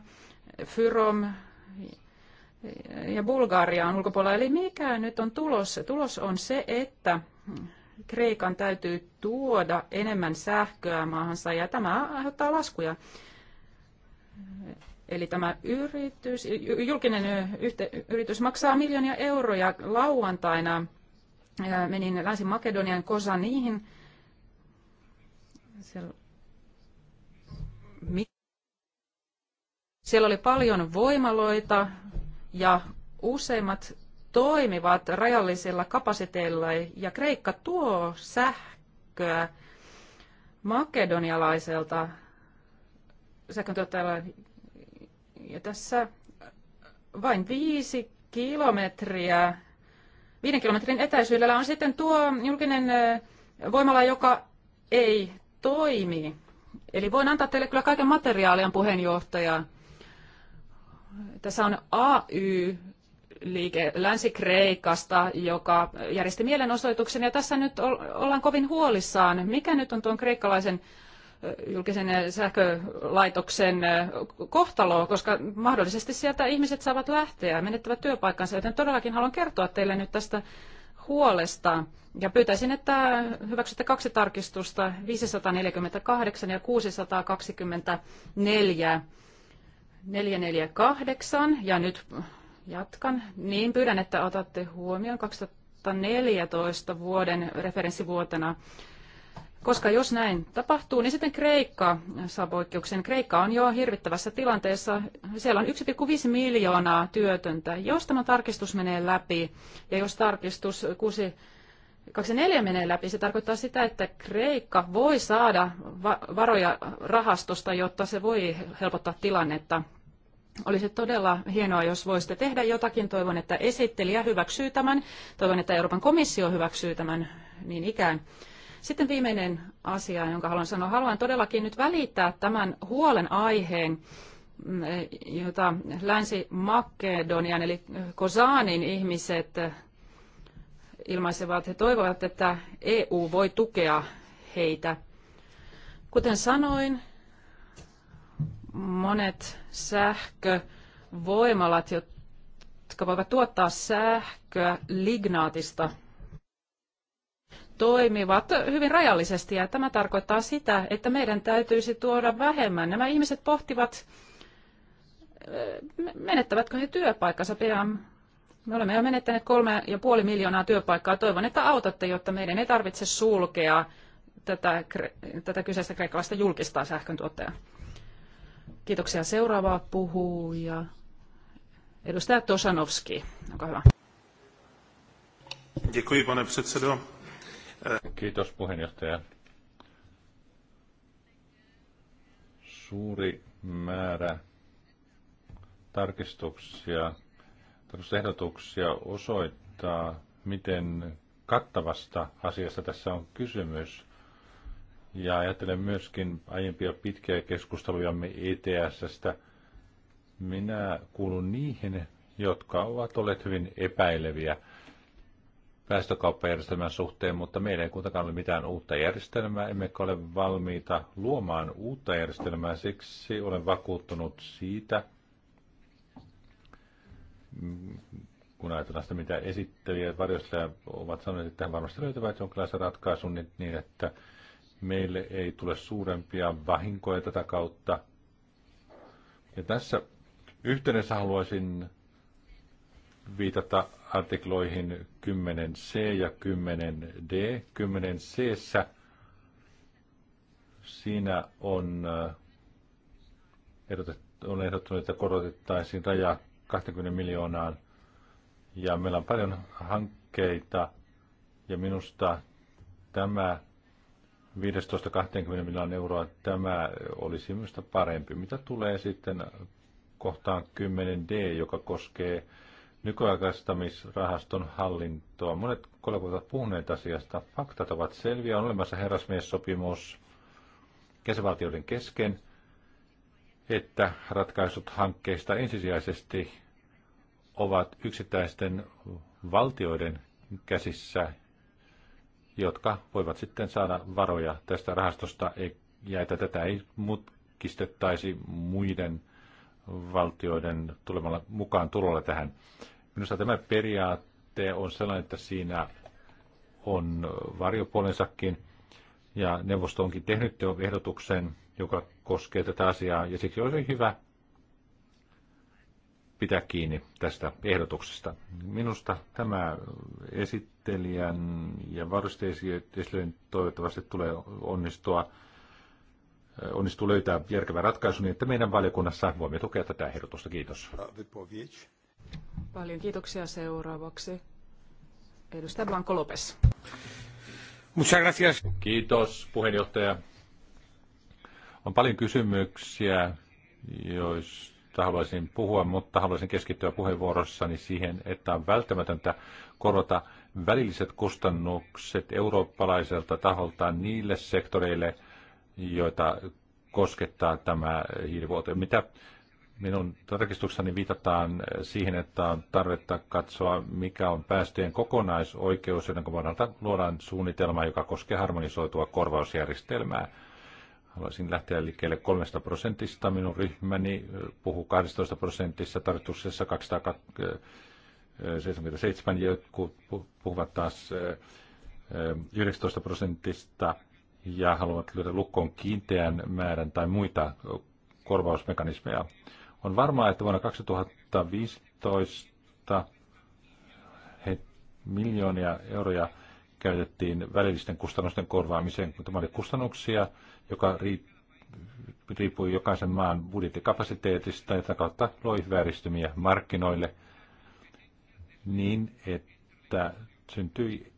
Fyrom ja Bulgaria on ulkopuolella. Eli mikä nyt on tulos? Tulos on se, että Kreikan täytyy tuoda enemmän sähköä maahansa ja tämä aiheuttaa laskuja. Eli tämä yritys, julkinen yhte, yritys maksaa miljoonia euroja lauantaina. Menin Länsi-Makedonian Kosaniin. Siellä siellä oli paljon voimaloita ja useimmat toimivat rajallisella kapasiteetilla ja Kreikka tuo sähköä makedonialaiselta sähköntuottajalta. Ja tässä vain viisi kilometriä, viiden kilometrin etäisyydellä on sitten tuo julkinen voimala, joka ei toimi. Eli voin antaa teille kyllä kaiken materiaalian puheenjohtaja. Tässä on AY liike Länsi-Kreikasta, joka järjesti mielenosoituksen. Ja tässä nyt ollaan kovin huolissaan. Mikä nyt on tuon kreikkalaisen julkisen sähkölaitoksen kohtalo, koska mahdollisesti sieltä ihmiset saavat lähteä ja menettävät työpaikkansa, joten todellakin haluan kertoa teille nyt tästä huolesta. Ja pyytäisin, että hyväksytte kaksi tarkistusta, 548 ja 624, 448. Ja nyt jatkan. Niin pyydän, että otatte huomioon 2014 vuoden referenssivuotena koska jos näin tapahtuu, niin sitten Kreikka saa poikkeuksen. Kreikka on jo hirvittävässä tilanteessa. Siellä on 1,5 miljoonaa työtöntä. Jos tämä tarkistus menee läpi ja jos tarkistus 6 24 menee läpi, se tarkoittaa sitä, että Kreikka voi saada varoja rahastosta, jotta se voi helpottaa tilannetta. Olisi todella hienoa, jos voisitte tehdä jotakin. Toivon, että esittelijä hyväksyy tämän. Toivon, että Euroopan komissio hyväksyy tämän niin ikään. Sitten viimeinen asia, jonka haluan sanoa. Haluan todellakin nyt välittää tämän huolen aiheen, mm, eh, jota Länsi-Makedonian eli eh, Kosaanin ihmiset eh, ilmaisevat. He toivovat, että EU voi tukea heitä. Kuten sanoin, monet sähkövoimalat, jotka voivat tuottaa sähköä lignaatista – toimivat hyvin rajallisesti ja tämä tarkoittaa sitä, että meidän täytyisi tuoda vähemmän. Nämä ihmiset pohtivat, menettävätkö he työpaikkansa pian. Me olemme jo menettäneet kolme ja puoli miljoonaa työpaikkaa. Toivon, että autatte, jotta meidän ei tarvitse sulkea tätä, tätä kyseistä kreikkalaista julkista sähköntuottajaa. Kiitoksia. Seuraava puhuja. Edustaja Tosanovski, olkaa hyvä. Děkuji, pane předsedo. Kiitos puheenjohtaja. Suuri määrä tarkistuksia, tarkistusehdotuksia osoittaa, miten kattavasta asiasta tässä on kysymys. Ja ajattelen myöskin aiempia pitkiä keskustelujamme ETSstä. Minä kuulun niihin, jotka ovat olleet hyvin epäileviä – päästökauppajärjestelmän suhteen, mutta meillä ei kuitenkaan ole mitään uutta järjestelmää, emmekä ole valmiita luomaan uutta järjestelmää, siksi olen vakuuttunut siitä, kun ajatellaan sitä, mitä esittelijät varjosta ovat sanoneet, että tähän varmasti löytävät jonkinlaisen ratkaisun niin, niin, että meille ei tule suurempia vahinkoja tätä kautta. Ja tässä yhteydessä haluaisin viitata artikloihin 10c ja 10d. 10c siinä on, äh, on ehdottanut, että korotettaisiin rajaa 20 miljoonaan. Ja meillä on paljon hankkeita ja minusta tämä 15-20 miljoonaa euroa, tämä olisi minusta parempi. Mitä tulee sitten kohtaan 10d, joka koskee nykyaikaistamisrahaston hallintoa. Monet kollegat ovat puhuneet asiasta. Faktat ovat selviä. On olemassa herrasmiessopimus kesävaltioiden kesken, että ratkaisut hankkeista ensisijaisesti ovat yksittäisten valtioiden käsissä, jotka voivat sitten saada varoja tästä rahastosta, ja että tätä ei mutkistettaisi muiden valtioiden tulemalla mukaan tulolla tähän. Minusta tämä periaate on sellainen, että siinä on varjopuolensakin, ja neuvosto onkin tehnyt jo ehdotuksen, joka koskee tätä asiaa, ja siksi olisi hyvä pitää kiinni tästä ehdotuksesta. Minusta tämä esittelijän ja varusteisijoiden toivottavasti tulee onnistua onnistuu löytää järkevä ratkaisu, niin että meidän valiokunnassa voimme tukea tätä ehdotusta. Kiitos. Paljon kiitoksia seuraavaksi. Edustaja Blanco Lopes. Muchas gracias. Kiitos puheenjohtaja. On paljon kysymyksiä, joista haluaisin puhua, mutta haluaisin keskittyä puheenvuorossani siihen, että on välttämätöntä korota välilliset kustannukset eurooppalaiselta taholta niille sektoreille – joita koskettaa tämä hiilivuoto. Mitä minun tarkistuksessani viitataan siihen, että on tarvetta katsoa, mikä on päästöjen kokonaisoikeus, joten kun luodaan suunnitelma, joka koskee harmonisoitua korvausjärjestelmää. Haluaisin lähteä liikkeelle 3 prosentista. Minun ryhmäni puhuu 12 prosentissa tarkoituksessa 277, jotkut puhuvat taas 19 prosentista – ja haluavat lyödä lukkoon kiinteän määrän tai muita korvausmekanismeja. On varmaa, että vuonna 2015 he, miljoonia euroja käytettiin välillisten kustannusten korvaamiseen, kun tämä oli kustannuksia, joka riippui jokaisen maan budjettikapasiteetista ja tätä kautta loi vääristymiä markkinoille niin, että syntyi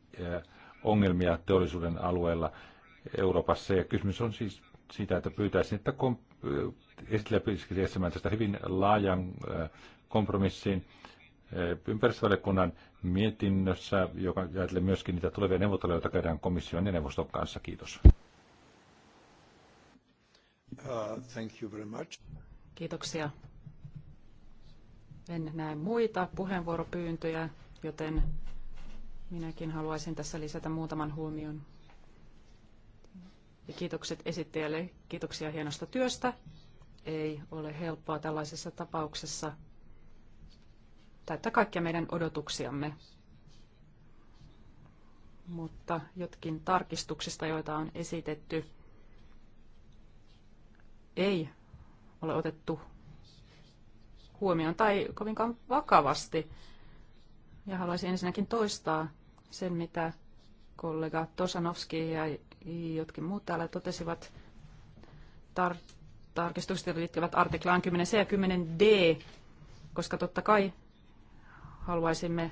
ongelmia teollisuuden alueella Euroopassa. Ja kysymys on siis siitä, että pyytäisin, että äh, esittelijä pyytäisikin etsimään tästä hyvin laajan äh, kompromissin äh, ympäristövaliokunnan mietinnössä, joka ajattelee myöskin niitä tulevia neuvotteluja, joita käydään komission ja neuvoston kanssa. Kiitos. Uh, thank you very much. Kiitoksia. En näe muita puheenvuoropyyntöjä, joten minäkin haluaisin tässä lisätä muutaman huomion ja kiitokset esittäjälle. Kiitoksia hienosta työstä. Ei ole helppoa tällaisessa tapauksessa täyttää kaikkia meidän odotuksiamme. Mutta jotkin tarkistuksista, joita on esitetty, ei ole otettu huomioon tai kovinkaan vakavasti. Ja haluaisin ensinnäkin toistaa sen, mitä kollega Tosanovski ja jotkin muut täällä totesivat, tar- tarkistukset liittyvät artiklaan 10c ja 10d, koska totta kai haluaisimme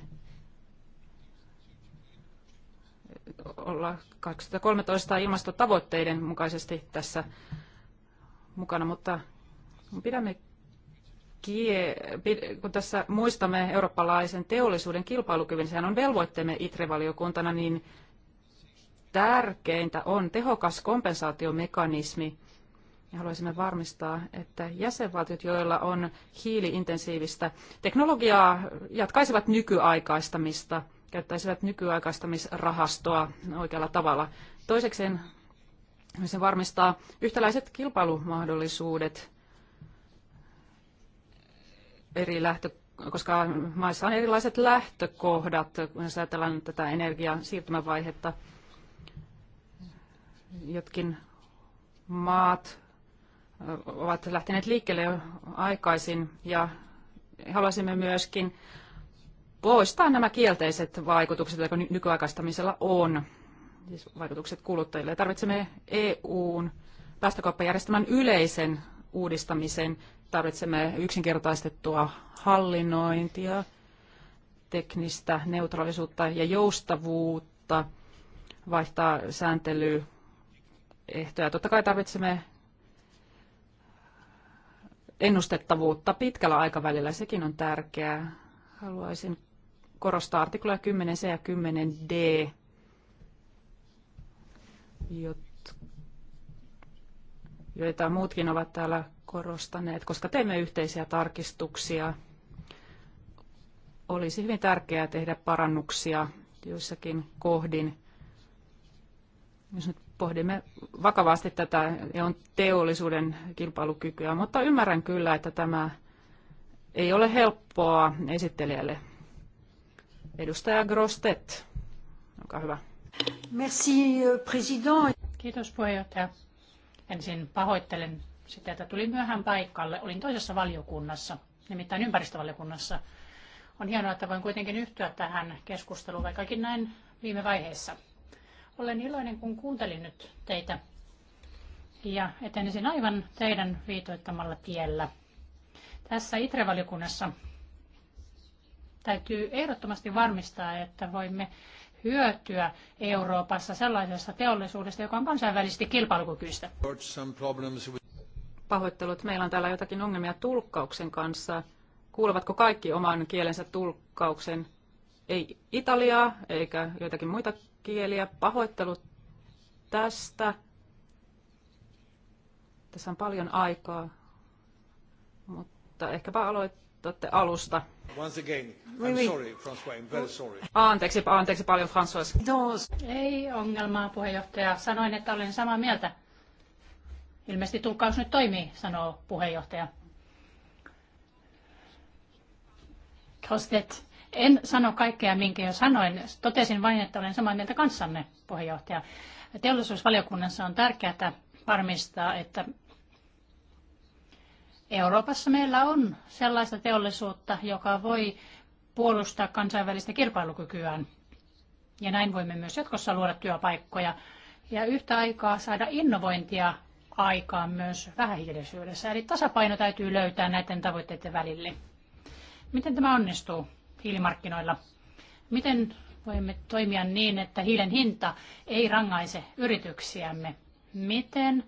olla 2013 ilmastotavoitteiden mukaisesti tässä mukana, mutta pidämme kie, kun tässä muistamme eurooppalaisen teollisuuden kilpailukyvyn, sehän on velvoitteemme ITRE-valiokuntana, niin tärkeintä on tehokas kompensaatiomekanismi. Ja haluaisimme varmistaa, että jäsenvaltiot, joilla on hiiliintensiivistä teknologiaa, jatkaisivat nykyaikaistamista, käyttäisivät nykyaikaistamisrahastoa oikealla tavalla. Toisekseen se varmistaa yhtäläiset kilpailumahdollisuudet eri lähtö, koska maissa on erilaiset lähtökohdat, kun ajatellaan tätä energian siirtymävaihetta – Jotkin maat ovat lähteneet liikkeelle jo aikaisin ja haluaisimme myöskin poistaa nämä kielteiset vaikutukset, joita nykyaikaistamisella on, siis vaikutukset kuluttajille. Tarvitsemme EUn päästökauppajärjestelmän yleisen uudistamisen, tarvitsemme yksinkertaistettua hallinnointia, teknistä neutraalisuutta ja joustavuutta, vaihtaa sääntely ehtoja. Totta kai tarvitsemme ennustettavuutta pitkällä aikavälillä, sekin on tärkeää. Haluaisin korostaa artikloja 10c ja 10d, joita muutkin ovat täällä korostaneet, koska teemme yhteisiä tarkistuksia. Olisi hyvin tärkeää tehdä parannuksia joissakin kohdin. Jos nyt pohdimme vakavasti tätä on teollisuuden kilpailukykyä, mutta ymmärrän kyllä, että tämä ei ole helppoa esittelijälle. Edustaja Grostet, olkaa hyvä. Merci, president. Kiitos puheenjohtaja. Ensin pahoittelen sitä, että tulin myöhään paikalle. Olin toisessa valiokunnassa, nimittäin ympäristövaliokunnassa. On hienoa, että voin kuitenkin yhtyä tähän keskusteluun, vaikkakin näin viime vaiheessa. Olen iloinen, kun kuuntelin nyt teitä ja etenisin aivan teidän viitoittamalla tiellä. Tässä ITRE-valiokunnassa täytyy ehdottomasti varmistaa, että voimme hyötyä Euroopassa sellaisesta teollisuudesta, joka on kansainvälisesti kilpailukykyistä. Pahoittelut, meillä on täällä jotakin ongelmia tulkkauksen kanssa. Kuulevatko kaikki oman kielensä tulkkauksen? Ei Italiaa eikä joitakin muita kieliä. Pahoittelut tästä. Tässä on paljon aikaa, mutta ehkäpä aloitatte alusta. Once again, I'm oui, sorry, François, I'm very sorry. Anteeksi, anteeksi paljon, François. No, ei ongelmaa, puheenjohtaja. Sanoin, että olen samaa mieltä. Ilmeisesti tulkkaus nyt toimii, sanoo puheenjohtaja. Kostet. En sano kaikkea, minkä jo sanoin. Totesin vain, että olen samaa mieltä kanssanne, puheenjohtaja. Teollisuusvaliokunnassa on tärkeää varmistaa, että Euroopassa meillä on sellaista teollisuutta, joka voi puolustaa kansainvälistä kilpailukykyään. Ja näin voimme myös jatkossa luoda työpaikkoja ja yhtä aikaa saada innovointia aikaan myös vähähiilisyydessä. Eli tasapaino täytyy löytää näiden tavoitteiden välille. Miten tämä onnistuu? hiilimarkkinoilla. Miten voimme toimia niin, että hiilen hinta ei rangaise yrityksiämme? Miten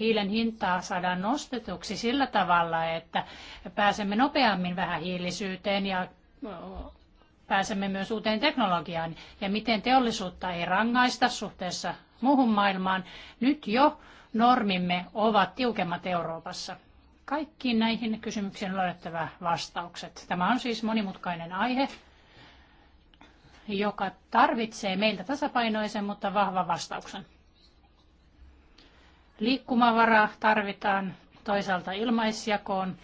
hiilen hintaa saadaan nostetuksi sillä tavalla, että pääsemme nopeammin vähähiilisyyteen ja pääsemme myös uuteen teknologiaan ja miten teollisuutta ei rangaista suhteessa muuhun maailmaan. Nyt jo normimme ovat tiukemmat Euroopassa. Kaikkiin näihin kysymyksiin löydettävä vastaukset. Tämä on siis monimutkainen aihe, joka tarvitsee meiltä tasapainoisen, mutta vahvan vastauksen. Liikkumavaraa tarvitaan toisaalta ilmaisjakoon.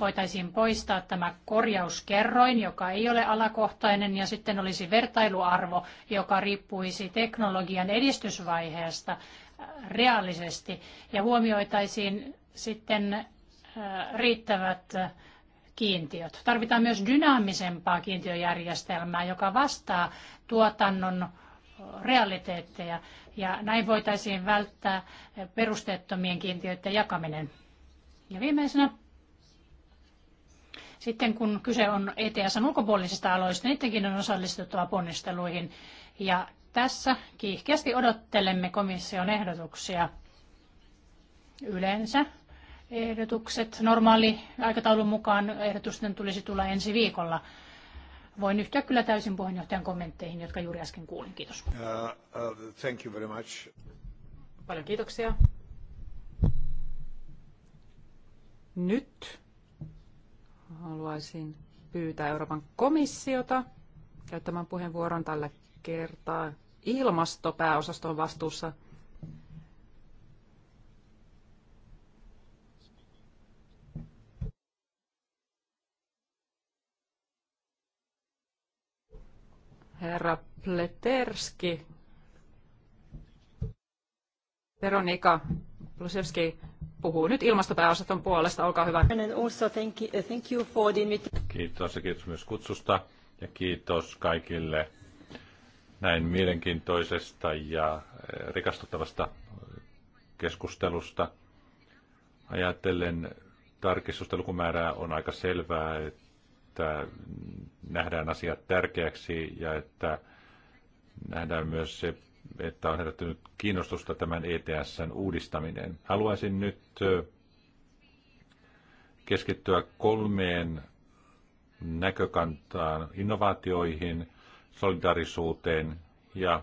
Voitaisiin poistaa tämä korjauskerroin, joka ei ole alakohtainen, ja sitten olisi vertailuarvo, joka riippuisi teknologian edistysvaiheesta reaalisesti. Ja huomioitaisiin sitten Äh, riittävät äh, kiintiöt. Tarvitaan myös dynaamisempaa kiintiöjärjestelmää, joka vastaa tuotannon äh, realiteetteja ja näin voitaisiin välttää perusteettomien kiintiöiden jakaminen. Ja viimeisenä sitten kun kyse on ETSn ulkopuolisista aloista, niidenkin on osallistuttava ponnisteluihin. Ja tässä kiihkeästi odottelemme komission ehdotuksia yleensä ehdotukset. Normaali aikataulun mukaan ehdotusten tulisi tulla ensi viikolla. Voin yhtyä kyllä täysin puheenjohtajan kommentteihin, jotka juuri äsken kuulin. Kiitos. Uh, uh, thank you very much. Paljon kiitoksia. Nyt haluaisin pyytää Euroopan komissiota käyttämään puheenvuoron tällä kertaa. Ilmastopääosasto on vastuussa herra Pleterski. Veronika Plusevski puhuu nyt ilmastopääosaston puolesta. Olkaa hyvä. Kiitos ja kiitos myös kutsusta ja kiitos kaikille näin mielenkiintoisesta ja eh, rikastuttavasta keskustelusta. Ajattelen tarkistusten on aika selvää, että että nähdään asiat tärkeäksi ja että nähdään myös se, että on herättynyt kiinnostusta tämän ETSn uudistaminen. Haluaisin nyt keskittyä kolmeen näkökantaan, innovaatioihin, solidarisuuteen ja,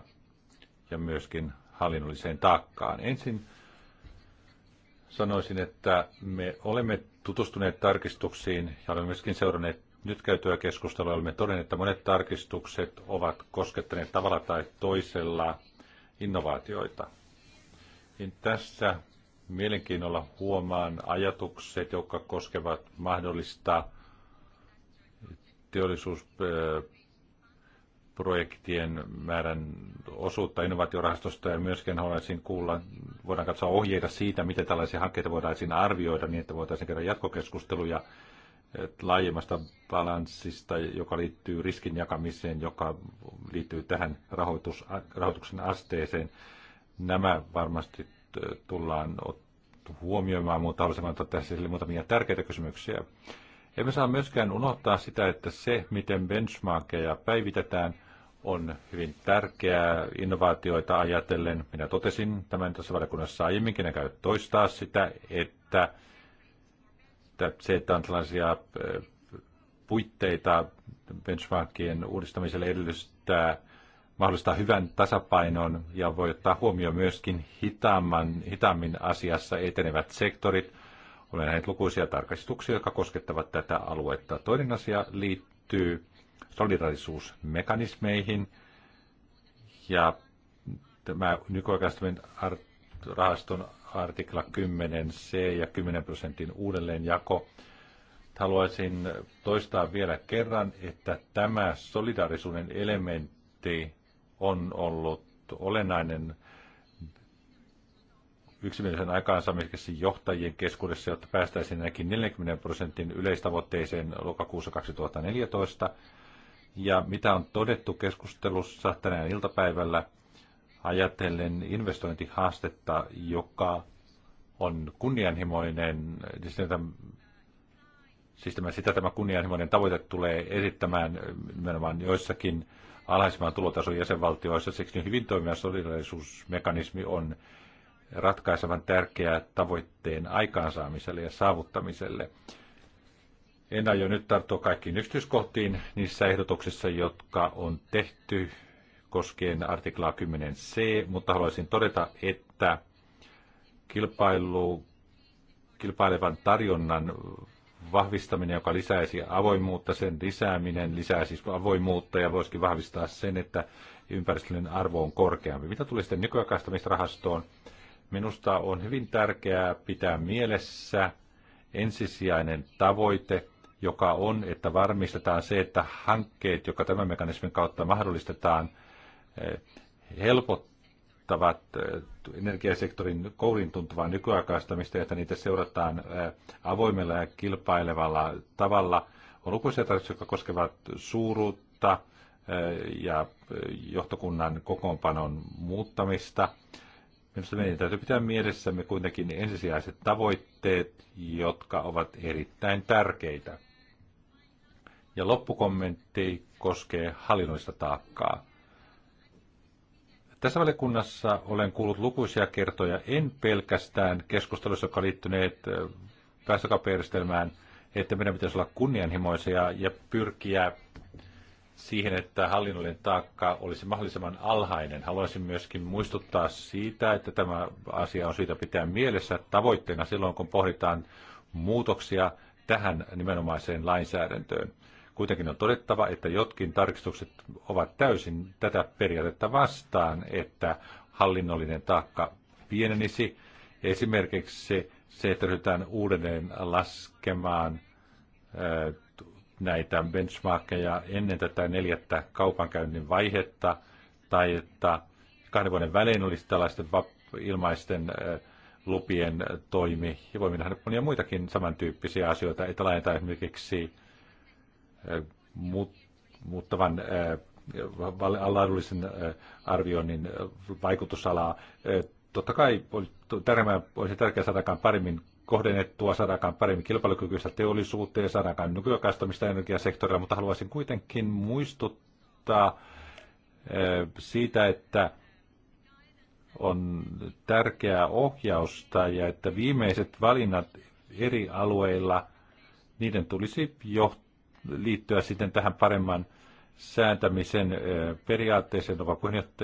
ja myöskin hallinnolliseen taakkaan. Ensin sanoisin, että me olemme tutustuneet tarkistuksiin ja olemme myöskin seuranneet nyt käytyä keskustelua olemme todenneet, että monet tarkistukset ovat koskettaneet tavalla tai toisella innovaatioita. Niin tässä mielenkiinnolla huomaan ajatukset, jotka koskevat mahdollista teollisuusprojektien määrän osuutta innovaatiorahastosta ja myöskin haluaisin kuulla, voidaan katsoa ohjeita siitä, miten tällaisia hankkeita voidaan arvioida niin, että voitaisiin käydä jatkokeskusteluja laajemmasta balanssista, joka liittyy riskin jakamiseen, joka liittyy tähän rahoitus, rahoituksen asteeseen. Nämä varmasti tullaan huomioimaan, mutta haluaisin antaa tässä sille muutamia tärkeitä kysymyksiä. Emme saa myöskään unohtaa sitä, että se, miten benchmarkeja päivitetään, on hyvin tärkeää innovaatioita ajatellen. Minä totesin tämän tässä valiokunnassa aiemminkin, ja käy toistaa sitä, että että se, että on tällaisia äh, puitteita benchmarkien uudistamiselle edellyttää mahdollistaa hyvän tasapainon ja voi ottaa huomioon myöskin hitaamman, hitaammin asiassa etenevät sektorit. Olen nähnyt lukuisia tarkastuksia, jotka koskettavat tätä aluetta. Toinen asia liittyy solidarisuusmekanismeihin ja tämä nykyaikaistaminen rahaston artikla 10c ja 10 prosentin uudelleenjako. Haluaisin toistaa vielä kerran, että tämä solidaarisuuden elementti on ollut olennainen yksimielisen aikaansaamiseksi johtajien keskuudessa, jotta päästäisiin ainakin 40 prosentin yleistavoitteeseen lokakuussa 2014. Ja mitä on todettu keskustelussa tänään iltapäivällä – ajatellen investointihaastetta, joka on kunnianhimoinen, siis, siis tämä, sitä tämä kunnianhimoinen tavoite tulee esittämään nimenomaan joissakin alhaisemman tulotason jäsenvaltioissa. Siksi hyvin toimiva solidarisuusmekanismi on ratkaisevan tärkeää tavoitteen aikaansaamiselle ja saavuttamiselle. En aio nyt tarttua kaikkiin yksityiskohtiin niissä ehdotuksissa, jotka on tehty koskien artiklaa 10c, mutta haluaisin todeta, että kilpailu, kilpailevan tarjonnan vahvistaminen, joka lisäisi avoimuutta, sen lisääminen lisää siis avoimuutta ja voisikin vahvistaa sen, että ympäristöllinen arvo on korkeampi. Mitä tulee sitten nykyaikaistamisrahastoon? Minusta on hyvin tärkeää pitää mielessä ensisijainen tavoite, joka on, että varmistetaan se, että hankkeet, joka tämän mekanismin kautta mahdollistetaan – helpottavat eh, energiasektorin kourin tuntuvaa nykyaikaistamista, että niitä seurataan eh, avoimella ja kilpailevalla tavalla. On lukuisia tarjouksia, jotka koskevat suuruutta eh, ja johtokunnan kokoonpanon muuttamista. Minusta meidän täytyy pitää mielessämme kuitenkin ensisijaiset tavoitteet, jotka ovat erittäin tärkeitä. Ja loppukommentti koskee hallinnollista taakkaa. Tässä valiokunnassa olen kuullut lukuisia kertoja, en pelkästään keskustelussa, joka liittyneet päästökauppajärjestelmään, että meidän pitäisi olla kunnianhimoisia ja pyrkiä siihen, että hallinnollinen taakka olisi mahdollisimman alhainen. Haluaisin myöskin muistuttaa siitä, että tämä asia on syytä pitää mielessä tavoitteena silloin, kun pohditaan muutoksia tähän nimenomaiseen lainsäädäntöön. Kuitenkin on todettava, että jotkin tarkistukset ovat täysin tätä periaatetta vastaan, että hallinnollinen taakka pienenisi. Esimerkiksi se, että ryhdytään uudelleen laskemaan näitä benchmarkkeja ennen tätä neljättä kaupankäynnin vaihetta, tai että kahden vuoden välein olisi tällaisten ilmaisten lupien toimi, ja voimme nähdä monia muitakin samantyyppisiä asioita, että laajentaa esimerkiksi muuttavan laadullisen arvioinnin vaikutusalaa. Totta kai olisi tärkeää saadaan paremmin kohdennettua, saadaan paremmin kilpailukykyistä teollisuutta ja saadaankaan nykyaikaistamista energiasektorilla, mutta haluaisin kuitenkin muistuttaa siitä, että on tärkeää ohjausta ja että viimeiset valinnat eri alueilla, niiden tulisi johtaa liittyä sitten tähän paremman sääntämisen eh, periaatteeseen.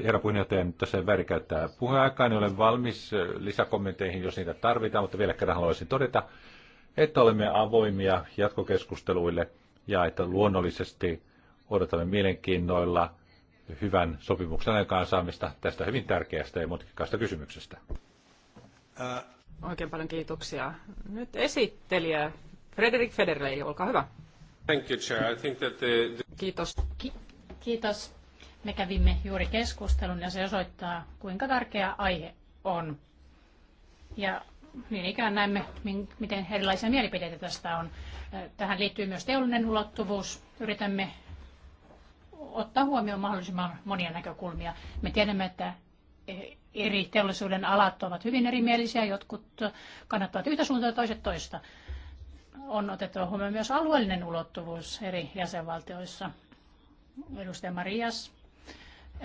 Herra puheenjohtaja, nyt tässä värikäyttää puheaikaa, niin olen valmis eh, lisäkommenteihin, jos niitä tarvitaan, mutta vielä kerran haluaisin todeta, että olemme avoimia jatkokeskusteluille ja että luonnollisesti odotamme mielenkiinnoilla hyvän sopimuksen aikaansaamista tästä hyvin tärkeästä ja mutkikkaasta kysymyksestä. Oikein paljon kiitoksia. Nyt esittelijä Frederik Federley, olkaa hyvä. Thank you, Chair. I think that the... Kiitos. kiitos. Me kävimme juuri keskustelun ja se osoittaa, kuinka tärkeä aihe on. Ja niin ikään näemme, miten erilaisia mielipiteitä tästä on. Tähän liittyy myös teollinen ulottuvuus. Yritämme ottaa huomioon mahdollisimman monia näkökulmia. Me tiedämme, että eri teollisuuden alat ovat hyvin erimielisiä. Jotkut kannattavat yhtä suuntaa, toiset toista on otettava huomioon myös alueellinen ulottuvuus eri jäsenvaltioissa. Edustaja Marias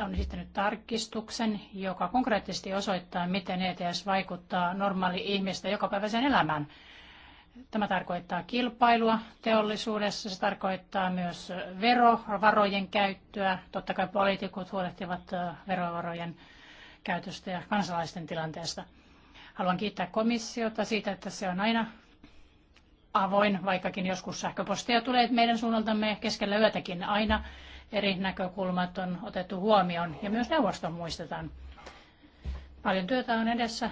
on esittänyt tarkistuksen, joka konkreettisesti osoittaa, miten ETS vaikuttaa normaali ihmistä jokapäiväiseen elämään. Tämä tarkoittaa kilpailua teollisuudessa, se tarkoittaa myös verovarojen käyttöä. Totta kai poliitikot huolehtivat verovarojen käytöstä ja kansalaisten tilanteesta. Haluan kiittää komissiota siitä, että se on aina avoin, vaikkakin joskus sähköpostia tulee meidän suunnaltamme keskellä yötäkin. Aina eri näkökulmat on otettu huomioon ja myös neuvosto muistetaan. Paljon työtä on edessä.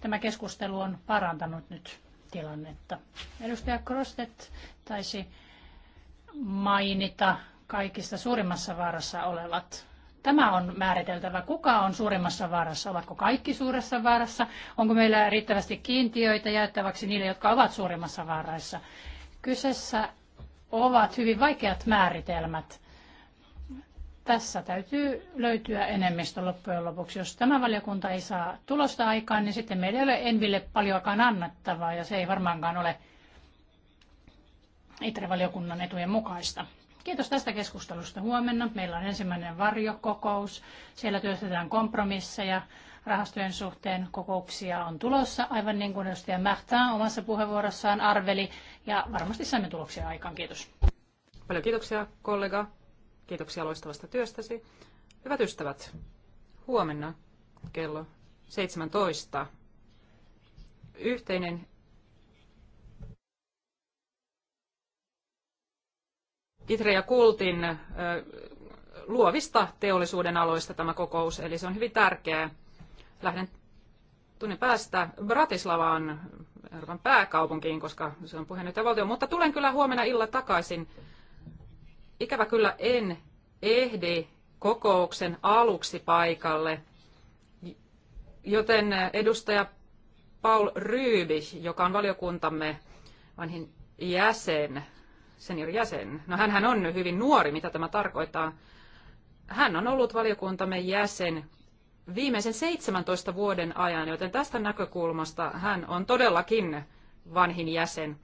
Tämä keskustelu on parantanut nyt tilannetta. Edustaja Krostet taisi mainita kaikista suurimmassa vaarassa olevat Tämä on määriteltävä, kuka on suurimmassa vaarassa, ovatko kaikki suuressa vaarassa, onko meillä riittävästi kiintiöitä jaettavaksi niille, jotka ovat suurimmassa vaarassa. Kyseessä ovat hyvin vaikeat määritelmät. Tässä täytyy löytyä enemmistö loppujen lopuksi. Jos tämä valiokunta ei saa tulosta aikaan, niin sitten meillä ei ole Enville paljoakaan annettavaa, ja se ei varmaankaan ole ITRE-valiokunnan etujen mukaista. Kiitos tästä keskustelusta huomenna. Meillä on ensimmäinen varjokokous. Siellä työstetään kompromisseja rahastojen suhteen. Kokouksia on tulossa, aivan niin kuin edustaja Mähtää omassa puheenvuorossaan arveli. Ja varmasti saamme tuloksia aikaan. Kiitos. Paljon kiitoksia kollega. Kiitoksia loistavasta työstäsi. Hyvät ystävät, huomenna kello 17. Yhteinen Itre ja Kultin luovista teollisuuden aloista tämä kokous, eli se on hyvin tärkeää. Lähden tunnin päästä Bratislavaan, Euroopan pääkaupunkiin, koska se on valtio, mutta tulen kyllä huomenna illalla takaisin. Ikävä kyllä en ehdi kokouksen aluksi paikalle, joten edustaja Paul Ryybi, joka on valiokuntamme vanhin jäsen, senior-jäsen. No hän on hyvin nuori, mitä tämä tarkoittaa. Hän on ollut valiokuntamme jäsen viimeisen 17 vuoden ajan, joten tästä näkökulmasta hän on todellakin vanhin jäsen.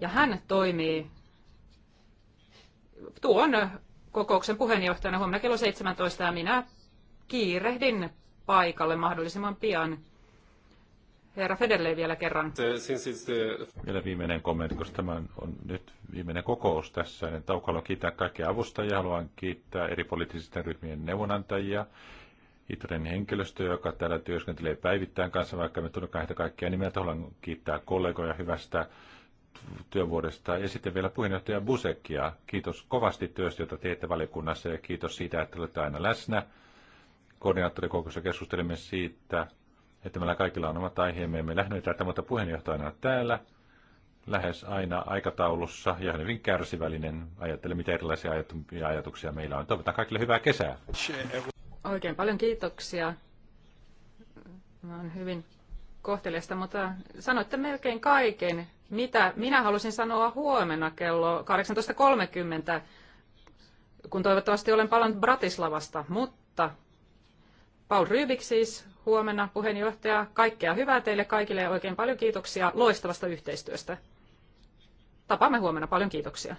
Ja hän toimii tuon kokouksen puheenjohtajana huomenna kello 17 ja minä kiirehdin paikalle mahdollisimman pian. Herra Fedelle vielä kerran. Vielä viimeinen kommentti, koska tämä on nyt viimeinen kokous tässä. En niin tauko haluan kiittää kaikkia avustajia, haluan kiittää eri poliittisten ryhmien neuvonantajia, Itren henkilöstöä, joka täällä työskentelee päivittäin kanssa, vaikka me tunnekaan heitä kaikkia nimeltä. Haluan kiittää kollegoja hyvästä työvuodesta. Ja sitten vielä puheenjohtaja Busekia. Kiitos kovasti työstä, jota teette valiokunnassa ja kiitos siitä, että olette aina läsnä. Koordinaattorikokoisessa keskustelemme siitä, että meillä kaikilla on omat aiheemme. Me lähdemme täältä, mutta puheenjohtajana täällä lähes aina aikataulussa ja hyvin kärsivällinen. ajattelee, mitä erilaisia ajatuksia meillä on. Toivotan kaikille hyvää kesää. Oikein paljon kiitoksia. Tämä on hyvin kohteliasta, mutta sanoitte melkein kaiken, mitä minä halusin sanoa huomenna kello 18.30, kun toivottavasti olen palannut Bratislavasta, mutta Paul Rybik siis huomenna puheenjohtaja. Kaikkea hyvää teille kaikille ja oikein paljon kiitoksia loistavasta yhteistyöstä. Tapaamme huomenna. Paljon kiitoksia.